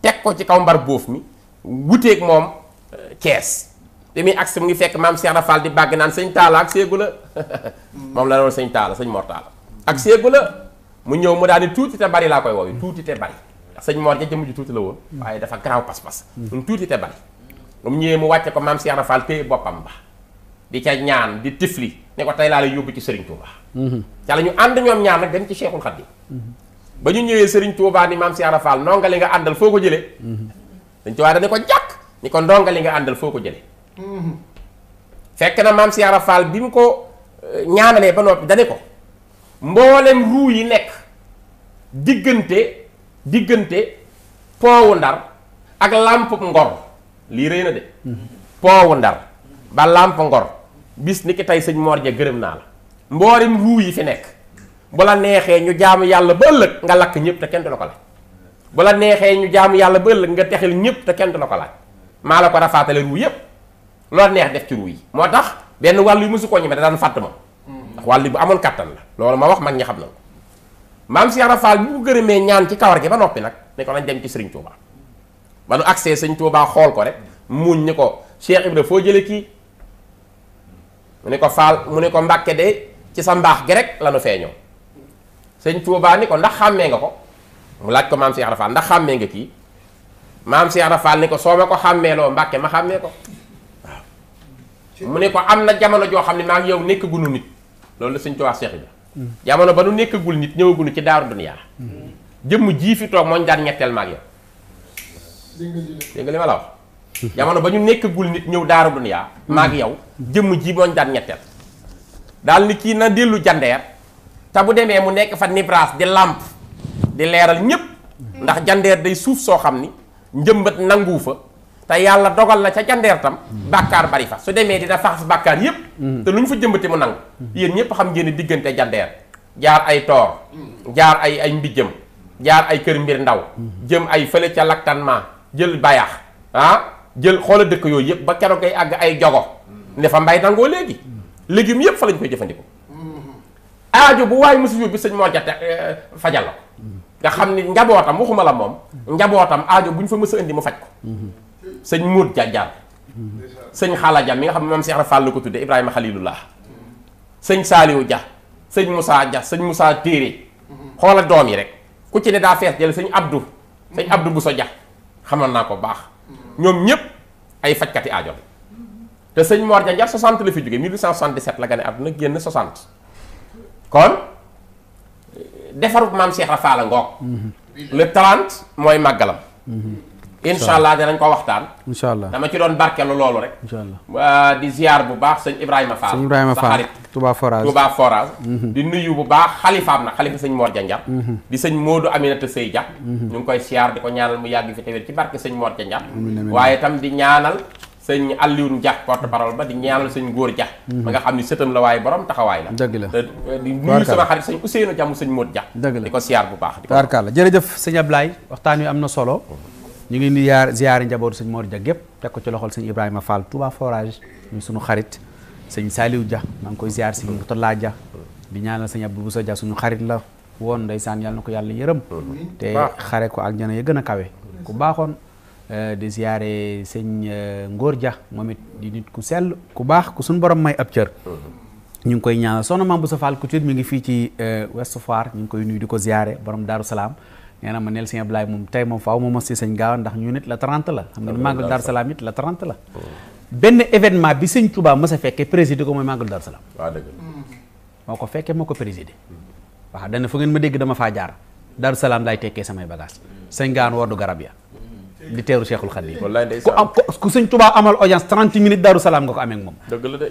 S3: teg ko ci kaw mbar bóof mi wuteeg moom kees euh, bi muy agsi mu ngi fekk maam Cheikh di bàgg naan sëñ Talla ak séegu la moom la doon sëñ Talla sëñ Mor Talla ak séegu la mu ñëw mu daal di tuuti te bari laa koy woowi tuuti te bari ndax sëñ Mor ja jëmm ju tuuti la woon waaye dafa garaaw pas-pas mu tuuti te bari mu ñëwee mu wàcce ko maam Cheikh Rafal téye boppam ba di ca ñaan di tifli ne ko tey laa lay yóbbu ci Serigne Touba.
S4: Mm-hmm.
S3: ñu ànd ñoom ñaan nag dem ci Cheikhul Khadim mm-hmm. ba ñu ñëwee Serigne Touba ni maam si Arafal ndonga li nga àndal foo ko jëlee. dañ ci waa dañ ko jàkk ni ko ndonga li nga àndal foo ko jëlee. fekk na maam si Arafal bi mu ko eh, ñaanalee ba noppi dane ko mboolem ruu yi nekk diggante diggante poowu ndar ak làmp ngor lii rëy na de. poowu ndar ba làmp ngor bis ni ki tey sëñ Mor gërëm naa la mboolem ruu yi fi nekk. bu la neexee ñu jaamu yàlla ba ëllëg nga lakk ñëpp te kenn du la ko laaj bu la neexee ñu jaamu yàlla ba ëllëg nga texil ñëpp te kenn du la ko laaj maa la ko rafaatale ruu yëpp loola neex def ci ruu yi moo tax benn wàll yu mosu ko ñeme da daan fàtt ma ndax wàllu bu amoon kattan la loolu ma wax mag ñi xam na ko maam Cheikh Rafaal bi mu gërëmee ñaan ci kawar gi ba noppi nag ne ko nañ dem ci sëriñ Touba ba nu agsee sëñ Touba xool ko rek muñ ni ko Cheikh Ibra foo jële kii mu ne ko Faal mu ne ko Mbàkke ci sa mbaax gi rek la nu feeñoo sëñ Tuubaa ni ko ndax xàmmee nga ko mu laaj ko maam Cheikh Ibra ndax xàmmee nga kii maam Cheikh Ibra ni ko soo ma ko xàmmee loo mbàkke ma xàmmee ko waaw mu ne ko am na jamono joo xam ne maa ngi yow nekk gunu loolu la sëñ Tuubaa Cheikh jamono ba nu nekkagul nit ñëwagunu ci daaru duniyaa jëmm jii fi toog mooñ daan ñetteel maag yow dégg nga li ma la wax jamono ba ñu nekkagul ñëw daaru duniyaa maag yow jëmm ji mooñ daan ñetteel daal ni kii na dellu jandeer te bu demee mu nekk fa nibraas di làmp di leeral ñépp ndax jandeer day suuf soo xam ni njëmbat nangu fa te yàlla dogal na ca jandeer tam bàkkaar bari fa su demee dina faxas bàkkaar yépp te lu ñu fa jëmbati mu nangu yéen ñépp xam ngeen diggante jandeer jaar ay toor jaar ay ay mbijjëm jaar ay kër mbir ndaw jëm ay fële ca laktanment jël bayax ah jël xoola dëkk yooyu yëpp ba keroog ay àgg ay jogo ne fa mbay nangoo léegi légumes yëpp fa lañ koy jëfandikoo aajo bu waay mosu bi sëñ moo jate eh, fajal la ko nga xam ni njabootam waxuma la moom njabootam aajo bu ñu fa mës indi mu faj ko sëñ móot jajjaan sëñ xaala ja mi nga xam ne moom Seex Ibra Fall la ko tudde Ibrahima Xalilullah sëñ Saaliwu ja sëñ Moussa ja sëñ Moussa téere xoola doom yi rek ku ci ne daa fees jël sëñ Abdou sëñ Abdou bu sa ja xamal naa ko baax ñoom ñëpp ay fajkati aajo la te sëñ Mor ja njar 60 la fi jóge 1877 la gane àdduna génn 60 kon defarub maam Cheikh Rafal a ngoog. Mm-hmm. le 30 mooy màggalam.
S4: Mm-hmm. incha allah
S3: danañ ko waxtaan.
S4: incha allah dama
S3: ci doon barkelu loolu rek. incha allah di ziar bu baax sëñ Ibrahima Fall. sëñ Ibrahima Fall
S2: Touba Forage Touba
S3: Forage. Mm-hmm. di nuyu bu baax xalifaam na xalifa sëñ Mor Janjar. di sëñ Modou Aminata Sey Dia. ñu ngi koy ziar di ko ñaanal mu yàgg fi te wér ci barke sëñ Mor Janjar. waaye itam di ñaanal. sëñ Alioune Dia porte parole ba di ñaanal sëñ góor Dia ma mhm. nga xam ni sëtam la waaye borom taxawaay la dëgg la eh, di nuyu sama xarit sëñ Ousseynou Dia mu sëñ Modou Dia dëgg la di ko siyaar bu baax
S2: tabarkalla jërëjëf sëñ Ablaye wi am na solo ñu ngi nuyu yaar ziyaari njabootu sëñ Modou Dia gépp teg ko ci loxol sëñ Ibrahima Fall Touba Forage ñu sunu xarit sëñ Saliou Dia maa ngi koy ziyaar sëñ Moutalla Dia di ñaanal sëñ Abdou Boussa Dia suñu xarit la woon ndeysaan yàlla na ko yàlla yërëm mhm. te xare ko ak ñana ya gën a kawe ku baaxoon Euh, di ziare sëñ euh, Ngor Dia moom it di nit ku sell ku baax ku suñ borom may ab cër. Mm-hmm. ñu ngi koy ñaanal soxna Mame Boussa Fall Couture mi ngi fii ci euh, Ouest Foire ñu ngi koy nuyu di ko ziare borom Darou Salaam. nee na ma neel sëñ Ablaye moom tey moom faaw ma mos si sëñ Gaawa ndax ñu nit la 30 la. xam nga màggal Darou Salaam la 30 la. Mm. benn événement bi sëñ Touba mos a fekkee présidé ko mooy màggal Darou Salaam. waaw mm. moo ko fekkee moo ko présidé.
S4: Mm.
S2: waaw dana fu ngeen ma dégg dama faa jaar Darou Salaam tekkee samay bagage sëñ Gaawa woddu garab ya di teeru Cheikhul Khadim ku am ku sëñ Tuubaa amal audience 30 minutes Daaru nga ko amee ak moom dëgg la de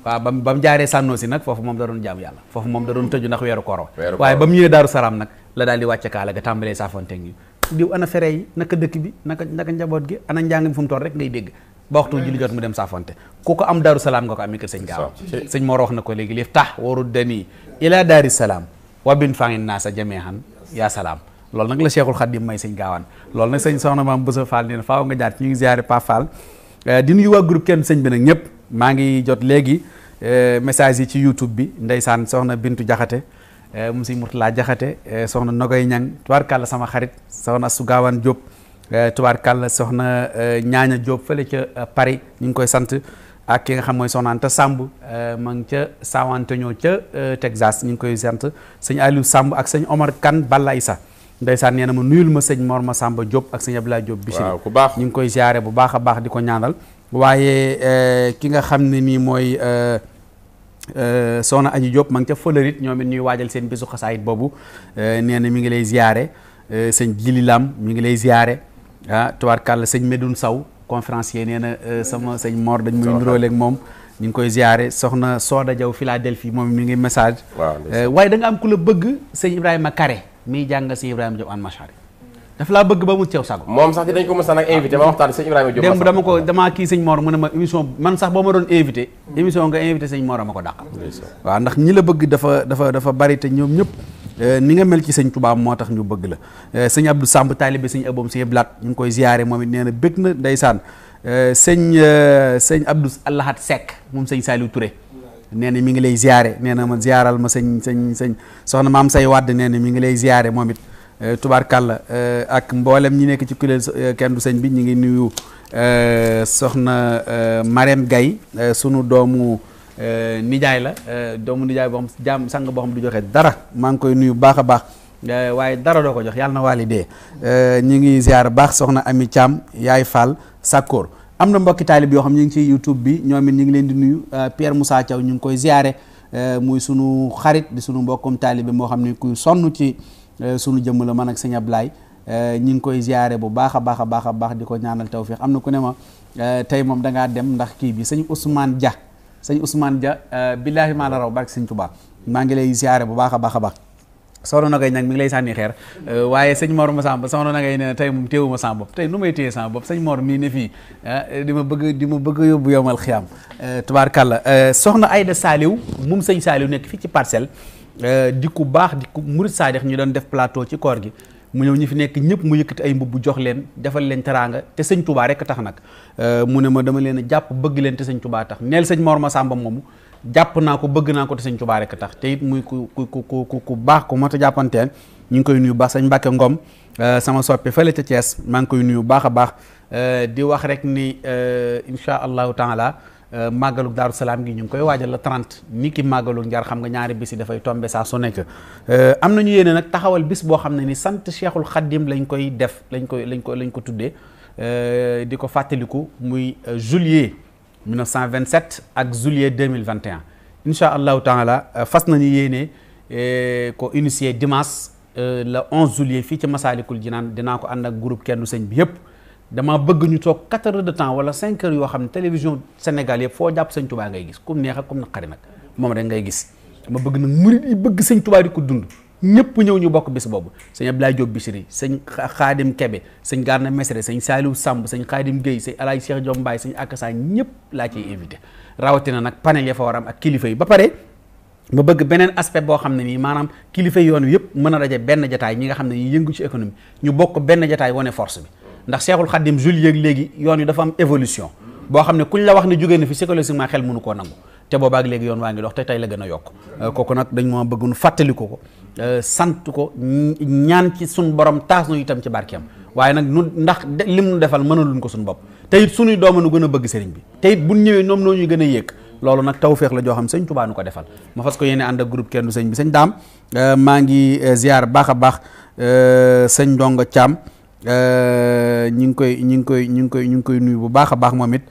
S2: waaw ba ba nag foofu moom da doon jaam yàlla moom da doon tëju ndax weeru koor waaye ba mu ñëwee Daaru Salaam nag la daal di wàcce kaala ga tàmbalee bi naka naka njaboot gi ana njàng mi fu mu toll rek ngay dégg ba jot mu dem saafonte ku ko am Daaru Salaam nga ko amee kër sëñ gaaw sëñ Mor wax na ko léegi lif tax waru danii ilaa daari salaam wa bin fangin naasa jameehan yaa salaam loolu nag la Cheikhul Khadim may sëñ gaawaan loolu nag sëñ soxna maam Boussa Fall nee na faaw nga jaar ci ñu ngi ziare Pa Fall eh, di nuyu waa groupe kenn sëñ bi nag ñëpp maa ngi jot léegi eh, message yi ci YouTube bi ndeysaan soxna Bintu Jaxate eh, mu sëñ Murtala Jaxate soxna Nogoy Ñang tubaarkàlla sama xarit soxna su gaawaan Diop tubaarkàlla soxna ñaaña Diop fële ca Paris ñu ngi koy sant ak ki nga xam mooy soxna Anta Samb ma ngi ca Sawanteñoo ca Texas ñu ngi koy sant sëñ Aliou Samb ak sëñ Omar kan ballaay sax ndeysaan nee na ma nuyul ma sëñ ma Massamba Diop ak sëñ Abdoulaye Diop Bichri waaw ku baax ñu ngi koy ziare bu baax a baax di ko ñaanal waaye eh, ki nga xam ne nii mooy eh, eh, soxna Aji Diop ma ngi ca fëlërit ñoom ñuy waajal seen bisu xasaayit boobu nee na mi ngi lay ziare sëñ Jili Lam mu ngi lay ziare ah tubaarkàlla sëñ Medoune Saw conférencier nee na sama sëñ moor dañ muy nuróoleeg moom ñu ngi koy ziare soxna Sooda Jaw Philadelphie moom mi ngi message waaye da am ku la bëgg sëñ Ibrahima Kare miy jàng si Ibrahima Diop an machari daf laa bëgg ba mu teew sago moom sax dinañ ko mos a nag invité ma waxtaan sëñ Ibrahima Diop démb dama ko damaa kii sëñ Mor mu ne ma émission man sax boo ma doon invité émission nga invité Mor ma ko dàqal waaw ndax ñi la bëgg dafa dafa dafa bari te ñoom ñëpp eh, ni nga mel ci sëñ Touba moo tax ñu bëgg la eh, sëñ Abdou Samb taalibe sëñ Abom si Blaat ñu koy ziyaare moom it nee na bëgg na ndeysaan eh, sëñ sëñ abdu Allahat Seck moom sëñ Saliou ture nee na mi ngi lay ziare nee na ma ziaral ma sëñ sëñ sëñ soxna ma am say wàdd nee na mi ngi lay ziare moom it eh, tubaarkàlla eh, ak mboolem ñi nekk ci kuréel eh, kenn du sëñ bi ñu ngi nuyu soxna Marème Gaye sunu doomu nijaay la doomu nijaay boo xam jaam sang boo xam du joxe dara maa ngi koy nuyu baax a baax waaye dara doo ko jox yàlla na waali dee ñu ngi ziar baax soxna Ami Thiam yaay Fall Sakkoor am na mbokki taalib yoo xam ñu ngi ci youtube bi ñoom it ñu ngi leen di nuyu euh, Pierre Moussa Thiaw ñu ngi koy ziare euh, muy sunu xarit di sunu mbokkum taalibe moo xam ne kuy sonn ci euh, sunu jëmm la man ak sëñ Ablaye ñu ngi koy ziare bu baax a baax a baax a baax di ko ñaanal tawfiix am na ku ne ma tey moom da ngaa dem ndax kii bi sëñ Ousmane Dia sëñ Ousmane Dia billaahi maa la raw barke sëñ Tuubaa maa ngi lay ziare bu baax a baax a baax soxna ay nag mi ngi lay sànni xeer euh, waaye sëñ Mor Masamba soxna Nogay nee na tey moom téewuma sama bopp tey nu may téye sama bopp sëñ Mor mii ne fii ah, ma bëgg di ma bëgg yóbbu yomal xiyaam euh, tubaarkàlla euh, soxna Ayda Saaliw moom sëñ Saaliw nekk fii ci parcelle di ku baax dikku ku murit saadix ñu doon def plateau ci koor gi mu ñëw ñu fi nekk ñëpp mu yëkkati ay mbubb jox leen defal leen teraanga te sëñ Touba rek tax nag mu ne ma dama leen a jàpp bëgg leen te sëñ Touba tax neel sëñ ma Masamba moomu jàpp naa ko bëgg naa ko te sañ Tuubaa rekk tax te it muy ku ku ku ku ku baax ku mat a jàppanteel ñu ngi koy nuyu baax sañ Mbàkke Ngom euh, sama soppe fële ca Thiès maa ngi koy nuyu baax a baax euh, di wax rek ni euh, incha allahu taala màggalu daaru salaam gi ñu ngi koy waajal la 30 ni ki màggalu njar xam nga ñaari bis yi dafay tombe saa su nekk am nañu yéene nag taxawal bis boo xam ne ni sant Cheikhul Khadim lañ koy def lañ koy lañ ko lañ ko tuddee di ko fàttaliku muy juillet. vingt 1927 ak deux juillet 2021 incha allahu taala euh, fas nañu yéene euh, ko initier dimanche euh, la 11 juillet fii ci Masaalikul Jinaan dinaa ko ànd ak groupe kenn sëñ bi yëpp damaa bëgg ñu toog 4 heures de temps wala 5 yoo xam ne télévision Sénégal yëpp foo jàpp sëñ Touba ngay gis comme neex ak comme naqari nag moom rek ngay gis. dama bëgg nag murid yi bëgg sëñ Touba di ko dund. ñëpp ñëw ñu bokk bis boobu sëñ Abdoulaye Diop Bichri sëñ Xaadim Kebe sëñ Garna Mesre sañ Saliou Samb sëñ Xaadim Guèye sëñ Alaaji Cheikh Diom Mbaye sëñ Akasa ñëpp laa ciy invité rawatina nag panel ya fa war am ak kilifa yi ba pare ma bëgg beneen aspect boo xam ne nii maanaam kilifa yoon wi yëpp mën a daje benn jataay ñi nga xam ne ñi yëngu ci économie ñu bokk benn jataay wane force bi ndax Cheikhul Khadim Jules yëg léegi yoon wi dafa am évolution boo xam ne kuñ la wax ne jógee na fi psychologiquement xel mënu koo nangu te boobaak yoon waa ngi dox tey la gën a yokk euh, kooku nag dañ moo bëgg nu fàttaliku ko Euh, sant ko ñaan ci suñ borom taas nu itam ci barkeem waaye nag nu ndax lim nu defal mënaluñ ko suñ bopp te it suñuy dooma nu gën a bëgg sëriñ bi te it buñ ñëwee ñoom noo ñuy gën a yéeg loolu nag tawféex la joo xam sëñ Tuubaa nu ko defal ma fas ko yéene ànd ak groupe kenn du sëñ bi sëñ daam euh, maa ngi euh, ziar baax a baax sañ Ndongo Thiam ñi ngi koy ñi ngi koy ñi ngi koy ñu ngi koy nuyu bu baax a baax moom it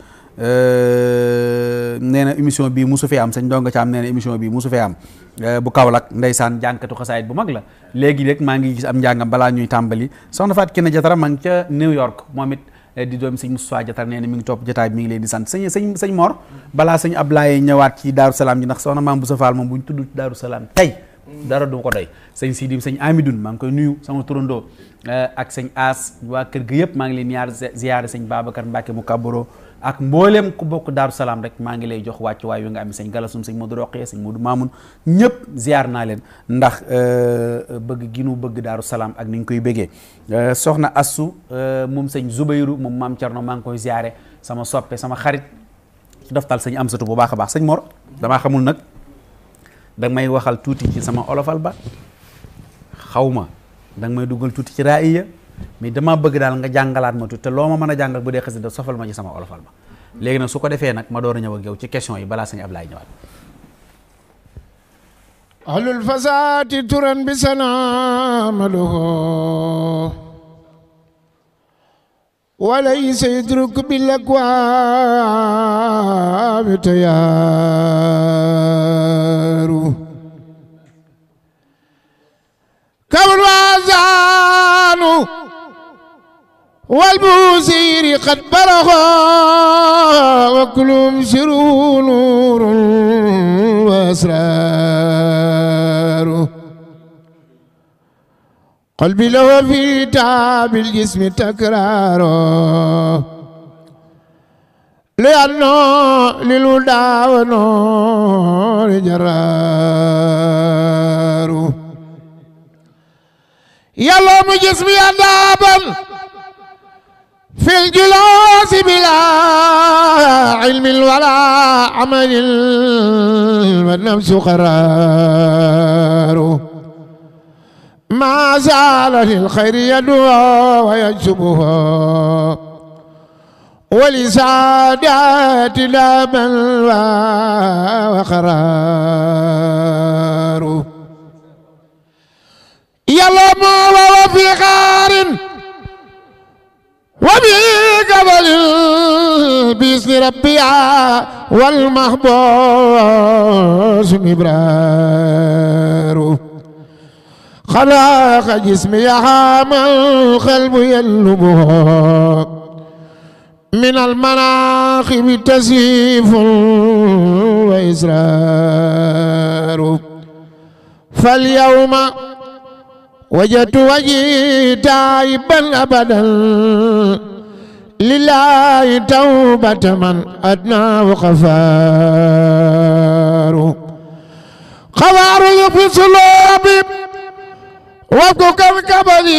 S2: nee na émission bii musu fee am sëñ Ndongo Thiam nee na émission bii musu fee am Euh, bu Kaolack ndeysaan jànkatu xasaayit bu mag la léegi rek maa ngi gis am njàngam balaa ñuy tàmbali soxna faat kenn Diatara ma ngi ca New York moom it euh, di doom sëñ Moustapha Diatara nee na mi ngi topp jotaay bi mi ngi leen di sant sëñ sëñ sëñ Mor balaa sëñ Ablaye ñëwaat ci Daaru Salaam ji ndax soxna maam sa Fall moom bu ñu tudd Daaru Salaam tey dara du ko doy sëñ Sidi sëñ Amidoun maa ngi koy nuyu sama turandoo euh, ak sëñ As waa kër gi yëpp maa ngi leen ziyaare sëñ Babacar Mbacke mu Kaboro ak mbooleem ku bokk daaru salaam rek maa ngi lay jox wàccuwaay wi nga am sëñ galasum sëñ Modou Roqee sëñ Modou Mamoun ñëpp ziar naa leen ndax euh, bëgg gi nu bëgg daaru salaam ak ni ñu koy bëggee euh, soxna assu euh, moom sëñ Zubairu moom maam Thierno maa ngi koy ziare sama soppe sama xarit doftal sëñ Amsatu bu baax a baax sëñ Mor damaa xamul nag danga may waxal tuuti ci sama olofal ba xawma ma danga may dugal tuuti ci raaya mais dama bëgg daal nga jàngalaat ma tuuti te loo ma mën a jàngal bu dee xasida sofal ma ci sama olofal ma léegi nag su ko defee nag ma door a ñëw ak yow ci question yi balaa sëñ Ablaye ñëwaat
S5: ahlul fasaati turan bi sanaamaluhu walaysa yudruk bil tayaaru kawl wazaanu والبوزير قد برغا وكلهم سروا نور وأسرار قلبي له في تعب الجسم تكرار لأنه للهدى ونور جرار يلا مجسمي عذابا في الجلاس بلا علم ولا عمل والنفس قرار ما زال للخير يدعو ويجسبه ولسادات لا بلوى وقرار يلا ما وهو في غار وبقبل بإذن ربي والمحبوس مبرار خلق جسمي حام القلب يلبه من المناخب تزيف وإسرار فاليوم وجدت وجهي تائبا أبدا لله توبة من أدنى وغفار غفار في صلابي وابقك الكبدي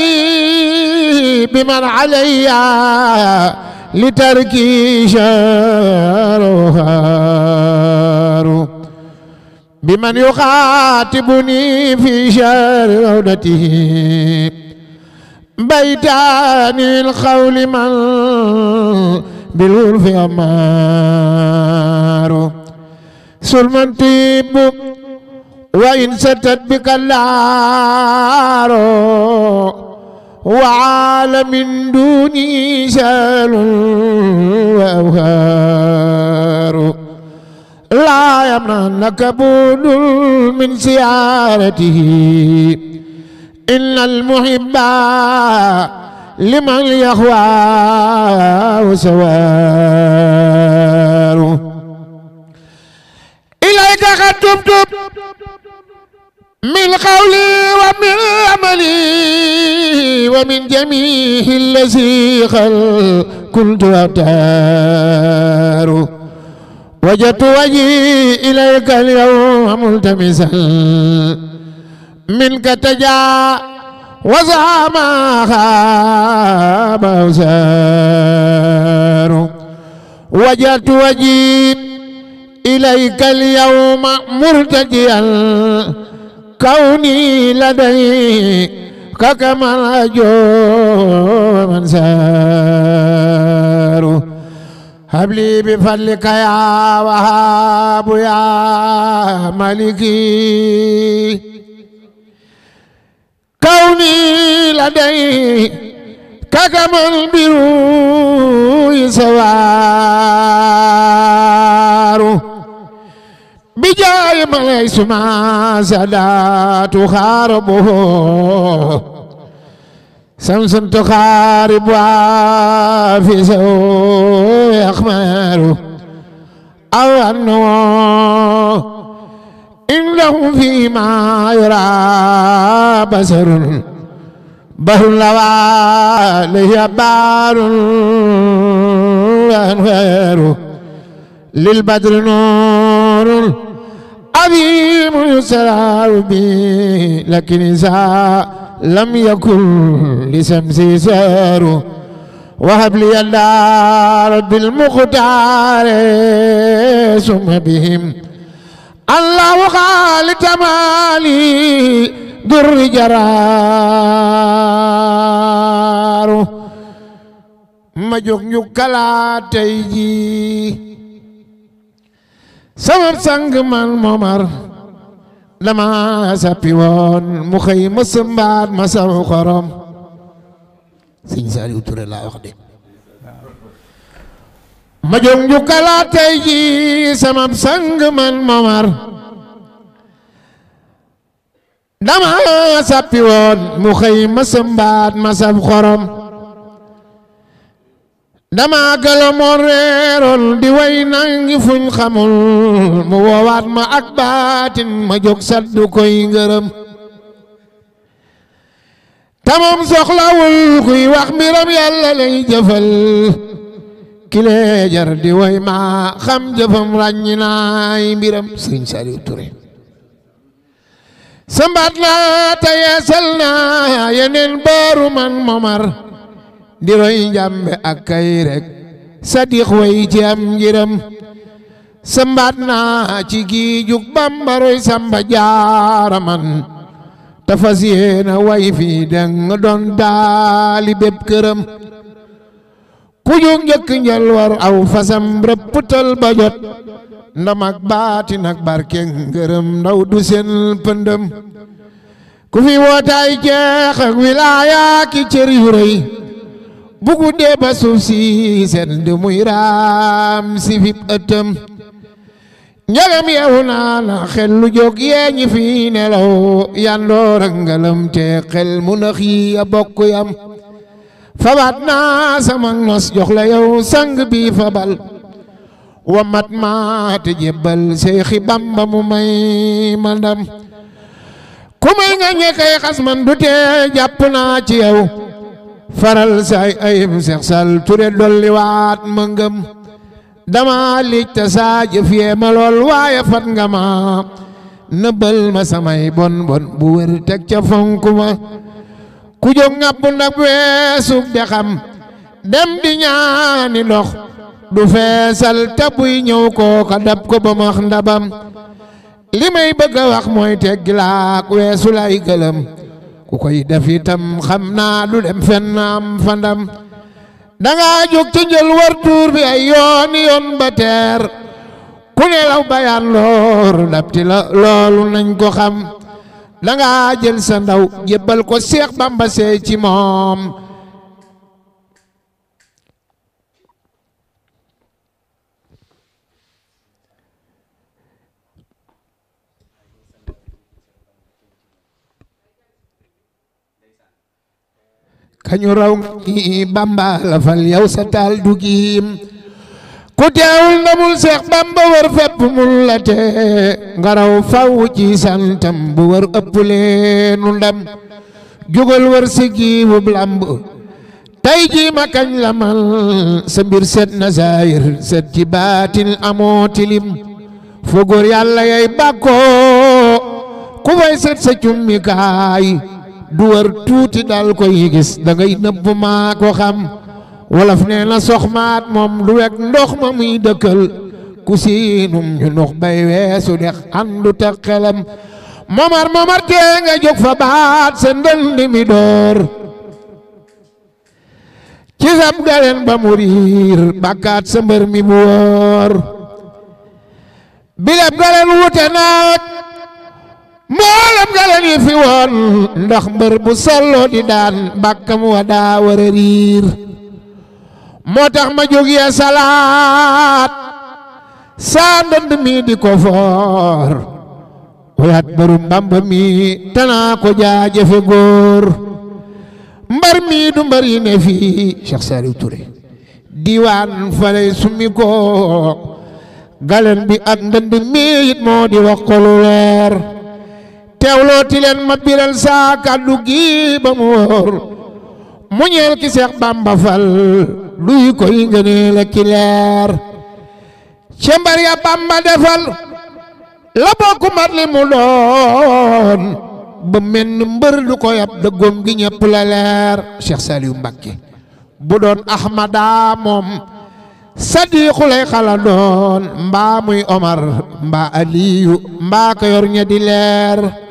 S5: بمن علي لتركي شهر بمن يخاطبني في شهر رودته بيتان الخول من بالولف أمار سلما طيب وإن ستت بك اللعار وعالم دوني سال وأوهار laa yamna'naka buudun min siyaaratihi inna al-muhibba liman yaxwaa sawaaru ilayka qad tubtu min qawli wa min amali wa min jamiihi allazi kuntu ataaru وجدت وجهي إليك اليوم ملتمسا منك تجا وزع ما خاب أوزار وجدت وجهي إليك اليوم مرتجيا كوني لديك كما جو من سار habli bi fadlika yaa wahaabu yaa maliki kawni laday kakamal biru sawaaru bi jaay malay suma sadaatu xaarabu شمس تخاربها في سوء أخمار أو أنه إن لهم فيما يرى بشر بحر لواليه بار وأنوار للبدر نور عظيم يسرع به لكن إذا لم يكن لشمسي سهر وهب لي الدار بالمختار ثم بهم الله خال تمالي در جرار ما جوك نيوكلا تيجي سمر سانغ مان ممر lama sappi woon mu xëy ma sëmbaat ma saw xorom sëñ Saliou Touré laa wax de ma jóg ji samam sang man Momar dama sappi woon mu xëy ma sëmbaat ma saw xorom dama galamoon reeroon di way nangi fuñ xamul mu woowaat ma ak baatin ma jóg saddu koy ngërëm tamam soxlawul kuy wax mbiram yàlla lay jëfal kilee di way ma xam jëfam ràññi naay mbiram sëriñ Saliou Touré sambaat naa te yeneen booru man momar di roy njàmbe ak kay rek sadix way ci am njëram sambaat naa ci gii jug bamba roy samba jaaraman tafas yéena way fii deng doon daali bépp këram ku jug njëkk njël war aw fasam rëpptal ba jot ndam ak baati nag barke ngërëm ndaw du sen pëndëm ku fi wootaay jeex ak wilaaya ki bugu dee ba suuf si seen di muy raam si fi ëttëm njagam yeewu naa la xel lu jóg yee ñi fi nelaw yandoor ngalam te xel mu nax yi a bokk yam fabaat naa sama nos jox la yow sang bi fabal wa mat maa te jébbal Bamba mu may ma ku may nga ñe xas man du tee jàpp naa ci yow faral say ayib seex sal ture dolli waat ma ngëm dama liij saa jëf yee ma lool waaye fat nga nëbbal ma samay bon bon bu teg ca fonk ma ku jóg ŋàpp nag de xam dem di ñaani ndox du feesal te buy kooka dab ko ba max li may bëgg wax mooy teggi laak weesu gëlëm ku koy def itam xam naa du dem fenn am fandam danga jóg ci njël war tuur bi ay yoon yoon ba ku ne bayaan loor dapti la loolu nañ ko xam danga jël sa ndaw jébbal ko Seex Bamba sey ci moom kañu raw ngi bamba la fal yow sa taal du giim ku teewul ndamul seex bamba wër fépp mun te nga raw faw ci santam bu wër ëpp leenu ndam jógal wër si lamb tey jii ma kañ la sa mbir set na saayir set ci baatin amoo tilim yàlla yay bàkkoo ku fay set sa cummi kaay du wër tuuti dal koy gis da ngay nëbb maa ko xam wolof nee na soxmaat moom du wek ndox ma muy dëkkal ku siinum ñu ndox bay weesu dex andu te xelam momar momar tee nga jóg fa baat sa ndënd mi door ci sab galeen ba mu riir bakkaat sa mbër mi bu wóor bileb galeen wute naak mboolem galan yi fi woon ndax mbër bu salloo di daan bàkkam wa daa war a moo tax ma jóg yee salaat saa ndënd mi di ko foor wayaat mbërum Bàmba mi tanaa ko jaajëfe góor mbar mi du mbar yi ne fii Cheikh Saliou Touré diwaan faley summi ko galan bi ak ndënd mi it moo di wax ko lu teewlooti leen ma biral saa kàddu gi ba mu wóor mu ñeel ki Seex Bàmba Fal duy koy ngënee la leer cembar ya Bàmba defal la bokk mat li mu doon ba mel mbër du ko yab dëggoom gi ñëpp la leer Cheikh Saliou Mbacké bu doon Ahmada moom sadiqu lay xala doon mbaa muy Omar mbaa Aliyu mbaa ko yor leer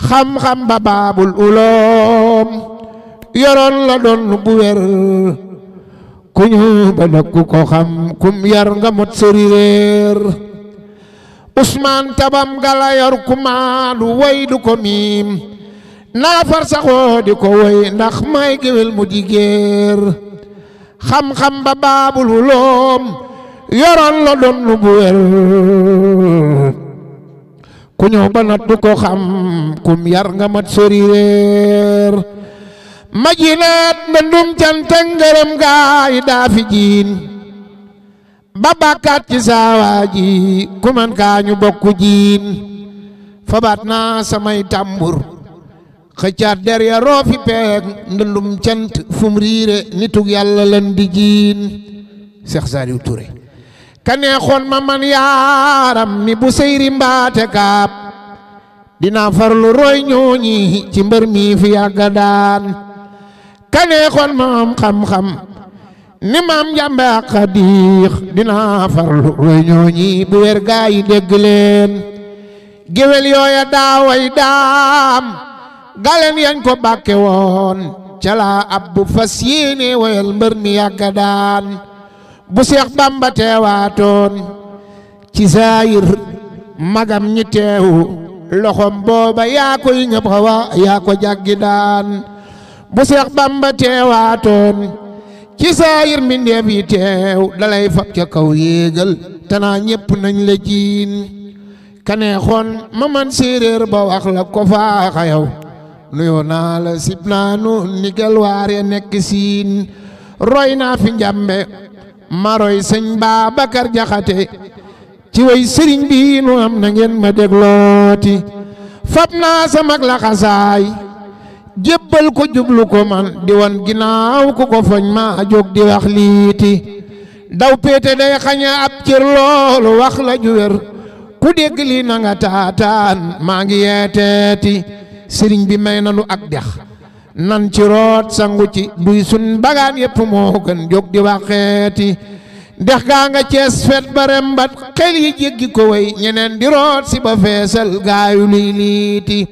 S5: xam-xam ba baabul uloom yoroon la doon bu wér ku ñu ba nakku ko xam kum yar nga mot sori réer tabam gala yor ku maandu way du ko miim naa saxoo di ko woy ndax may géwél mu jigéer xam-xam ba baabul uloom yoroon la doon bu ku ñëw ba nattu ko xam kum yar nga mat sori réer majinaat mbëndum canta ngërëm gaay daa fi jiin ba bàkkaat ci saawaa ku man kaa ñu bokku jiin fabaat naa samay tàmbur xëccaat der ya peeg ndëndum cant fum riire nitug yàlla lan di jiin Cheikh Saliou Touré kaneexoon ma man yaaram ni bu seyri mbaate kaab dina farlu roy ñooñi ci mbër mi fi yàgga daan kaneexoon ma am xam-xam ni maam jàmbe ak xadiix dina farlu roy ñooñi bu wer yi dégg leen géwél yooya daaway daam galeen yañ ko bàkke woon ca ab bu fas yéene woyal mbër mi yàgga daan bu Seex Bamba teewaatoon ci saayir magam ñi teewu loxom booba yaa koy ñëpp xawa yaa ko jàggi daan bu Seex Bamba teewaatoon ci saayir mbindeef yi teew dalay fab ca kaw yéegal tanaa ñépp nañ la jiin kanee xoon ma man séeréer ba wax la ko faaxa yow naa la sib naanu nigel waare nekk siin roy naa fi njàmbe maroy sëñ Babacar Jaxate ci way sëriñ bi nu am na ngeen ma déglooti fab naa sama laxasaay jébbal ko jublu ko man di wan ginnaaw ku ko foñ ma jóg di wax liiti daw péete day xañe ab cër loolu wax la ju ku dégg lii na nga taataan maa ngi yeeteeti sëriñ bi may nanu ak dex nan ci root sangu ci duy sun bagaan yépp moo gën jóg di waxeeti dex gaa nga cees fet ba rembat xel yi jéggi ko way ñeneen di root si ba feesal gaayu luy liiti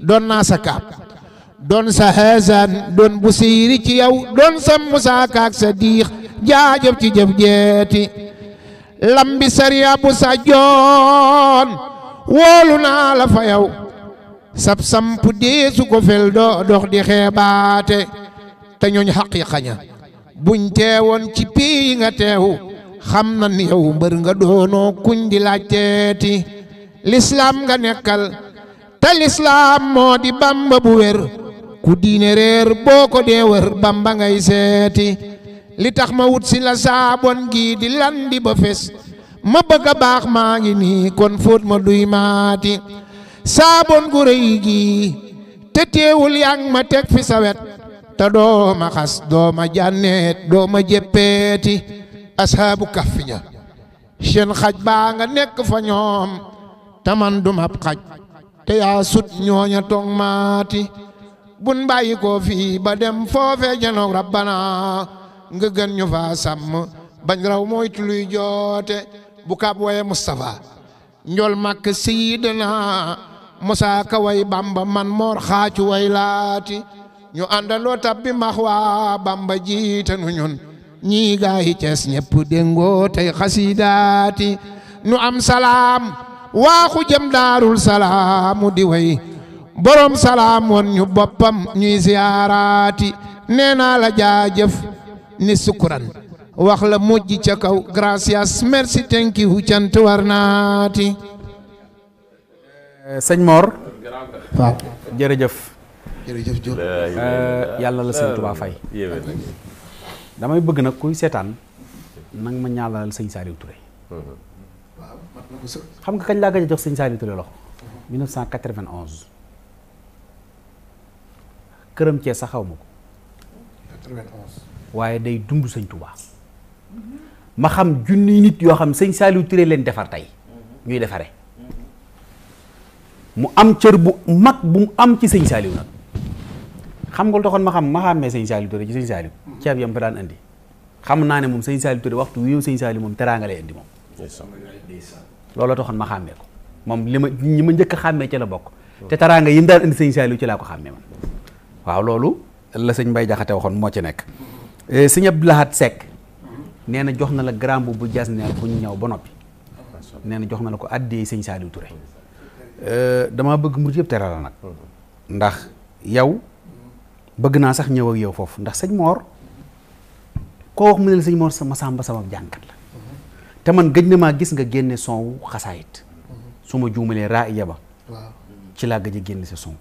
S5: doon naa sa kaab doon sa xeesaan doon bu siiri ci yow doon sa musaa kaak sa diix jaajëf ci jëf jeeti lambi sariya bu sa joon woolu naa la fa yow sab samp deesu ko fel doo dox di xeebaate te ñooñ xaqiiqa ña buñ teewoon ci pii nga teewu xam na ni yow mbër nga doonoo kuñ di laajteeti lislaam nga nekkal te lislaam moo di bamba bu wér ku diine réer boo ko dee wër bamba ngay seeti li tax ma wut si la saabon gii di landi ba fes ma bëgg baax maa ngi nii kon fóot ma duy maati saaboon gu rëy gii te teewul yaa ma teg fi sa wet te doo ma xas doo ma jànneet doo ma jéppeeti asxaabu kaf ña seen xaj baa nga nekk fa ñoom te man du mab xaj te yaa sut ñooña tong maati bun bàyyi koo fii ba dem foofe janoog rabbana nga gën ñu faa sàmm bañ raw mooy tuluy joote bu kab waye Mustafa njol màkk siidana mosaa ka way bamba man moor xaacu way laati ñu àndandoo tabbi max waa bamba jiite nu ñun ñii gaa yi cees ñëpp déngoo tey xasidaati nu am salaam waaxu jëm daarul salaamu di way borom salaam woon ñu boppam ñuy ziyaaraati nee naa la jaajëf ni sukuran wax la mujj ca kaw gracias merci thank you cant war naati Euh, sëñ Mor.
S2: jërëjëf. Euh, yàlla la sëñ Tuubaa fay. damay bëgg nag kuy seetaan nang ma ñaalalal sëñ Saliou Touré. xam nga kañ laa gëj a jox sëñ Saliou Touré loxo. 1991. këram cee sax xaw ma
S5: ko.
S2: waaye day dund sëñ Tuubaa. ma xam junni nit yoo xam sëñ Saliou Touré leen defar tey. ñuy defaree. mu am cër bu mag bu mu am ci sëñ Saliou nag xam nga lu taxoon ma xam ma xàmmee sëñ Saliou Touré ci sëñ Saliou ceeb yam fa daan andi xam naa ne moom sëñ Saliou Touré waxtu wi yow sëñ Saliou moom teraanga lay andi moom looloo taxoon ma xàmmee moom li ma ñi ma njëkk a xàmmee la bokk te teraanga yi mu daan indi sëñ Saliou ci laa ko xàmmee man waaw loolu la sëñ Mbaye Jaxate waxoon moo ci nekk eh, sëñ Abdou Lahad Seck nee jox na la grand bu jas neer bu ñu ñëw ba noppi nee na jox na la ko addee sëñ Saliou Touré Euh, damaa bëgg murid yëpp teral la nag ndax yow bëgg naa sax ñëw ak yow foofu ndax sëñ moor koo wax mu ne sëñ Mor sama sàmba sama jànkat la te man gëj maa gis nga génne sonw xasaayit su ma juumalee raa yaba ci laa génne sa son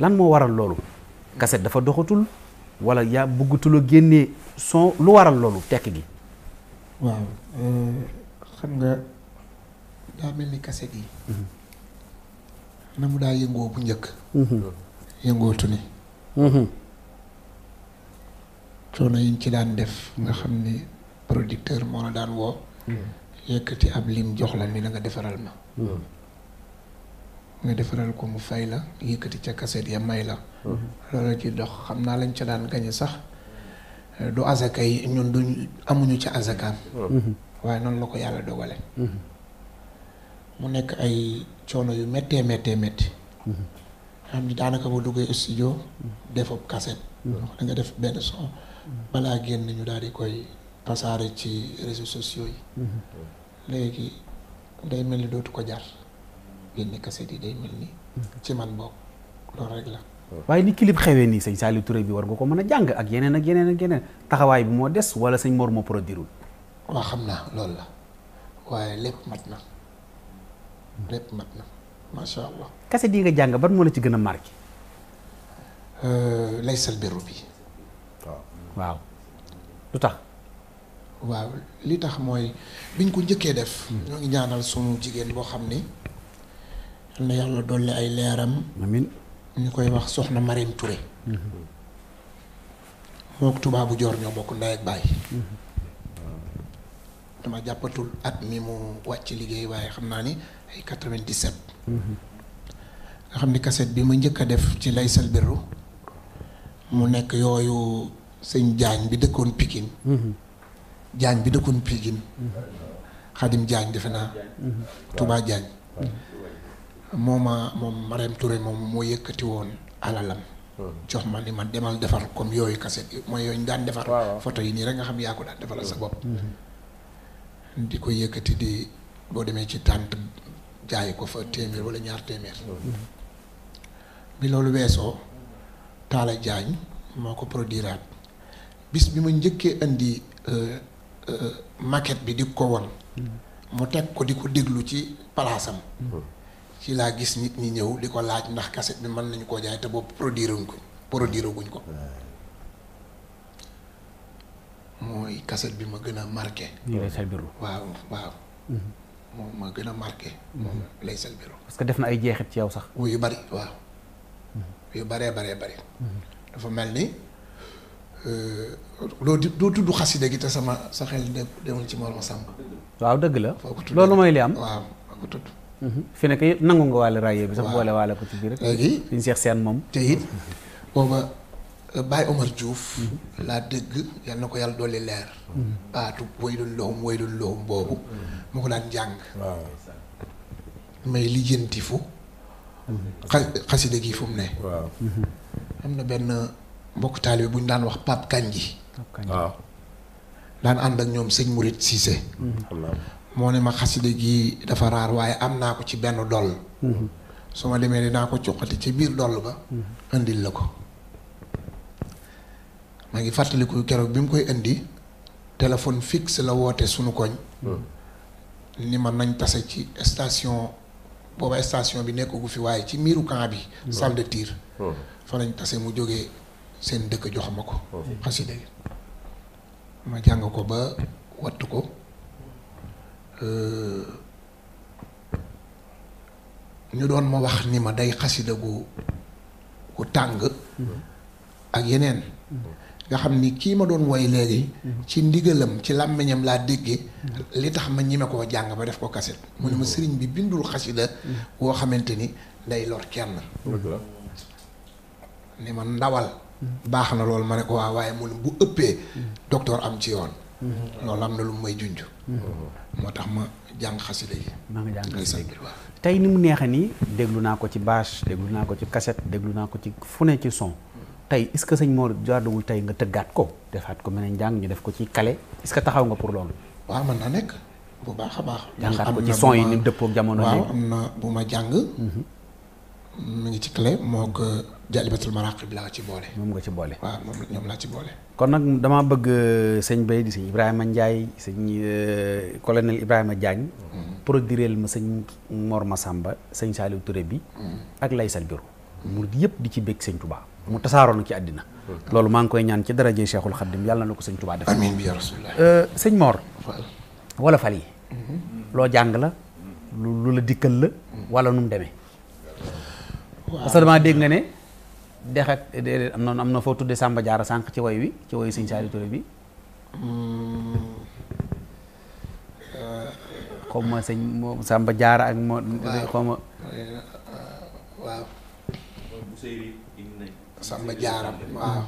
S2: lan moo waral loolu kaset dafa doxatul walla yaa bëggatula génne son lu waral loolu tekk gi
S5: euh, xam nga daa mel ni kaset yi mhm. na mu daa yëngoo bu njëkk. Mhm. yëngootu ni. Mhm. coono yi ci daan def nga xam ni producteur moo la daan woo. Mhm. yëkkati ab lim jox la ni la nga defaral ma. nga defaral ko mu fay la yëkkati ca kaset ya may la. loolu ci dox xam naa lañ ca daan gañe sax du azaka yi ñun duñ amuñu ca azakaam. waaye noonu la ko yàlla dogale. mu nekk ay. coono yu méttee méttee métti. Mhm. xam ni daanaka boo duggee studio. defoo cassette. Mhm. da nga def benn son. Mhm. balaa génn ñu daal di koy tasaare ci réseaux sociaux yi. léegi day mel ni dootu ko jar génne cassette yi day mel ni. ci man bokk loolu rek la. waaye
S2: ni clip xewee nii sañ Saliou Touré bi war nga ko mën a jàng ak yeneen ak yeneen ak yeneen taxawaay bi moo des wala sañ Mor moo produirul.
S5: waaw xam naa loolu la waaye lépp mat na. lépp mat na macha allah.
S2: kase di nga jàng ban moo la ci gën a
S5: marqué. Euh, laysal birru bi. waaw lu tax. waaw li tax mooy biñ ko njëkkee def. Hmm. ñoo ngi ñaanal sunu jigéen boo xam ni. na yàlla dolli ay leeram. ñu koy wax soxna Marème Touré. Hmm. mook tubaabu joor ñoo bokk ndey ak baay. Hmm. dama jàppatul at mi mu wàcc liggéey waaye xam naa ni ay 97. nga xam ni kaset bi ma njëkk a def ci laysal birru mu nekk yooyu sëñ jaañ bi dëkkoon Pikine. jaañ bi dëkkoon pikin xadim jaañ defe naa. Touba jaañ. mooma moom Marème Touré moom moo yëkkati woon alalam. jox ma ni ma demal defar comme yooyu cassette yi mooy yooyu ñu daan defar. foto yi nii rek nga xam yaa ko daan defaral sa bopp.
S4: Mm-hmm.
S5: di ko yëkkati di boo demee ci tànt jaay ko fa téeméer wala ñaar téeméer bi loolu weesoo Talla Diagne moo ko produiraat bis bi ma njëkkee indi euh, euh, maquette bi di ko won mu teg ko di ko déglu ci palaasam ci laa gis nit ñi ñëw di ko laaj ndax cassette bi mën nañu koo jaay te boobu produire ko produire guñ ko mooy cassette bi ma gën a marqué waaw waaw mhm. moom ma gën a marqué. moom lay selbero
S2: parce que def na ay jeexit ci yow sax. yu bari
S5: waaw. Mhm. yu baree baree bari. Mhm. dafa mel ni euh, loo di doo tudd xasida gi te sama sa xel demul ci Mor Masamba. waaw dëgg la. loolu
S2: mooy li am waaw foo ko tudd. Mhm. fi nekk nangu nga waale raayé bi sax boole waale ko ci biir. léegi suñu seex seen moom. te it booba. Euh, Baye Omar
S5: Diouf laa dëgg yal na ko yàlla dolli leer baatu waylul lahum waylul lahum boobu mu ko daan jàng may lijjanti fu xasida gi fu mu ne am na benn mbokk taalibe bu ñu daan wax Pape Kandji waaw daan ànd ak ñoom sëñ Mouride Cissé moo ne ma xasida gi dafa raar waaye am naa ko ci benn doll mhm. su ma demee dinaa ko cuqati ci biir doll ba indil mhm. la ko maa ngi fàttaliku keroog bi mu koy indi téléphone fixe la woote sunu koñ. Hmm. ni ma nañ tase ci station booba station bi nekkagu fi waaye ci miiru camp bi. Hmm. salle de tir. Hmm. fa lañ tase mu jóge seen dëkk jox ma ko. xasida yi ma jàng ko ba wattu ko. Euh, ñu doon ma wax ni ma day xasida gu gu tàng. ak yeneen. nga xam ni kii ma doon woy léegi ci ndigalam ci làmmiñam laa déggee li tax ma ñime koo jàng ba def ko kaset mu ne ma sëriñ bi bindul xasida koo xamante ni day lor kenn ni ma ndawal baax na loolu ma ne ko waaye mu bu ëppee docteur am ci yoon loolu am na lu may junj moo tax ma jàng xasida yi maa nga jàng xasida yi
S2: tey ni mu neexe nii déglu naa ko ci bâche déglu naa ko ci kaset déglu naa ko ci fu ne ci son tey est-ce que sëñ Mor jaaduwul tey nga tëggaat ko defaat ko mën a jàng ñu def ko ci kale est que taxaw nga pour loolu.
S5: waaw mën na bu baax baax.
S4: jàngaat ko
S2: ci son yi ni mu dëppoo am
S5: na bu ma jàng. mu mhm. ngi ci clé moo ko euh, jalibatul ci boole. moom nga ci boole. waaw ñoom laa ci boole.
S2: kon nag damaa bëgg euh, sëñ Bay di sëñ Ibrahima Ndiaye sëñ euh, colonel Ibrahima Diagne. Mhm. produireel ma sëñ Mor Massamba sëñ Saliou Touré bi. Mhm. ak Laysal Biro. murid yëpp di ci bëgg sëñ Touba. mu tasaaroon ci àddina loolu maa ngi koy ñaan ci daraje seexul Khadim yàlla na ko sëñ Tuubaa def amiin bi yaa Rasulullah euh, sëñ fal yi loo jàng la lu la dikkal la wala nu deme demee parce que damaa dégg nga ne dex ak am na am na foo tuddee sàmba jaara sànq ci woy wi ci woyu sëñ Saliou Touré bi hmm. xaw ma sëñ moo Samba Diarra ak moo
S5: xaw Samba jaaram waaw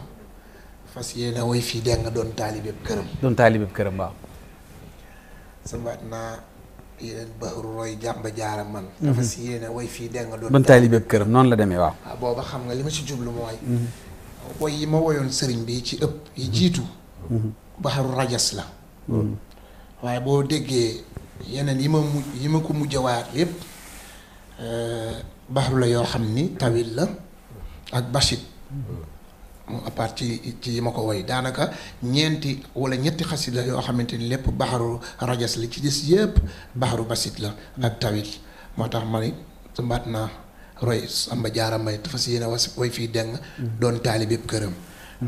S5: fas yéene woy fii dégg nga doon taalibeeb këram
S2: doon taalibeeb këram waaw
S5: sabaat naa yeneen baxru roy jàmba jaaram man dafa mhm. si woy fii dégg doon doon taalibeeb
S2: këram noonu la demee waaw
S5: waaw booba xam nga li ma ci jublu mooy mhm. woy yi ma woyoon sëriñ bi ci ëpp yi mhm. jiitu baxru rajas la waaye boo déggee yeneen yi ma mujj yi ma ko mujjawaat yépp euh, baxru la yoo xam ni tawil la ak bashit Euh, à part ci ci yi ma ko woy daanaka ñeenti wala ñetti xasida yoo xamante ni lépp baxaru rajas li ci des yëpp baxaru basit la ak tawit moo tax ma ni mbaat naa roy Samba Diarra Mbaye dafa si yéene was way fii deng doon taali bépp këram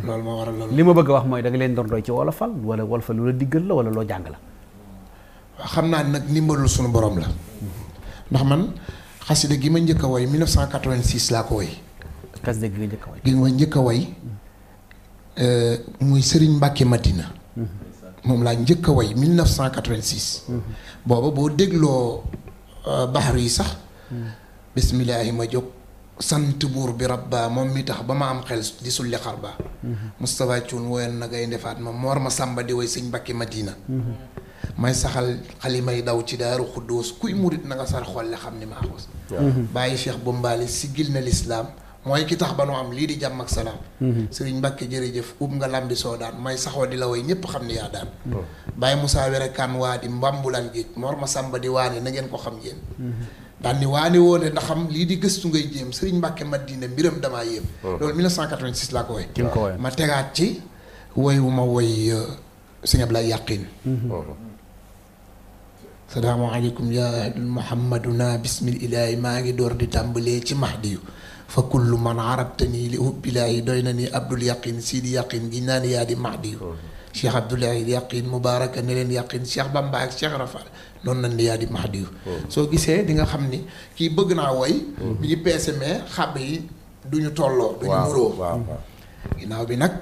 S5: loolu moo waral loolu li ma bëgg a wax mooy danga leen doon roy ci wolofal wala wolofal lu la diggal la wala loo jàng la waaw xam naa nag ndimbalul sunu borom la ndax man xasida gi ma njëkk a woy 1986 laa ko woy xasida gi nga njëkk a way njëkk a way muy Serigne Mbacke Madina. moom laa njëkk a way 1986. booba boo dégloo euh, baxar yi sax. bismillaahi ma jóg sant buur bi rabbaa moom mi tax ba ma am xel di sulli xarbaa. Moustapha Thioune woyoon na ngay ndefaat ma moor ma sàmba di way sëñ Mbacke Madina. may saxal xalimay daw ci daaru xuddoos kuy murit na nga sar xolle xam ni maa xos. bàyyi Cheikh Bombali siggil na lislaam mooy ki tax ba nu am lii di jàmm ak salaam. Mhm. sëriñ Mbacke jërëjëf ub nga lambi soo daan may saxoo di la way ñëpp xam ni yaa daan. Oh. Baye Moussa Werekaan waa di mbambulan géej Mor Masamba di waane na ngeen ko xam yéen. Mhm. daan ni lii di gëstu ngay jéem sëriñ Mbacke Madina mbiram damaa yéem. Oh. loolu 1986 laa ko woy. ma tegaat ci woy wu ma woy euh, sëñ Ablaye Yaqin. Mhm. Oh. salaamaaleykum yaa Muhammaduna bismil ilaahi maa ngi door di tàmbalee ci Mahdi yu. fa kullu man arabtani li yi doy na ni abdul yaqin siidi yaqin gi naan yaa di mahdi oh. cheikh abdoulahi yaqin mubaraka ne leen yaqin cheikh bamba ak cheikh rafal noonu nañ ni yaa di mahdi oh. soo gisee di nga xam ni kii bëgg naa woy bi oh. ngi peese yi du ñu tolloo du ñu ginnaaw bi nag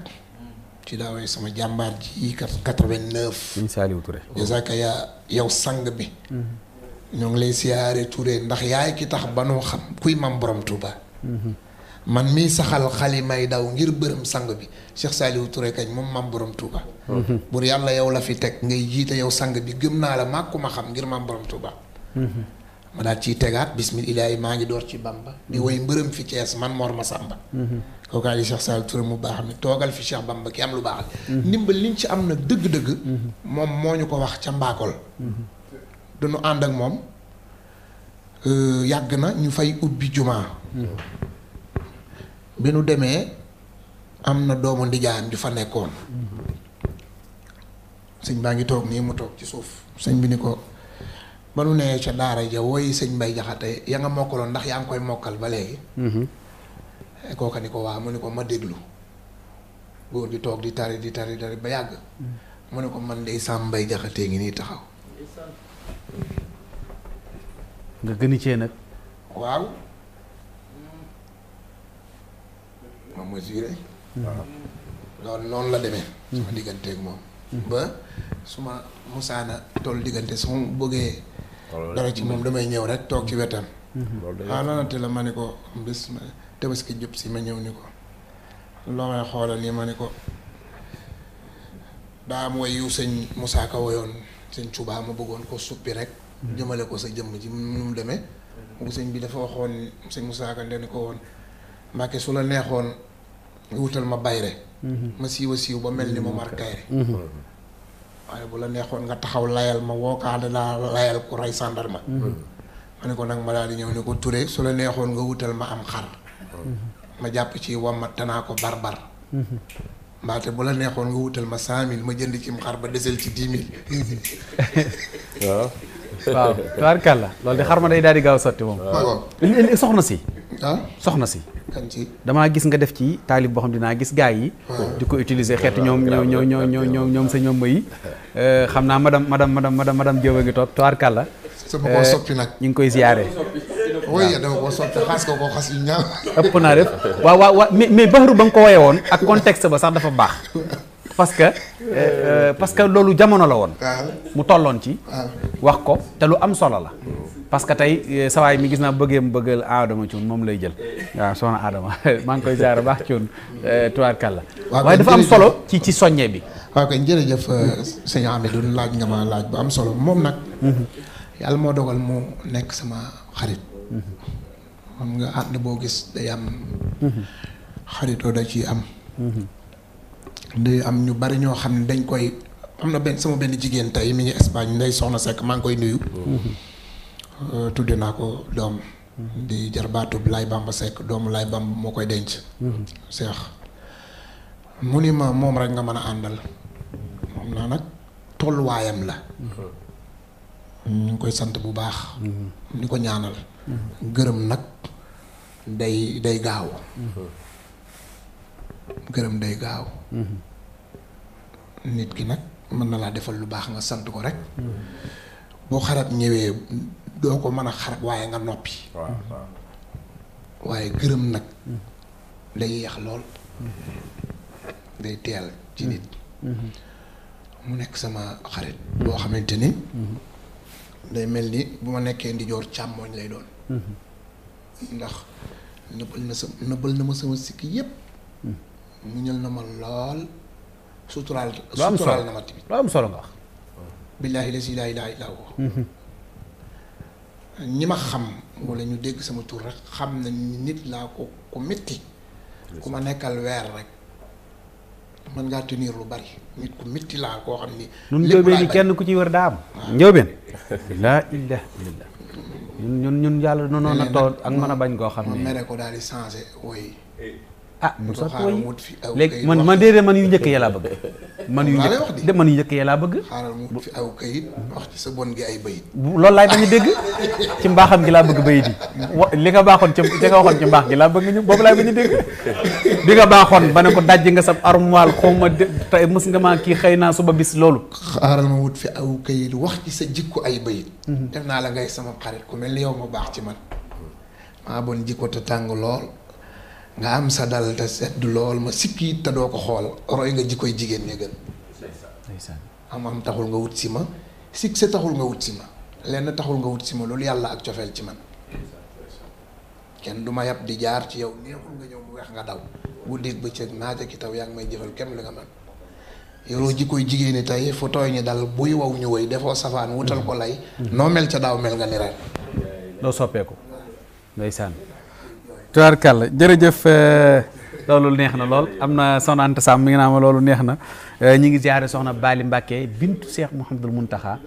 S5: ci laa sama jàmbaar ji quatre-vingt-neuf
S2: Saliou Touré jazaaka
S5: yaa yow sang bi
S2: mm-hmm.
S5: ñoo ngi lay siyaare Touré ndax yaay ki tax ba noo xam kuy mam borom man mii saxal xali may daw ngir bërëm sangu bi Cheikh Saliou Touré kañ moom maam borom Touba. bur yàlla yow la fi teg ngay jiite yow sang bi gëm naa la màkku ma xam ngir maam borom Touba. ma daal ciy tegaat bismillah maa ngi door ci Bamba. di woy mbërëm fi Thiès man Mor ma kooku aay di Cheikh Saliou Touré mu baax mi toogal fi Cheikh Bamba ki am lu baax la. ndimbal liñ ci am na dëgg-dëgg. moom moo ñu ko wax ca Mbakol. du nu ànd ak moom. Euh, yàgg na ñu fay ubbi jumaa bi nu demee am na doomu ndijaayam ju fa nekkoon sëñ baa ngi toog nii mu toog ci suuf sëñ bi ni ko ba nu nee ca daara ja woy sëñ Mbay Jaxate ya nga mokkaloon ndax yaa ngi koy mokkal ba léegi mm-hmm. eh, kooka ni ko waa mu ne ko ma déglu góor di toog di tari di tari tari ba yàgg mm-hmm. mu ne ko man dey sàmm Mbay Jaxate ngi nii taxaw
S2: nga gën cee nag.
S5: waaw. ma loolu noonu la demee. sama digganteeg moom. ba su ma musaana toll diggante su ma bëggee. dara ci moom damay ñëw rek toog ci mm-hmm. wetam. Mm-hmm. loolu day ah, la ma ne ko bis ma tabaski jub si ma ñëw ni ko. loo may xoolal nii ma ne ko daa am wayu sëñ musaa Ka woyoon sëñ Touba ma bëggoon koo suppi rek. Mm. jëmale ko sa jëmm ji mu mu demee bu sëñ bi dafa waxoon sëñ Moussa Ka leen ko woon Mbàkke su la neexoon wutal ma bayre mm-hmm. ma siiwa siiw ba mel ni ma mar mm-hmm. kayre mm-hmm. waaye bu la neexoon nga taxaw layal ma wookaale laa layal ku rey sàndarma ma ne ko nag ma daal di ñëw ne ko Touré su la neexoon nga wutal ma am xar ma jàpp ci wammat naa ko barbar mbaate bu la neexoon nga wutal ma cent mille ma jënd ci xar ba desel ci dix mille waaw waaw tubaarkàlla
S2: loolu de xar ma day daal di gaaw sotti moom soxna si ah soxna si damaa gis nga def ci taalib boo xam dinaa gis gaa yi di ko utiliser xeetu ñoom ñoo ñoo ñoo ñoo ñoo ñoom sa ñoom yi euh, xam naa madame madame madame madame madame Diop a ngi toog tubaarkàlla sama koo euh, soppi nag ñu ngi koy ziyaare
S5: waaw ko soppi xas ko ko xas yu ñaaw
S2: ëpp naa def waaw waaw waaw mais mais baxaru ba nga ko woye woon ak contexte ba sax dafa baax parce que euh, euh, parce que loolu jamono la woon. Ah. mu tolloon ci. Ah. wax ko te lu am solo la. parce que tey euh, sawaay mi gis naa bëggee mu bëggal Adama Thioune moom lay jël waaw soxna Adama
S5: maa ngi koy jaar baax Thioune tubaarkàlla. waaye dafa am solo ci ci soññe bi. waaw kay jërëjëf sëñ Amidou laaj nga ma laaj bu am solo moom nag. Mm-hmm. yàlla moo dogal mu nekk sama xarit. Mm-hmm. xam nga ànd boo gis day am. Mm-hmm. xaritoo da ci am. day am ñu bari ñoo xam ne dañ koy am na benn sama benn jigéen tey mi ngi Espagne nday soxna sekk maa ngi koy nuyu. Euh, tuddee naa ko doom. di jarbaatu Laay Bamba Seck doomu Laay Bamba moo koy denc. Seex mu ni ma moom rek nga mën a àndal. moom naa nag tolluwaayam la. ñu ngi koy sant bu baax. ni ko ñaanal. gërëm nag day day gaaw. gërëm day gaaw. nit ki nag mën na laa defal lu baax nga sant ko rek. Hmm. boo xarab ñëwee doo ko mën a xarab waaye nga noppi. waaye gërëm nag. Hmm. day yeex lool. Hmm. day teel ci nit. mu nekk sama xarit. boo xamante ni. day mel ni bu ma nekkee joor càmmooñ lay doon. ndax nëbbal na sa nëbbal na ma sama sikk yépp. mu ñal na ma lool. suturaal suturaal na am solo nga wax billaahi la si laa ilaaha mhm. ñi ma xam wala ñu dégg sama tur rek xam na nit laa ko ku metti ku ma nekkal weer rek mën ngaa tenir lu bari nit ku metti laa koo xam ni ñun njóobeen yi kenn
S2: ku ci wër daa am ah. njóobeen laa ilaaha ñun ñun ñun yàlla noonu na tool ak mën a bañ koo xam ne mere
S5: ko daal di changé wooy eh,
S2: ah mu sa tooy léegi man man déedéet man yu njëkk yàlla bëgg man yu njëkk man yu njëkk yàlla bëgg
S5: xaaral mu fi aw kayit wax sa bon gi ay bayit loolu laay bañ a dégg
S2: ci mbaaxam gi laa bëgg bayit yi li nga baaxoon ci li nga waxoon ci gi laa bëgg ñu boobu laay bañ a dégg bi nga baaxoon ba ne ko dajj nga sa armoire xaw ma tey mës nga maa kii xëy naa
S5: suba bis loolu xaaral ma wut fi aw kayit wax ci sa jikko ay bayit mhm. def naa la ngay sama xarit ku mel ni yow ma baax ci man maa bon jikko te tàng lool nga am sa dal te sedd lool ma sikki te doo ko xool roy nga jikkoy jigéen ñi gën am am taxul nga wut si ma sikk sa taxul nga wut si ma lenn taxul nga wut si ma loolu yàlla ak cofeel ci man kenn du ma yàpp di jaar ci yow neexul nga ñëw bu weex nga daw ba bëccëg naaja ki taw yaa ngi may jëfal kenn li nga man yoroo jikkoy jigéeni tey fu tooy ñi dal buy wow ñu woy defoo safaan wutal ko lay mm-hmm. noo mel ca daaw mel nga ni ren
S2: doo soppeeku ndeysaan tubaarkàlla jërëjëf euh, loolu neex na lool am na soxna Anta Samb mi ngi naa ma loolu neex na euh, ñi ngi ziare soxna Bali Mbacke bintu Cheikh Mouhamadul taxaa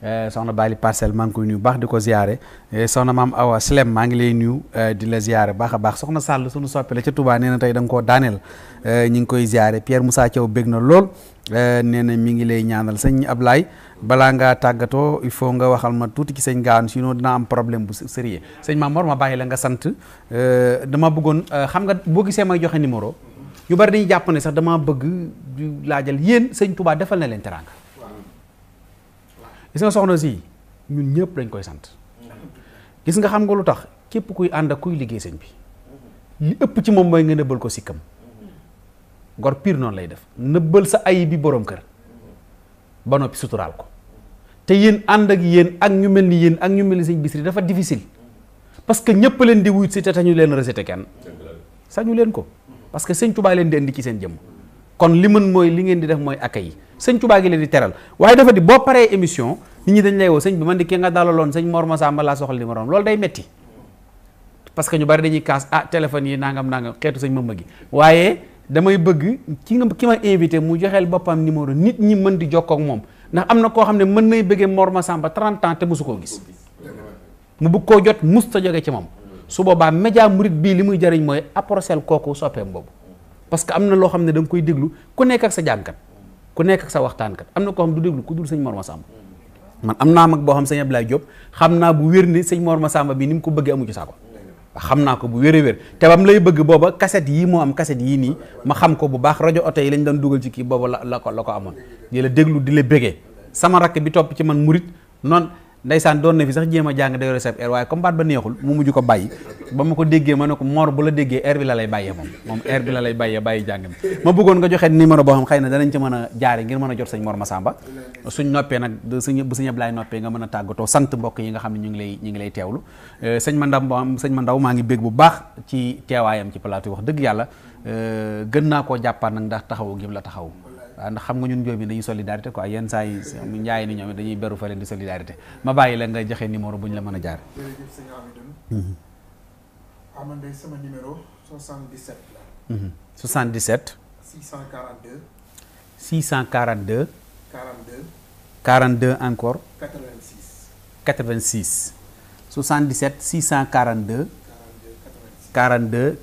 S2: Eh, soxna Bali parcelle maa ngi koy nuyu baax di ko ziare eh, soxna maam Awa Silem maa ngi lay nuyu eh, di la ziare baax a baax soxna Sall sunu soppi la ca Touba nee na tey da nga koo daaneel ñu ngi koy ziare Pierre Moussa Thiaw bég na lool nee na mi ngi lay ñaanal sëñ Ablaye balaa ngaa tàggatoo il faut nga waxal ma tuuti ci sëñ Gaawaan sinon dina am problème bu sérieux sëñ maam Mor ma bàyyi la nga sant dama bëggoon xam nga boo gisee may joxe numéro ñu bari dañuy jàpp sax dama bëgg laajal yéen sëñ Touba defal na leen teraanga gis nga soxna si ñun ñëpp dañ koy sant gis nga xam nga lu tax képp kuy ànd ak kuy liggéey sëñ bi li ëpp ci moom mooy nga nëbbal ko sikkam gor piir noonu lay def nëbbal sa ay bi borom kër ba noppi suturaal ko te yéen ànd ak yéen ak ñu mel ni yéen ak ñu mel ni sëñ Bichri dafa difficile parce que ñëpp leen di wuyut si te tañu leen rejeté kenn sañu leen ko parce que sëñ Tuubaa leen di indi ci seen jëmm kon li mën mooy li ngeen di def mooy accueil sëñ Tuubaa gi leen di teral waaye dafa di boo paree émission nit ñi dañ lay woo sëñ bi man di ki nga dalaloon sëñ Mor Masamba laa soxla numéro am loolu day metti parce que ñu bari dañuy kaas ah téléphone yi nangam nangam xeetu sëñ Mamba gi waaye damay bëgg ki nga ki ma invité mu joxeel boppam numéro nit ñi mën di jokkoo moom ndax am na koo xam ne mën nay bëggee Mor Masamba 30 ans te su koo gis mu bugg koo jot mus ta jóge ci moom su boobaa média murit bii li muy jëriñ mooy approcher kooku soppeem boobu parce que am na loo xam ne danga koy déglu ku nekk ak sa jàngkat ku nekk ak sa waxtaankat am na koo xam du déglu ku dul sëñ Mor Massamba man am naa mag boo xam sëñ Abdoulaye Diop xam naa bu wér ni sëñ Mor Massamba bi ni mu ko bëggee amu ci saako xam naa ko bu wér a wér te bam lay bëgg booba cassette yii moo am cassette yii nii ma xam ko bu baax rajo oto yi lañ doon dugal ci kii booba la la ko la ko amoon di la déglu di la béggee sama rakk bi topp ci man murit noonu ndaysaan doon na fi sax jéem a jàng day recep air waaye comme baat ba neexul mu mujj ko bàyyi ba ma ko déggee ma ne ko mor bu la déggee air bi la lay bàyyee moom moom air bi la lay bàyyee bàyyi jàng mi ma bëggoon nga joxe numéro boo xam xëy na danañ ci a jaare ngir mën a jot sëñ Mor Massamba suñ noppee nag suñ bu sëñ Ablaay noppee nga mën a tàggatoo sant mbokk yi nga xam ne ñu ngi lay ñu ngi lay teewlu euh, sëñ Mandam sëñ Mandaw maa ngi bég bu baax ci teewaayam ci plateau wax dëgg yàlla euh, gën naa koo jàppaan nag ndax taxawu gi la taxaw waaw ah, ndax xam nga ñun njóob yi dañuy solidarité quoi yenn saa yi njaay ni ñoom dañuy beru fa leen di solidarité ma bàyyi la nga joxe numéro bu ñu la mën a jaar.
S5: jërëjëf sëñ Amidou. Mhm. amoon day sama numéro 77 la.
S2: 77.
S5: 642.
S2: 642. 42. 42 encore.
S5: 86.
S2: 86. 77 642. 42 86.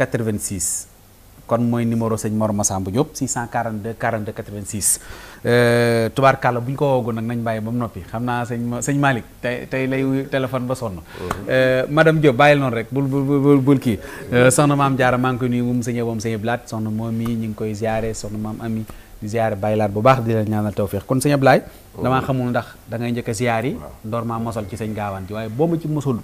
S2: 42 86. kon mooy numéro sëñ Mor Masamba Diop 642 42 86 tubaarkàlla bu ñu ko woogoon nag nañ bàyyi ba mu noppi xam naa sëñ sëñ Malick tey tey lay téléphone ba sonn mhm. euh, madame Diop bàyyi noonu rek bul bul bul kii euh, soxna maam Diarra maa ngi koy nuyu moom sëñ moom sëñ Blaat soxna moom mi ñu ngi koy ziare soxna maam Ami di ziare bàyyilaat bu baax di la ñaanal tawféex kon sëñ Ablaye oh. damaa xamul ndax dangay ngay njëkk a ziare yi ndoor maa mosal ci sëñ gaawaan ji waay boo ma ci mosul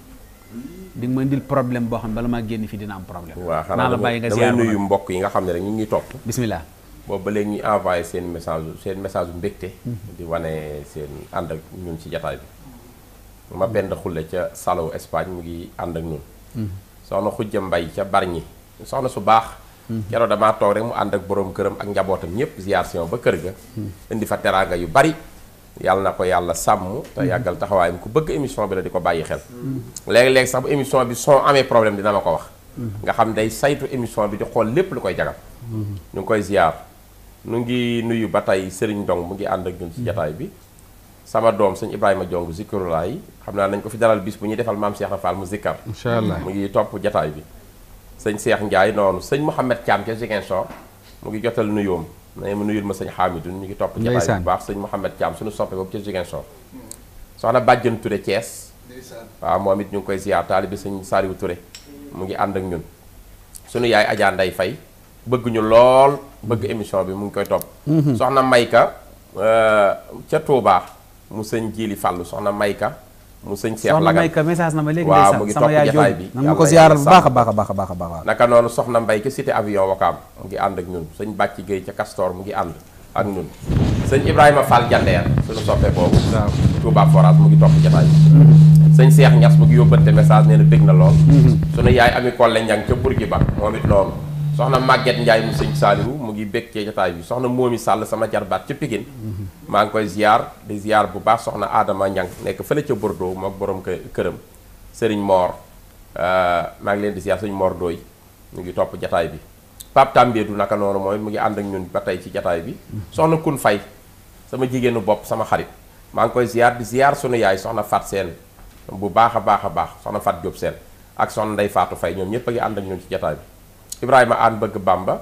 S2: di nga ma indil problème boo xam ne bala maa génn fii dina am problème. waaw xanaa ne bàyyi nga ziar damay nuyu
S3: mbokk yi nga xam ne rek ñu ngi topp. bismillah boobu ba léegi ñuy envoyé seen message seen message bu mbégte. Mhm. di wane seen ànd ak ñun ci jataay bi. ma benn xulle ca Salou Espagne mu ngi ànd ak ñun. Mhm. soxna Khoudia mbay ca Bargny soxna su baax. Mhm. keroog damaa toog rek mu ànd ak borom këram ak njabootam ñëpp ziar ba kër ga. indi fa teraanga yu bari. yàlla na ko yàlla sàmm te mm-hmm. yàggal taxawaayam ku bëgg émission bi la di ko bàyyi xel léeg-léeg sax bu émission bi son amee problème dina ma ko wax mm-hmm. nga xam day saytu émission bi di xool lépp lu koy jagal mm-hmm. ñu ngi koy ziar nu ngi nuyu ba tey Serigne Ndong mu ngi ànd ak ñun ci jataay bi sama doom sëñ Ibrahima Jong zikrulaay xam naa nañ ko fi daral bis bu ñuy defal maam Cheikh Fall mu zikkar incha allah mu ngi topp jataay bi sëñ Cheikh Ndiaye noonu sëñ Mouhamed Thiam ca Ziguinchor mu ngi jotal nuyoom nañ ma nuyul ma sëñ Hamidou ñu ngi topp jataay bu baax sëñ Mouhamed Thiam suñu soppe boobu ca Ziguinchor soxna Bàjjan Touré Thiès waaw moom it ñu ngi koy ziar taalibi sëñ Saliou ture mu ngi ànd ak ñun suñu yaay Adja Ndeye Faye bëgg ñu lool bëgg émission bi mu ngi koy topp mhm. soxna Mayka euh, ca Touba mu sëñ Jili Fàllu soxna Mayka mu sëñ Cheikh Lagan soxna Mbaye message na ma léegi waaw mu ngi topp jotaay bi na nga ko ziaral baax a baax a baax a baax a baax naka noonu soxna Mbaye ka cité avion wakaam mu ngi ànd ak ñun sëñ Bàcc Gueye ca Castor mu ngi ànd ak ñun sëñ a Fall Jandeer suñu soppe boobu Touba Forage mu ngi topp jotaay bi sëñ Cheikh Niass mu ngi yóbbante message nee na bëgg na lool mhm. suñu yaay ami Kolle Ñang ca Bourguiba moom it noonu soxna Maguette Ndiaye mu sëñ Saliou ngi bég ci jotaay bi soxna Moomi Sàll sama jarbaat ca Pikine maa ngi koy ziar di ziar bu baax soxna Adama Ñang nekk fële ca Bordeaux mook borom këram sëriñ Moor euh, maa ngi leen di ziar sëriñ Moor Dooy mu ngi topp jataay bi Pape Tambie du naka noonu mooy mu ngi ànd ak ñun ba tey ci jataay bi soxna Kun Fay sama jigéenu bopp sama xarit maa ngi koy ziar di ziar sunu yaay soxna Fat Seen bu baax a baax a baax soxna Fat Jóob Seen ak soxna Ndey Faatu Fay ñoom ñépp a ànd ak ñun ci jataay Ibrahima aan bëgg Bamba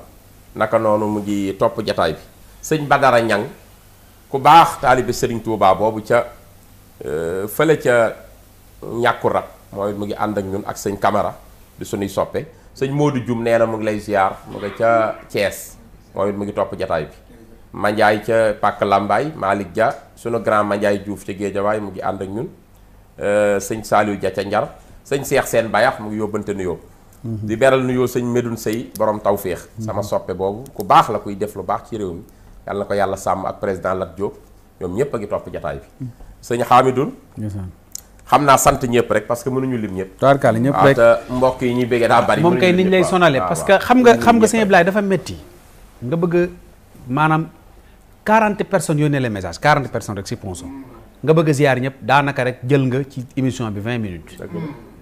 S3: naka noonu mu ngi topp jataay bi sëñ Badara Ñang ku baax taalibi sëriñ Touba boobu ca euh, fële ca ñàkku rab mooy mu ngi ànd ak ñun ak sëñ kamara di suñuy soppe sëñ Modou Dioum nee na mu ngi lay ziar mu nga ca Thiès mooy mu ngi topp jataay bi Mandiaye ca Pàkk Lambaay Malick Dia sunu grand Mandiaye Diouf ca Géejawaay mu ngi ànd ak ñun euh, sëñ Saliou ja ca Njar sëñ Seex Seen Bayax mu ngi yóbbante nuyoo Mm-hmm. di beral yoo sañ Medoune Sey borom tawféex. Mm-hmm. sama soppe boobu ku baax la kuy def lu baax ci réew mi yàlla na ko yàlla sàmm ak président Lat Diop ñoom ñëpp a ngi topp jataay bi. Mm-hmm. sëñ Xaamidun xam naa sant ñëpp rek parce que mënuñu lim ñëpp. tubaarkaale ñëpp ah, rek te mbokk yi ñuy bëggee daa bari. moom kay niñ
S2: lay sonale ah, parce que xam nga xam nga sëñ Ablaye dafa metti nga bëgg maanaam 40 personnes yónnee les messages 40 personnes rek si ponso nga bëgg a ziar ñëpp daanaka rek jël nga ci émission bi 20 minutes.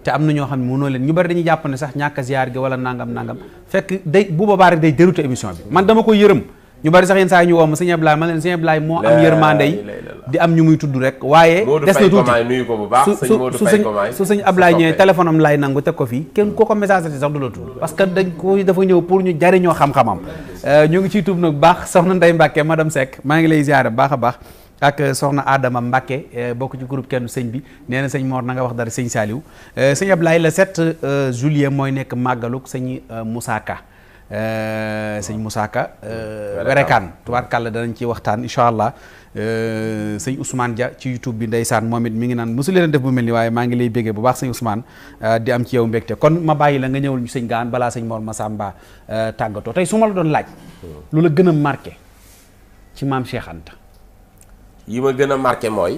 S2: te am na ñoo xam ne mënoo leen ñu bari dañuy jàpp ne sax ñàkk ziar gi wala nangam nangam fekk day bu boobaa rek day dérouté émission bi man dama ko yërëm ñu bari sax yenn saa yi ñu woo ma sëñ Ablaye ma leen sëñ Ablaye moo am yërmande yi di am ñu muy tudd rek waaye des na tuuti su su sëñ Ablaye ñëwee téléphone am laay nangu teg ko fii kenn koo ko message sax du la tudd parce que dañ ko dafa ñëw pour ñu jariñoo xam-xamam euh, ñu ngi ciy tuub nag baax soxna Ndeye Mbacke madame Seck maa ngi lay ziar baax a baax ak euh, soxna Adama Mbacke euh, bokk ci groupe kenn sëñ bi nee na sëñ Mor na nga wax dara sëñ Saliou euh, sëñ laay la 7 juillet mooy nekk màggaluk sëñ Moussa Ka sëñ Moussa Ka werekaan tubaarkàlla danañ ci waxtaan incha allah sëñ Ousmane ja ci YouTube bi ndeysaan moom it mi ngi naan mosu leen def bu mel ni waaye maa ngi lay béggee bu baax sëñ Ousmane di am ci yow mbégte kon ma bàyyi la nga ñëwul ñu sëñ gaan balaa sëñ Mor Massamba tàggatoo tey su ma la doon laaj lu la gën a marqué ci maam
S3: yi ma gën a marqué mooy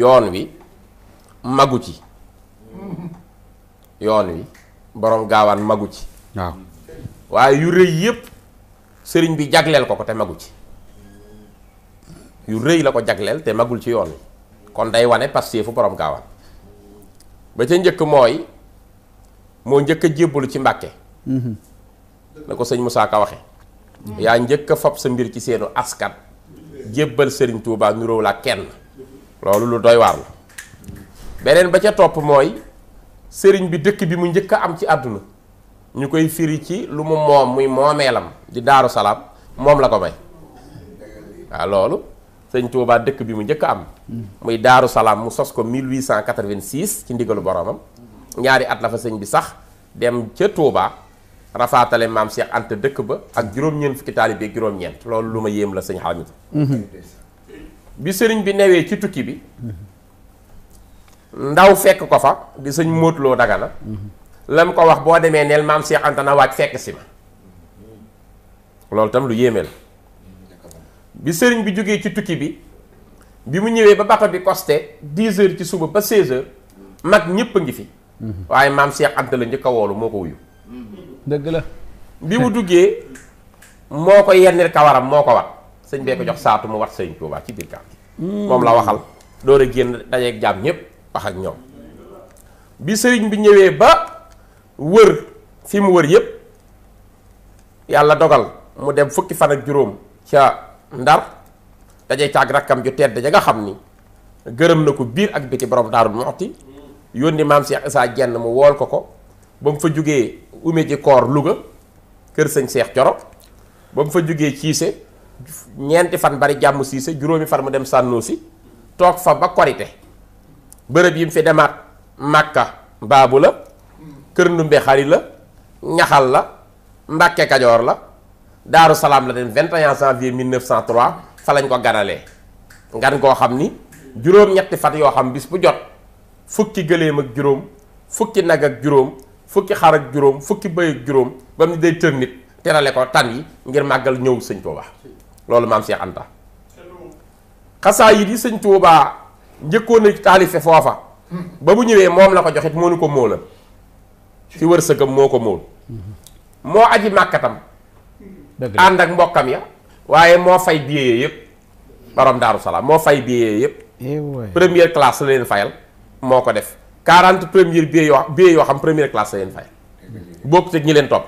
S3: yoon wi magu ci yoon wi boroom gaawaan magu ci waaw waaye yu rëy yëpp sëriñ bi jagleel ko ko te magu ci yu réy la ko jagleel te magul ci yoon wi kon day wane pasté fu borom gaawaan ba ca njëkk mooy moo njëkk a jébbalu ci mbàkke mhm. na ko sëñ Moussa Ka waxe mhm. yaa njëkk a fab sa mbir ci seenu askan jébbal sëriñ Touba nuroo la kenn loolu lu doy waar la beneen ba ca topp mooy sëriñ bi dëkk bi mu njëkk am ci àdduna ñu koy firi ci lu mu moom muy moomeelam di daaru salaam moom la ko may waaw loolu sëñ Touba dëkk bi mu njëkk am muy daaru salaam mu sos ko 1886 ci ndigalu boromam ñaari at la fa sëñ bi sax dem ca Touba. rafaatale maam seex ant dëkk ba ak juróom-ñeent fukki taalibe ak juróom loolu lu ma yéem la sëñ Hamid bi sëriñ bi newee ci tukki bi ndaw fekk ko fa di sëñ móotuloo dagana la mu ko wax boo demee neel maam Cheikh Anta na waaj fekk si ma loolu tam lu yéeme la bi sëriñ bi jógee ci tukki bi bi mu ñëwee ba bato bi costé 10 heures ci suba ba 16 heures mag ñépp ngi fi
S4: mm-hmm.
S3: waaye maam Cheikh Anta la njëkk a woolu moo ko wuyu dëgg la bi mu duggee moo ko yennil kawaram moo ko wat sëñ bee ko jox saatu mu wat sëñ Tuubaa ci biir kaw
S4: hmm. moom la waxal
S3: door a génn dajeeg jaam ñëpp wax ak ñoom bi sëriñ bi ñëwee ba wër fi mu wër yépp yàlla dogal mu dem fukki fan ak juróom ca ndar dajee caag rakkam ju tedd ja nga xam ni gërëm na ko biir ak biti borom daaru Muxti yónni maam Cheikh Issa jenn mu wool ko ko ba mu fa jógee ume ji koor Louga kër sañ Cheikh Coro ba mu fa jógee Cissé ñeenti fan bari jàmm Cissé juróomi fan mu dem Sànnoosi toog fa ba korite bërëb yi mu fi demaat makka baabu la kër ndumbe xari la ñaxal la Mbàkke Kajoor la Daaru Salaam la dem 21 janvier 1903 fa lañ ko ganale ngan koo xam ni juróom-ñetti fan yoo xam bis bu jot fukki gëléem ak juróom fukki nag ak juróom fukki xar ak juróom fukki bëy ak juróom ba mu day nit terale ko tan yi ngir màggal ñëw sëñ Tuubaa loolu maam Cheikh Anta xasaayid yi sëñ Tuubaa njëkkoon a taalife foofa ba bu ñëwee moom la ko joxit moo nu ko móolal ci wërsëgam moo ko móol moo aji màkkatam ànd ak mbokkam ya waaye moo fay biyee yëpp borom daaru salaam moo fay biyee yëpp eh première classe la leen fayal moo ko def 40 première billets yoo yoo xam première classe la leen fay bokkut ak ñi leen topp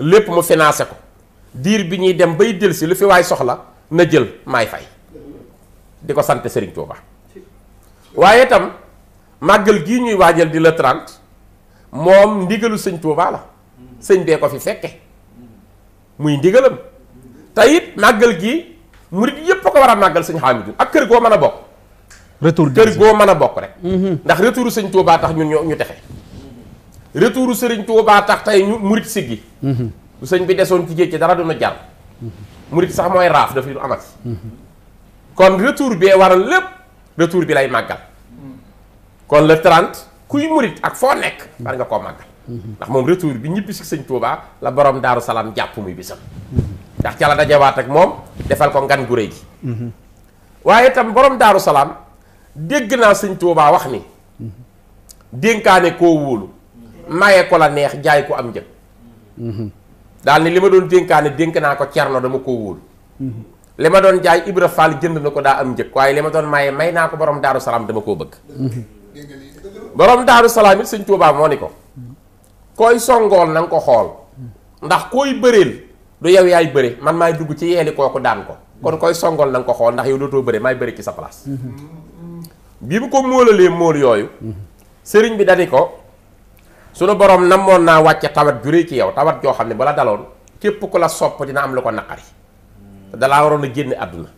S3: lépp mu financé ko diir bi ñuy dem bay dellu si lu fi waay soxla na jël maay fay di ko sant Serigne Touba waaye itam màggal gi ñuy waajal di la 30 moom ndigalu sëñ Touba la sëñ bee ko fi fekke muy ndigalam te it màggal gii murit yépp a ko war a màggal sëñ Hamidou ak kër goo mën a bokk. retour kër goo mën a bokk rek. Mhm. ndax retouru sëñ Touba tax ñun ñu texe. retouru sëriñ Touba tax tey ñu murit siggi mhm. bu sëñ bi desoon ci géej ci dara duna jar. Mhm. murit sax mooy raaf dafay du amat. kon retour bee waral lépp retour bi lay màggal. kon le 30 kuy murit ak foo nekk war nga koo màggal. ndax moom retour bi ñibbi si sëñ Touba la borom Daaru Salaam jàpp muy bisam. ndax ca la dajewaat ak moom defal ko ngan gu gi. waaye itam borom Daaru Salaam. dégg naa sëñ Tuubaa wax ni dénkaane koo wóolu maye ko la neex jaay ko am njëg daal ni li ma doon dénkaane dénk naa ko cerno dama koo wóolu li ma doon jaay Ibra Fall jënd na ko daa am njëg waaye li ma doon maye may naa ko borom daaru salaam dama koo bëgg borom daaru salaam it sëñ Tuubaa moo ni ko koy songool na ko xool ndax kooy bëreel du yow yaay bëre man maay dugg ci yeeli kooku daan ko kon koy songool na ko xool ndax yow dootoo bëre maay bëre ci sa bi bu ko móolalee móol yooyu sëriñ bi dani ko sunu borom namoon naa wàcce tawat juree ci yow tawat joo xam ne bala daloon képp ku la sopp dina am lu ko naqari dalaa waroon a génne àdduna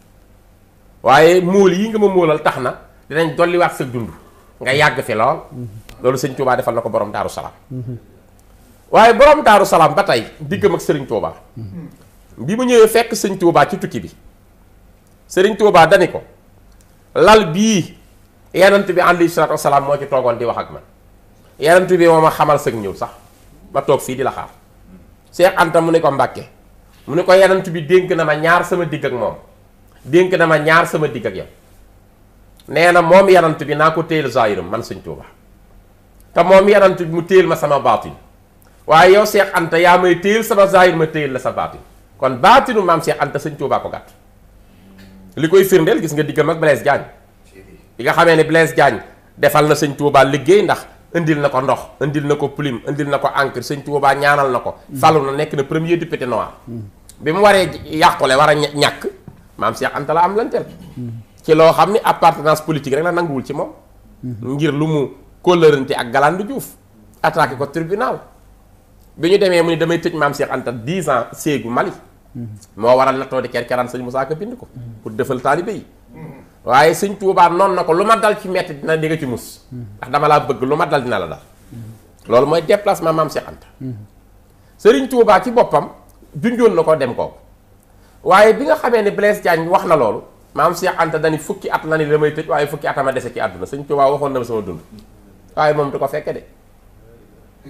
S3: waaye móol yi nga ma móolal tax na dinañ dolliwaat sa dund nga yàgg fi lool loolu sëñ Tuubaa defal na ko boroom daaru salaam waaye borom daaru salaam ba tey diggam ak sëriñ Tuubaa bi mu ñëwee fekk sëñ Tuubaa ci tukki bi sëriñ Tuubaa dani ko lal bii yenant bi alayhi salaatu wasalaam moo ci toogoon di wax ak man yonent bi moo ma xamal sëg ñëw sax ma toog fii di la xaar Cheikh Anta mu ne ko Mbàkke mu ne ko yonent bi dénk na ma ñaar sama digg ak moom dénk na ma ñaar sama digg ak yow nee na moom yonent bi naa ko téyel zaayiram man sëñ Tuuba te moom yonent bi mu téyel ma sama baatin waaye yow seex Anta yaa may téyel sama zaayir ma téyel la sa baatin kon baatinu maam Cheikh Anta sëñ Tuuba ko gàtt li firndeel gis nga diggam ak Blaise Diagne bi nga xamee ne Blaise Diagne defal na sëñ Touba liggéey ndax indil na ko ndox indil na ko plume indil na ko encre sëñ Touba ñaanal na ko mm. falu na nekk na premier député noir mm. bi mu waree yàqule war a ñàkk maam Cheikh Anta am lanteel mm. ci loo xam ni appartenance politique rek la nanguwul ci moom
S4: mm-hmm.
S3: ngir lu mu kóllërante ak Galandou juuf attaqué ko tribunal bi ñu demee mu ni damay tëj maam Cheikh Anta 10 ans séegu Mali mm-hmm. moo waral nattoo di kerkeraan sëñ Moussa Ka bind ko mm-hmm. pour defal taalibe yi waaye sëñ Tuubaa noonu na ko lu ma dal ci metti dina dégg ci mus mhm. ndax dama laa bëgg lu ma dal dina la dal mhm. loolu mooy déplacement maam Cheikh Anta mhm. sëriñ Tuubaa ci boppam junjoon na ko dem kooku waaye bi nga xamee ne Blaise Diagne wax na loolu maam Cheikh Anta dañu fukki at la ni la tëj waaye fukki atama dese ci àdduna sëñ Tuubaa waxoon na ma sama dund waaye moom du ko fekke de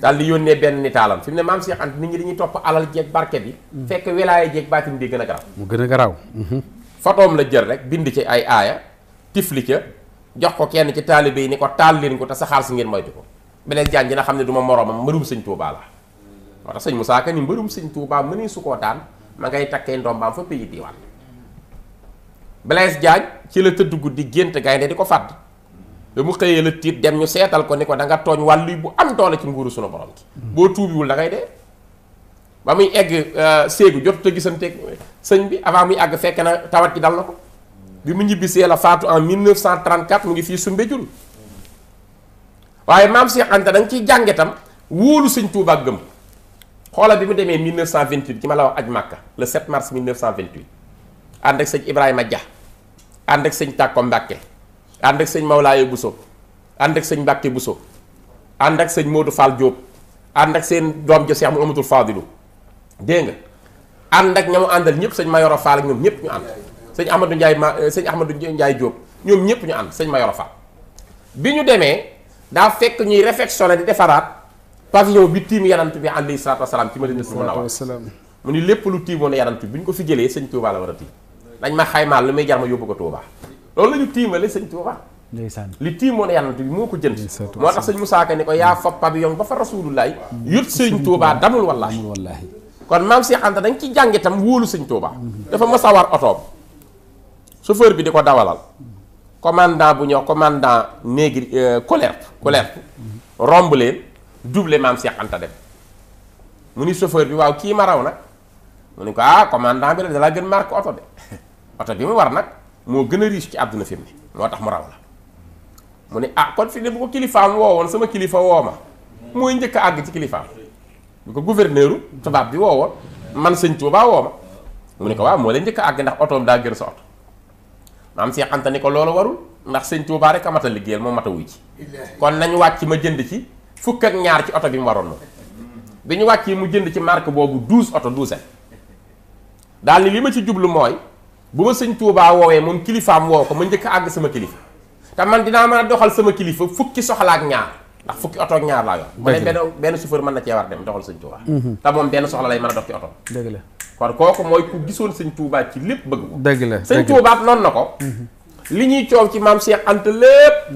S3: daal di yónnee benn nitaalam fi mu ne maam Cheikh Anta nit ñi dañuy topp alal jeeg barke bi fekk wilaaya jeeg baatin bi gën a garaaw mu gën a garaaw fotoom la jël rek bind ci ay aaya tifli ca jox ko kenn ci taalibe yi ni ko taal leen ko te saxaar si ngeen moytu ko beneen jaan ji na xam ne du moroomam mbërum sëñ Tuubaa la moo tax sëñ Moussa Ka ni mbërum sëñ Tuubaa mënee su koo daan ma ngay takkee ndombaam fa pays diwaan Blaise Diagne ci la tëdd guddi gént gaynde di ko fàdd ba mu xëyee la tiit dem ñu seetal ko ni ko da nga tooñ wàllu bu am doole ci nguuru sunu borom gi boo tuubiwul da ngay dee ba muy egg euh, séegu jotut a gisanteeg sëñ bi avant muy àgg fekk na tawat gi dal na ko bi mu ñibbisee la faatu en 1934 mu ngi fii Soumbédioune waaye maam Cheikh Anta da nga ciy jànge tam wóolu sëñ Touba gëm xoolal bi mu demee 1928 ci ma la wax aj Màkka le 7 mars 1928 ànd ak sëñ Ibrahima Dia ànd ak sëñ Tàkko Mbàkke ànd ak sëñ Mawlaaye Bousso ànd ak sëñ Mbàkke Bousso ànd ak sëñ Modou Fall Diop ànd ak seen doom ja Cheikh Mouhamadoul Fadilou dégg nga ànd ak ña mu àndal ñëpp sëñ Mayoro Fall ak ñoom ñëpp ñu am sëñ Ahmadou njaay ma euh, sëñ Ahmadou Ndiaye Diop ñoom ñëpp ñu ànd sañ Mayoro Fall bi ñu demee daa fekk ñuy réfectionné di defaraat pavillon bi tiim yanant bi alayhi salaatu wasalaam ci mu ni lépp lu tiimoon yanant bi ñu ko fi jëlee sëñ Touba la war a tiim dañ ma xaymaal lu may jar ma yóbbu ko Touba loolu la ñu tiimale sëñ Touba li tiimoon yanant bi moo ko jënd moo tax sëñ Moussa Ka ni ko yaa fab pavillon ba fa rasulullahi yut sëñ Touba damul wallahi kon maam Cheikh Anta dañ ci jàng itam wóolu sëñ Touba. dafa ma sawar otoom chauffeur bi di ko dawalal commandant bu ñëw commandant négri euh, colerte colerte romb leen double maam Cheikh dem mu ni chauffeur bi waaw kii ma raw nag mu ni ko ah commandant bi la dalaa gën marque oto de oto bi mu war nag moo gën a riche ci àdduna fi mu moo tax mu raw la mu ne ah kon fi ne bu ko kilifaam woowoon sama kilifa woo ma mooy njëkk a àgg ci kilifaam bi ko gouverneur tubaab bi woowoon man sëñ Tuubaa woo mu ne ko waaw moo leen njëkk a àgg ndax otoom daa gër sa oto maam Cheikh Anta ko loolu warul ndax sëñ Tuubaa rek a mat moo mat ci kon nañ wàcc ma jënd ci fukk ñaar ci oto bi mu waroon moom bi ñu mu jënd ci marque boobu douze oto douze daal ma ci jublu mooy bu ma sëñ Tuubaa woowee moom kilifaam woo ko ma njëkk a àgg sama kilifa te man dinaa mën a doxal sama kilifa fukki soxla ak ñaar ndax fukki oto ak ñaar laa yor bu dee benn benn mën na cee war dem doxal sëñ Touba mhm. te benn soxla lay mën a dox ci oto dëgg la kon kooku mooy ku gisoon sëñ tuubaat ci lépp bëgg ko
S2: dëgg la sëñ
S3: na ko mhm. li ñuy coow ci maam Cheikh Anta lépp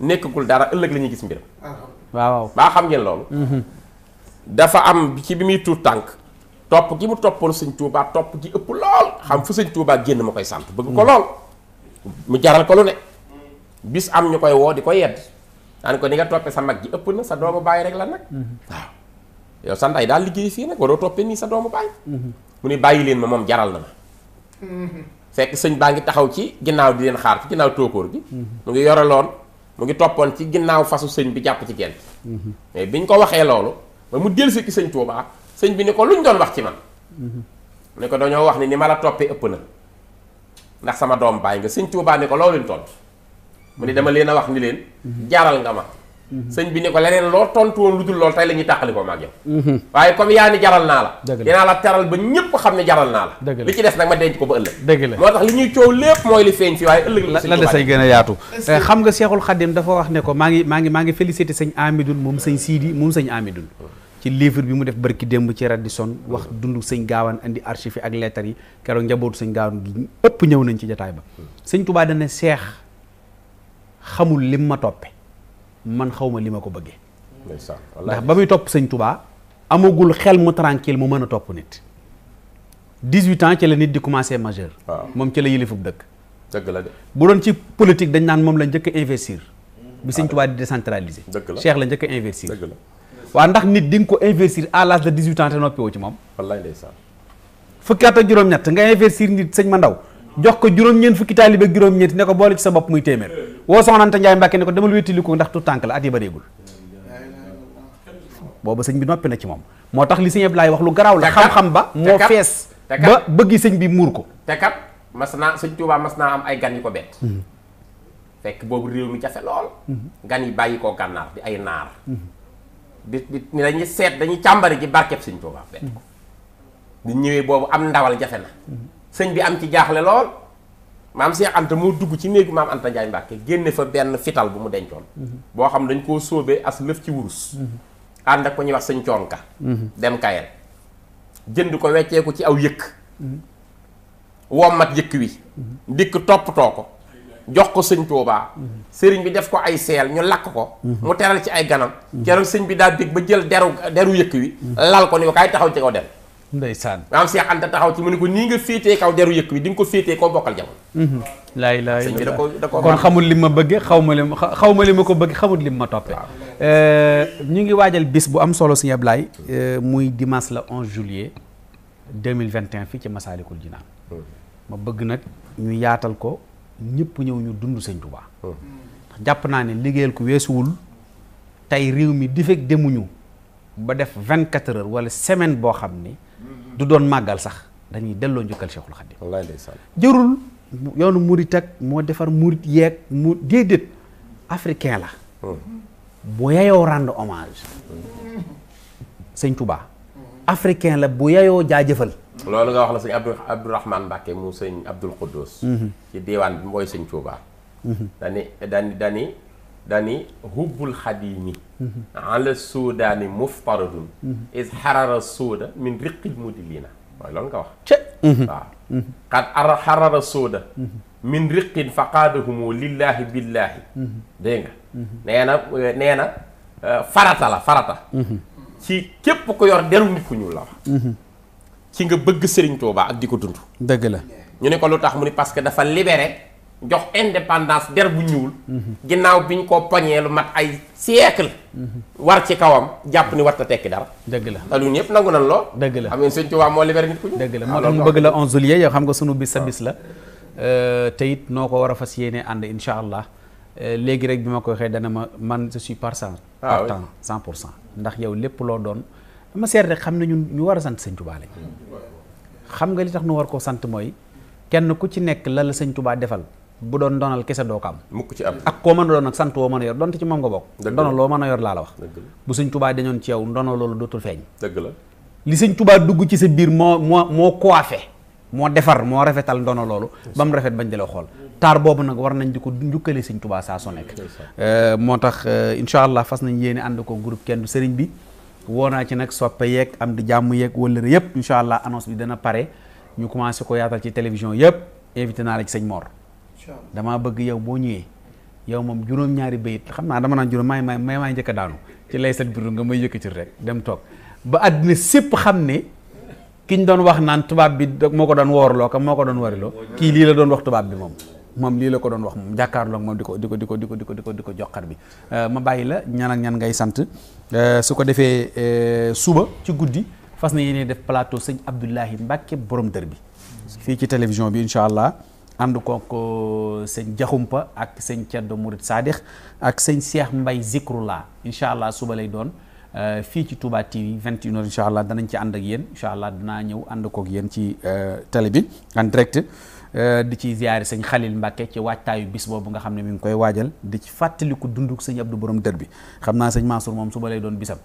S3: mhm. dara ëllëg la ñuy gis mbiram ah. waaw baa xam ngeen loolu dafa am ci bi muy tuut tànk topp gi mu toppoon sëñ tuubaat topp gi ëpp lool xam fu sëñ tuubaat génn ma koy sant bëgg ko lool mu jaral ko lu ne bis am ñu koy woo di ko yedd naan ko ni nga toppe sa mag ji ëpp na sa doomu bàyyi rek la nag mhm. waaw yow sa nday daal liggéey fii nag waroo toppe nii sa doomu baay mhm. mu ni bàyyi leen ma moom jaral na ma mhm. fekk sëñ baa ngi taxaw ci ginnaaw di leen xaar ci ginnaaw tóokóor bi mu ngi yoraloon mu ngi toppoon ci ginnaaw fasu sëñ bi jàpp ci genn bi ñu ko waxee loolu ba mu dellusi ci sëñ Tuubaa sëñ bi ni ko lu ñu doon wax ci man ne ko dañoo wax ni ni ma la toppee ëpp na ndax sama doom nga sëñ Tuubaa ni ko loolu ñu mu ne dama leen a wax ni leen jaaral nga ma sëñ bi ni ko leneen loo tontu woon lu dul lool tey la ñuy tàqali ko maag yow mhm. waaye comme yaa ni jaral naa la dinaa la teral ba ñëpp xam ne jaral naa la li ci des nag ma denc ko ba ëllëg la moo tax li ñuy coow lépp mooy li feeñ fi waaye ëllëg
S2: la desay a yaatu eh, xam nga Seexul Xaddim dafa wax ne ko maa ngi maa ngi maa ngi félicité sëñ Amidoun moom sëñ Sidi moom sëñ Amidoun ci livre bi mu def barki démb ci Radisson wax dund sëñ gaawaan andi archive yi ak lettres yi keroog njabootu sëñ gaawaan gi ëpp ñëw nañ ci jataay ba sëñ Tuubaa dana seex xamul lim ma toppe man xaw ma li ma ko bëggee
S3: ndax
S2: ba muy topp sëñ tubaa amagul xel mu tranquille mu mën a topp nit 18 ans ci la nit di commencé majeur moom ci la yilifub dëkk dëgg la bu doon ci politique dañ naan moom la njëkk a investir bi sëñ ah, tubaa di décentraliser Cheikh la njëkk a investir waa ndax nit di nga ko investir à la de 18 ans te noppi woo ci moom wallaay ndeysaan fukki at ak juróom-ñett nga investir nit sëñ ma ndaw jox ko juróom-ñeent fukki taalibe ak juróom-ñeent ne ko boole ci sa bopp muy téeméer woo soxna Anta Njaay Mbàkke ne ko demal wéttiliku ndax tu tànk la at yi bareegul booba sëñ bi noppi na ci moom moo tax li sëñ Ablaay wax lu garaw la xam-xam ba moo fees ba bëggi sëñ bi muur ko
S3: te mas naa sëñ Tuubaa mas naa am ay gan yu ko bett mm-hmm. fekk boobu réew mi jafe lool mm-hmm. gan yi bàyyi koo gànnaar di ay naar mm-hmm. di di dañuy seet dañuy càmbari ji barkeb sëñ Tuubaa bett ko di ñëwee boobu am ndawal jafe na sëñ bi am ci jaaxle lool maam Cheikh Anta moo dugg ci néegu maam Anta Ndiaye Mbàkke génne fa benn fital bu mu dencoon mhm. boo xam dañ koo sóobee as lëf ci wurus mhm. ànd ak ko ñuy wax sëñ coon ka mhm. dem kayel jënd ko weccee ko ci aw yëkk wommat yëkk wi dikk toppatoo ko jox ko sëñ Tuubaa sëriñ bi def ko ay seel ñu lakk ko mu teral ci ay ganam keroog sëñ bi daa dégg ba jël deru deru yëkk wi lal ko ni ko kaay taxaw ci kaw dem ndeysaan maam Cheikh Anta taxaw ci mu ne ko nii nga féetee kaw deru yëkk bi di nga ko féetee koo bokkal jamono.
S2: laay mm-hmm. laay sëñ kon xamul li ma bëgge xaw ma li ma xaw ma li ma ko bëgg xamul li ma toppe euh, ñu ngi waajal bis bu am solo sëñ Ablaye euh, muy dimanche la 11 juillet 2021 fii ci Masaalikul Jinaan ma bëgg nag ñu yaatal ko ñëpp ñëw ñu dund sëñ Tuubaa ndax jàpp naa ne liggéeyal ko weesuwul tey réew mi di fekk demuñu ba def vingt 24 heures wala semaine boo xam ni du doon màggal sax dañuy delloo njukkal Cheikhul Khadim. wallaay ndeysaan jërul yoonu murit ak moo defar murit yeeg mu déedéet africain la. Hmm. bu yayoo rendre hommage. sëñ Touba. africain la bu yayoo jaajëfal.
S3: loolu nga wax la sëñ Abdou Abdourahmane Mbacke mu sëñ Abdoul Khoudous. Mm-hmm. ci diwaan bi mooy sëñ Touba. Mm-hmm. dani dani dani dani hubbul xadimi ala suudaani muftaradun is xarara suuda min riqil mudillina mooy loolu nga wax
S4: cë waaw
S3: xad ar xarara suuda min riqin fa qaadahumu lillahi billahi nga nee na euh, farata la farata ci képp ko yor deru nit ku ñuul la wax ci nga bëgg Sëriñ Tuubaa ak di ko dund dëgg la ñu ne ko lu tax mu ni parce que dafa libéré jox indépendance der bu ñuul. ginnaaw bi ñu ko poñee lu mat ay siècle war ci kawam jàpp ni war ta tekki dara. dëgg la te ñun ñëpp nangu nan loo.
S2: dëgg la xam ngeen sëñ Tuubaa moo libéré nit ku ñu. dëgg la ah, moo tax ñu xam nga sunu bis sa ah. bis la. Euh, te it noo ko war a fas yéene ànd incha allah euh, léegi rek bi ma ko waxee dana ma man je suis partant. waaw ah, partant 100 pour cent ndax yow lépp loo doon dama seet rek xam ne ñun ñu war a sant sëñ Tuubaa lañ mm. xam nga li tax nu war koo sant mooy kenn ku ci nekk la la sëñ Tuubaa defal. bu doon ndonal kese doo ko am mukk ci am ak koo mën a doon nag sant woo mën a yor donte ci moom nga bokk ndonal loo mën a yor laa la wax bu sëñ tubaa dañoon ci yow ndono loolu dootul feeñ dëgg la li sëñ tubaa dugg ci sa biir moo moo moo coiffé moo defar moo rafetal ndono loolu ba rafet bañ di la xool taar boobu nag war nañ di ko njukkale sëñ tubaa saa su nekk euh, moo tax euh, incha allah fas nañ yéene ànd ko groupe kenn du sëriñ bi woo naa ci nag soppe yeek am di jàmm yeeg wëllëre yëpp incha allah annonce bi dana pare ñu commencé ko yaatal ci télévision yëpp invité naa la sëñ Mor damaa bëgg yow boo ñëwee yow moom juróom-ñaari bayit xam naa dama naan juróom maay maay maay maay njëkk a daanu ci lay sat biru nga may yëkkati rek dem toog ba àddina sépp xam ne kiñ doon wax naan tubaab bi moo ko doon woorloo ka moo ko doon wariloo kii lii la doon wax tubaab bi moom moom lii la ko doon wax moom jàkkaarloo moom di ko di ko di ko di ko di ko di ko di ko bi euh, ma bàyyi la ñan ak ñan ngay sant euh, su ko defee euh, suba ci guddi fas na yéene def plateau sëñ Abdoulahi Mbacke borom dër bi fii ci télévision bi incha allah ànd kook euh, sëñ Jaxumpa ak sëñ Ceddo Murit Saadix ak sëñ Cheikh Mbay Zikrullah incha allah suba lay doon euh, fii ci Touba TV 21h incha allah danañ ci ànd ak yéen incha allah dinaa ñëw ànd kook yéen ci euh, télé bi en direct di ci ziare sëñ Xalil Mbàkke ci waajtaayu bis boobu nga xam ne mu ngi koy waajal di ci fàttaliku dunduk sëñ Abdou boroom dër bi xam naa sëñ Mansour moom suba lay doon bisam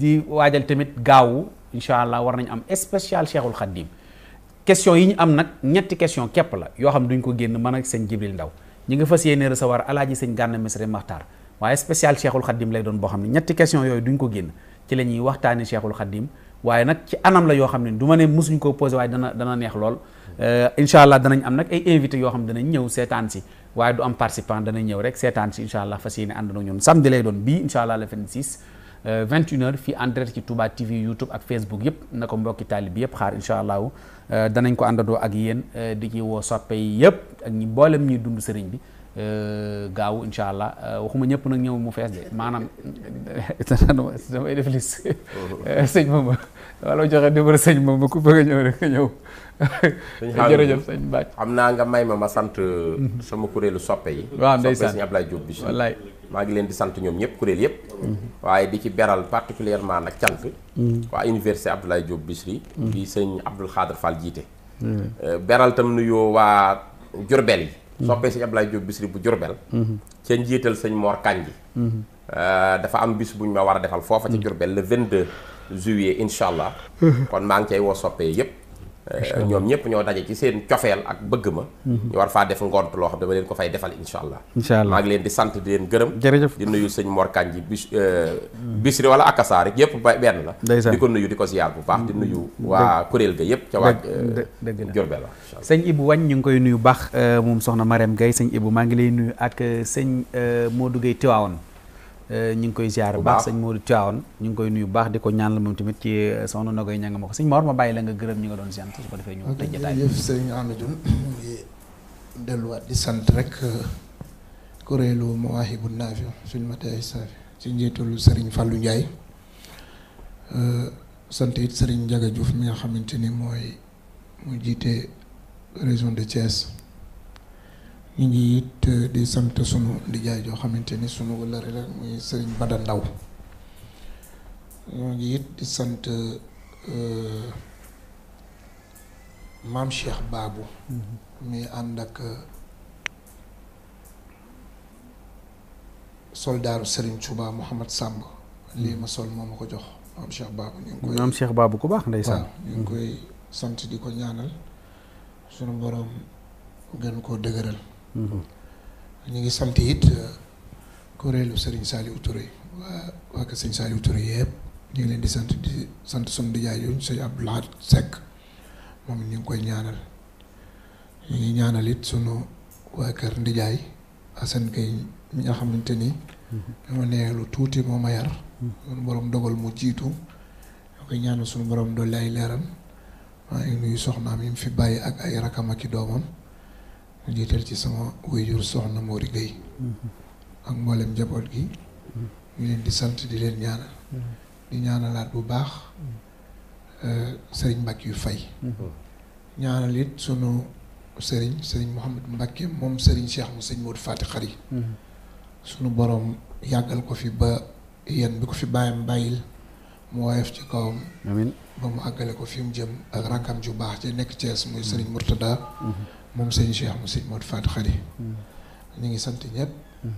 S2: di waajal tamit gaawu incha allah war nañ am spécial Cheikhul Khadim question yi ñu am nag ñetti question képp la yoo xam duñ ko génn man ak sëñ Jibril Ndaw ñi nga fas yéene recevoir alaaji sëñ Gana Messere Maxtaar waaye spécial Cheikhul Khadim lay doon boo xam ne ñetti question yooyu duñ ko génn ci la ñuy waxtaane Cheikhul Khadim waaye nag ci anam la yoo xam ne du ma ne mosuñ ko posé waaye dana dana neex lool euh, incha allah danañ am nag ay invité yoo xam ne danañ ñëw seetaan si waaye du am participant danañ ñëw rek seetaan si incha allah fas yéene ànd na ñun samedi lay doon bii incha allah fi 26 21h fii en direct ci Touba TV YouTube ak Facebook yëpp na ko mbokki bi yëpp xaar incha allahu Euh, danañ ko àndandoo ak yéen euh, di ci woo soppe yi yëpp ak ñi mboolem ñuy dund sëriñ bi euh, gaaw incha allah waxuma ñëpp nag ñëw mu fees de maanaam damay def liste sëñ Mama wala joxe numéro sëñ Mama ku bëgg ñëw rek nga ñëw. jërëjëf
S3: sëñ Bac. xam naa nga may ma ma sant. Mhm. sama kuréelu soppe yi. waaw ndeysaan soppe si Ablaye Diop wallaay. maa ngi leen di sant ñoom ñëpp kuréel yëpp. Mm-hmm. waaye di ci beral particulièrement nag cant. Mm-hmm. waa université Abdoulaye Diop Bichri. di mm-hmm. sëñ Abdoul Khadr Fall jiite. Euh, beral tam nuyoo waa Jurbel yi. soppee sëñ Abdoulaye Diop Bichri bu Jurbel. ca njiital sëñ Mor Kanji. Euh, dafa am bu ñu ma war a defal foofa ca Jurbel le 22 juillet incha allah. kon maa ngi cay woo soppee yëpp. ñoom ñëpp ñoo daje ci seen cofeel ak bëgg ma mhm. ñu war faa def ngont loo xam dama leen ko fay defal insha allah insha allah maa ngi leen di sant di leen gërëm jërëjëf di nuyu sëñ Mor Kanji bis euh, bisri wala akasa rek yëpp benn la di ko nuyu di ko ziyaar bu baax di mm-hmm. nuyu waa kuréel ga yëpp ca waa Jurbel
S2: euh, la sëñ Ibu Wañ ñu ngi koy nuyu baax euh, moom soxna Marème gay sëñ Ibu maa ngi lay nuyu ak sëñ Modou Gueye Tiwaawoon Euh, ñu ngi koy ziar baax baax sëñ Modou Thiawane ñu ngi koy nuyu bu baax di ko ñaanal moom tamit ci euh, soxna na koy ña nga ma ko sëñ Mor ma bàyyi la nga gërëm ñi nga doon sant su ko defee ñu
S5: ngi delluwaat di sant rek euh, kuréelu Mawahibou Nafi fil Matai Safi ci njiitalu Serigne Fallou Ndiaye sant it Serigne Ndiaga Diouf mi nga xamante ni mooy mu jiite région de Thiès ñu ngi it eh, di sant sunu ndijaay joo xamante ni sunu wëllëre la muy sëriñ Bada Ndaw ñu ngi it di sant eh, maam Cheikh Baabu mm-hmm. mi ànd ak eh, soldaaru Serigne Touba Mouhamad Samb mm-hmm. lii ma sol moom ma ko jox maam Cheikh Baabu ñu
S2: ngi Baabu ku baax ndeysaan
S5: ñu ngi mm-hmm. koy sant di ko ñaanal sunu boroom gën koo dëgëral Mm-hmm. ñu ngi sant it uh, kuréelu Serigne Saliou Touré waa waa kër Serigne Saliou Touré yëpp ñu ngi leen di sant di sant sunu nijaay yooyu Serigne ab Lahad Seck moom ñu ngi koy ñaanal ñu ngi ñaanal it sunu waa kër ndijaay Assane kay mi nga xamante ni. dama mm-hmm. nee tuuti moo ma yar. Mm-hmm. sunu borom dogal mu jiitu. ñu koy ñaanal sunu borom dolli ay leeram maa ngi nuyu soxnaam yi mu fi bàyyi ak ay rakam ak i doomam. jiital ci sama wéyjur soxna Mori Gueye ak mboolem njaboot gi ñu leen di sant di leen ñaanal di ñaanalaat bu baax euh, sëriñ Mbacke yu fay ñaanal it sunu sëriñ sëriñ Mouhamad Mbacke moom sëriñ Cheikh mu sëriñ Modou Fati Xari sunu borom yàggal ko fi ba yéen bi ko fi bàyyam bàyyil mu woyof ci kawam amiin ba mu àggale ko fi mu jëm ak rakkam ju baax ci nekk Thiès muy sëriñ Mourtada moom sëñ Cheikh mu sëñ Modou Fatou Khady hmm. ñu ngi sant ñëpp hmm.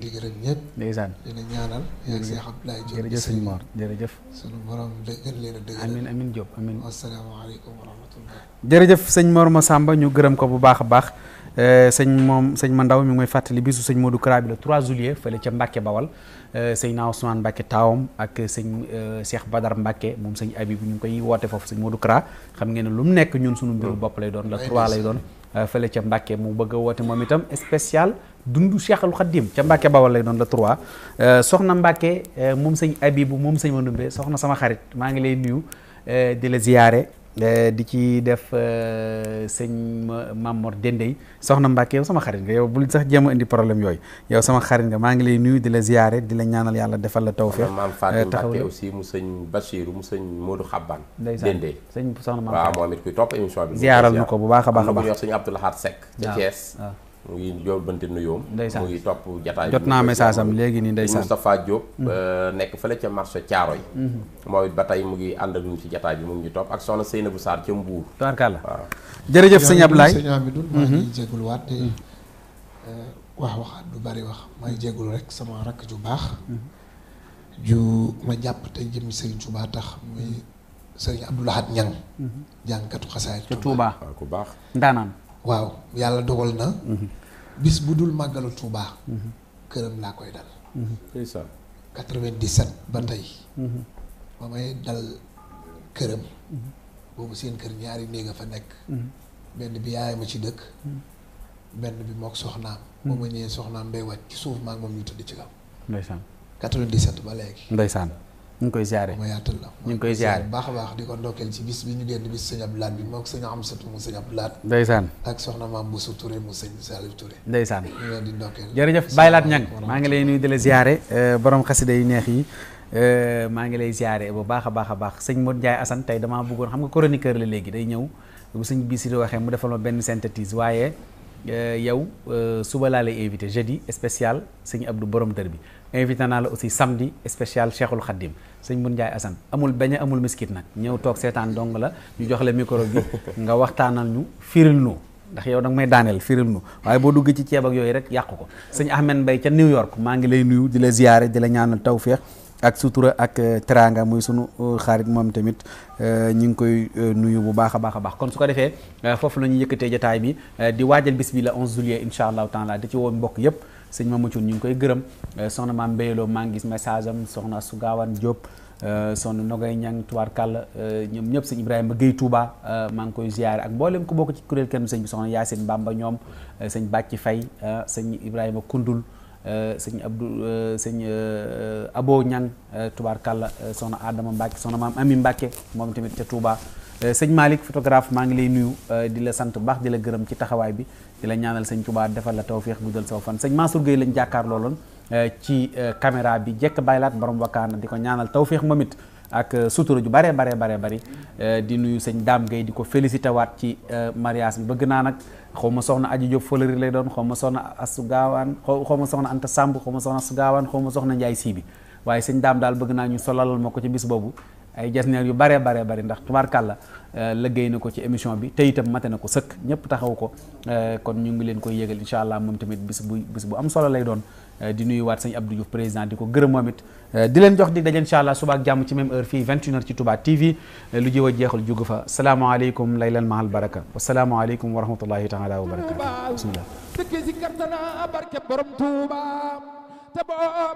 S5: di gërëm ñëpp ndeysaan dina ñaanal yéen Cheikh Abdoulaye Diop jërëjëf sëñ Mor jërëjëf sunu borom gën leen a dëgëral amin amin Diop amin asalaamaaleykum wa
S2: rahmatullah jërëjëf sëñ Mor Massamba ñu gërëm ko bu baax a baax eh, sëñ moom sëñ Mandaw mi ngi may fàttali bisu sëñ Modou Kara bi le 3 juillet fële ca Mbacke Bawal eh, sëñ naa Ousmane Mbacke taawam ak sëñ eh, Cheikh Badar Mbacke moom sëñ Abib ñu ngi koy woote foofu sëñ Modou Kara xam ngeen ne lu mu nekk ñun suñu mbiru bopp lay doon le 3 lay doon Euh, fële ca Mbàkke mu bëgg a woote moom itam spécial dundu Cheikhul Khadim ca Mbàkke Bawal lay doon la 3 euh, soxna Mbàkke euh, moom sëñ Abibu moom sëñ Manumbe soxna sama xarit maa ngi lay nuyu di la ziyaare Eh, di ci def eh, sëñ Mamor Dendey soxna Mbacke yow sama xarit nga yow bul sax jéem a indi problème yooyu yow sama xarit nga maa ngi lay nuyu di la ziyaare di la ñaanal yàlla defal la tawfeex maam Fatou eh, Mbacke aussi
S3: mu sëñ Bachirou mu sëñ Modou Xabban Dendey sëñ soxna Maam waaw moom it kuy topp émission bi ziyaaral na ko bu baax a baax a baax ñu wax sëñ Abdoul Ahad Seck ca Thiès mu ngi yóbbante nuyoom mu ngi topp jataay jot naa message am léegi nii ndeysaan Moustapha Diop mm-hmm. euh, nekk fële ca marché Thiaroy mm-hmm. moom it ba tey mu ngi ànd ci jataay bi mu ngi ñu topp ak soxna Seynabou Sarr ca Mbour tubaarkàlla waaw jërëjëf sëñ Ablaye sëñ
S5: Amidou maa ngi mm-hmm. jégalu te euh, wax waxaat du bari wax maa ngi rek sama rakk ju baax ju ma jàpp te jëmmi Serigne Touba tax muy Serigne Abdoul Ahad Niang jàngkatu
S2: xasaay ca Touba ku baax ndaanaan
S5: waaw yàlla dogal na. Mhm. bis bu dul màggalu Touba. Mhm. këram laa koy dal. Mhm. ndeysaan. 97 ba tey. ba may dal këram. boobu seen kër ñaari néeg a fa nekk. benn bi yaay ma ci dëkk. benn bi mook soxnaam. moom ma ñëwee soxnaam day wàcc ci suuf maa moom ñu tëdd ci kaw.
S4: ndeysaan.
S2: 97 ba léegi. ndeysaan. ñu ngi koy ziare ma yaatal la ñu ngi koy ziare baax baax
S5: di ko ndokkeel ci bis bi ñu génn bis sëñ Abdoulaat bi mook sëñ Amsatu mu sëñ Abdoulaat ndeysaan ak soxna maam Boussou jërëjëf
S2: Baye Laat Ñang maa ngi lay nuyu di la ziare eh, borom xasida yu neex yi eh, maa ngi lay ziare bu baax a baax a baax sëñ Modou Ndiaye Assane tey damaa bëggoon xam nga chroniqueur la léegi day ñëw bu sëñ bi si di waxee mu defal ma benn synthétise waaye eh, yow suba laa lay invité jeudi spécial sëñ Abdou borom dër bi invité naa la aussi samedi spécial Cheikhul Khadim sëñ Mun Njaay Assane amul beñe amul miskit nag ñëw toog seetaan dong la ñu jox la micro bi nga waxtaanal ñu firil nu ndax yow danga may daaneel firil nu waaye boo duggee ci ceeb ak yooyu rek yàqu ko sëñ Ahmed Mbaye ca New York maa ngi lay nuyu di la ziyaare di la ñaanal tawféex ak sutura ak euh, teraanga muy sunu euh, xarit moom tamit euh, ñu ngi koy nuyu bu baax a baax a baax kon su ko defee foofu la ñu yëkkatee jataay bi di waajal bis bi la 11 juillet incha allahu taala di ci woo mbokk yëpp sëñ ma Thioune ñu ngi koy gërëm euh, soxna ma Mbéyeloo maa ngi gis message am soxna Sugawaan Diop euh, soxna Nogay Ñang Tuwaar Kàll euh, ñoom ñëpp sëñ Ibrahima Guèye Touba maa ngi koy ziare ak mboolem ko bokk ci kuréel kenn sëñ bi soxna Yacine Bamba ñoom sañ sëñ Bàcci Faye sëñ Ibrahima Kundul sëñ Abdou sëñ Abo Ñang Tubaar Kàll soxna Adama Mbacke soxna maam Ami Mbacke moom tamit ca Touba. Euh, sëñ Malick photographe maa ngi lay nuyu euh, di la sant baax di la gërëm ci taxawaay bi di la ñaanal sëñ Touba defal la tawféex guddal saw fan sëñ Mansour Gueye lañ jàkkaarloo loon euh, ci caméra bi jekk baylaat borom wakkaana di ko ñaanal tawféex moom it ak sutura ju bare bare bare bari di nuyu sañ Dame Gueye di ko félicité waat ci mariage bi bëgg naa nag xaw ma soxna Aji Diop Fëlëri lay doon xaw ma soxna Asu Gaawaan xaw ma soxna Anta Samb xaw ma soxna Asu Gaawaan xaw ma soxna Njaay Siibi waaye sëñ Dame daal bëgg naa ñu solalal ma ko ci bis boobu ay jasneer yu baree baree bari ndax tubaarkàlla euh, liggéey na ko ci émission bi tey itam mate na ko sëkk ñëpp taxaw ko euh, kon ñu ngi leen koy yégal incha allah moom tamit bis bu bis bu am solo lay doon euh, di nuyuwaat sëñ Abdou Diouf président di ko gërëm moom it di leen jox di daje incha allah suba ak jàmm ci même heure fii 21h ci Touba TV lu jiw a jeexal jóg fa salaamaaleykum lay leen ma baraka wasalaamaaleykum wa rahmatullahi taala wa barakaatu bismillah
S1: sikki si kartana barke borom Touba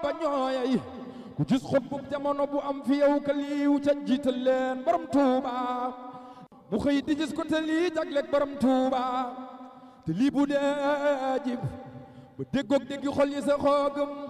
S1: ku gis xutbub jamono bu am fi yow ka leen borom tuuba mu xëy di gis ko te tuuba te lii bu dee jib ba déggoog déggi yi sa xoogam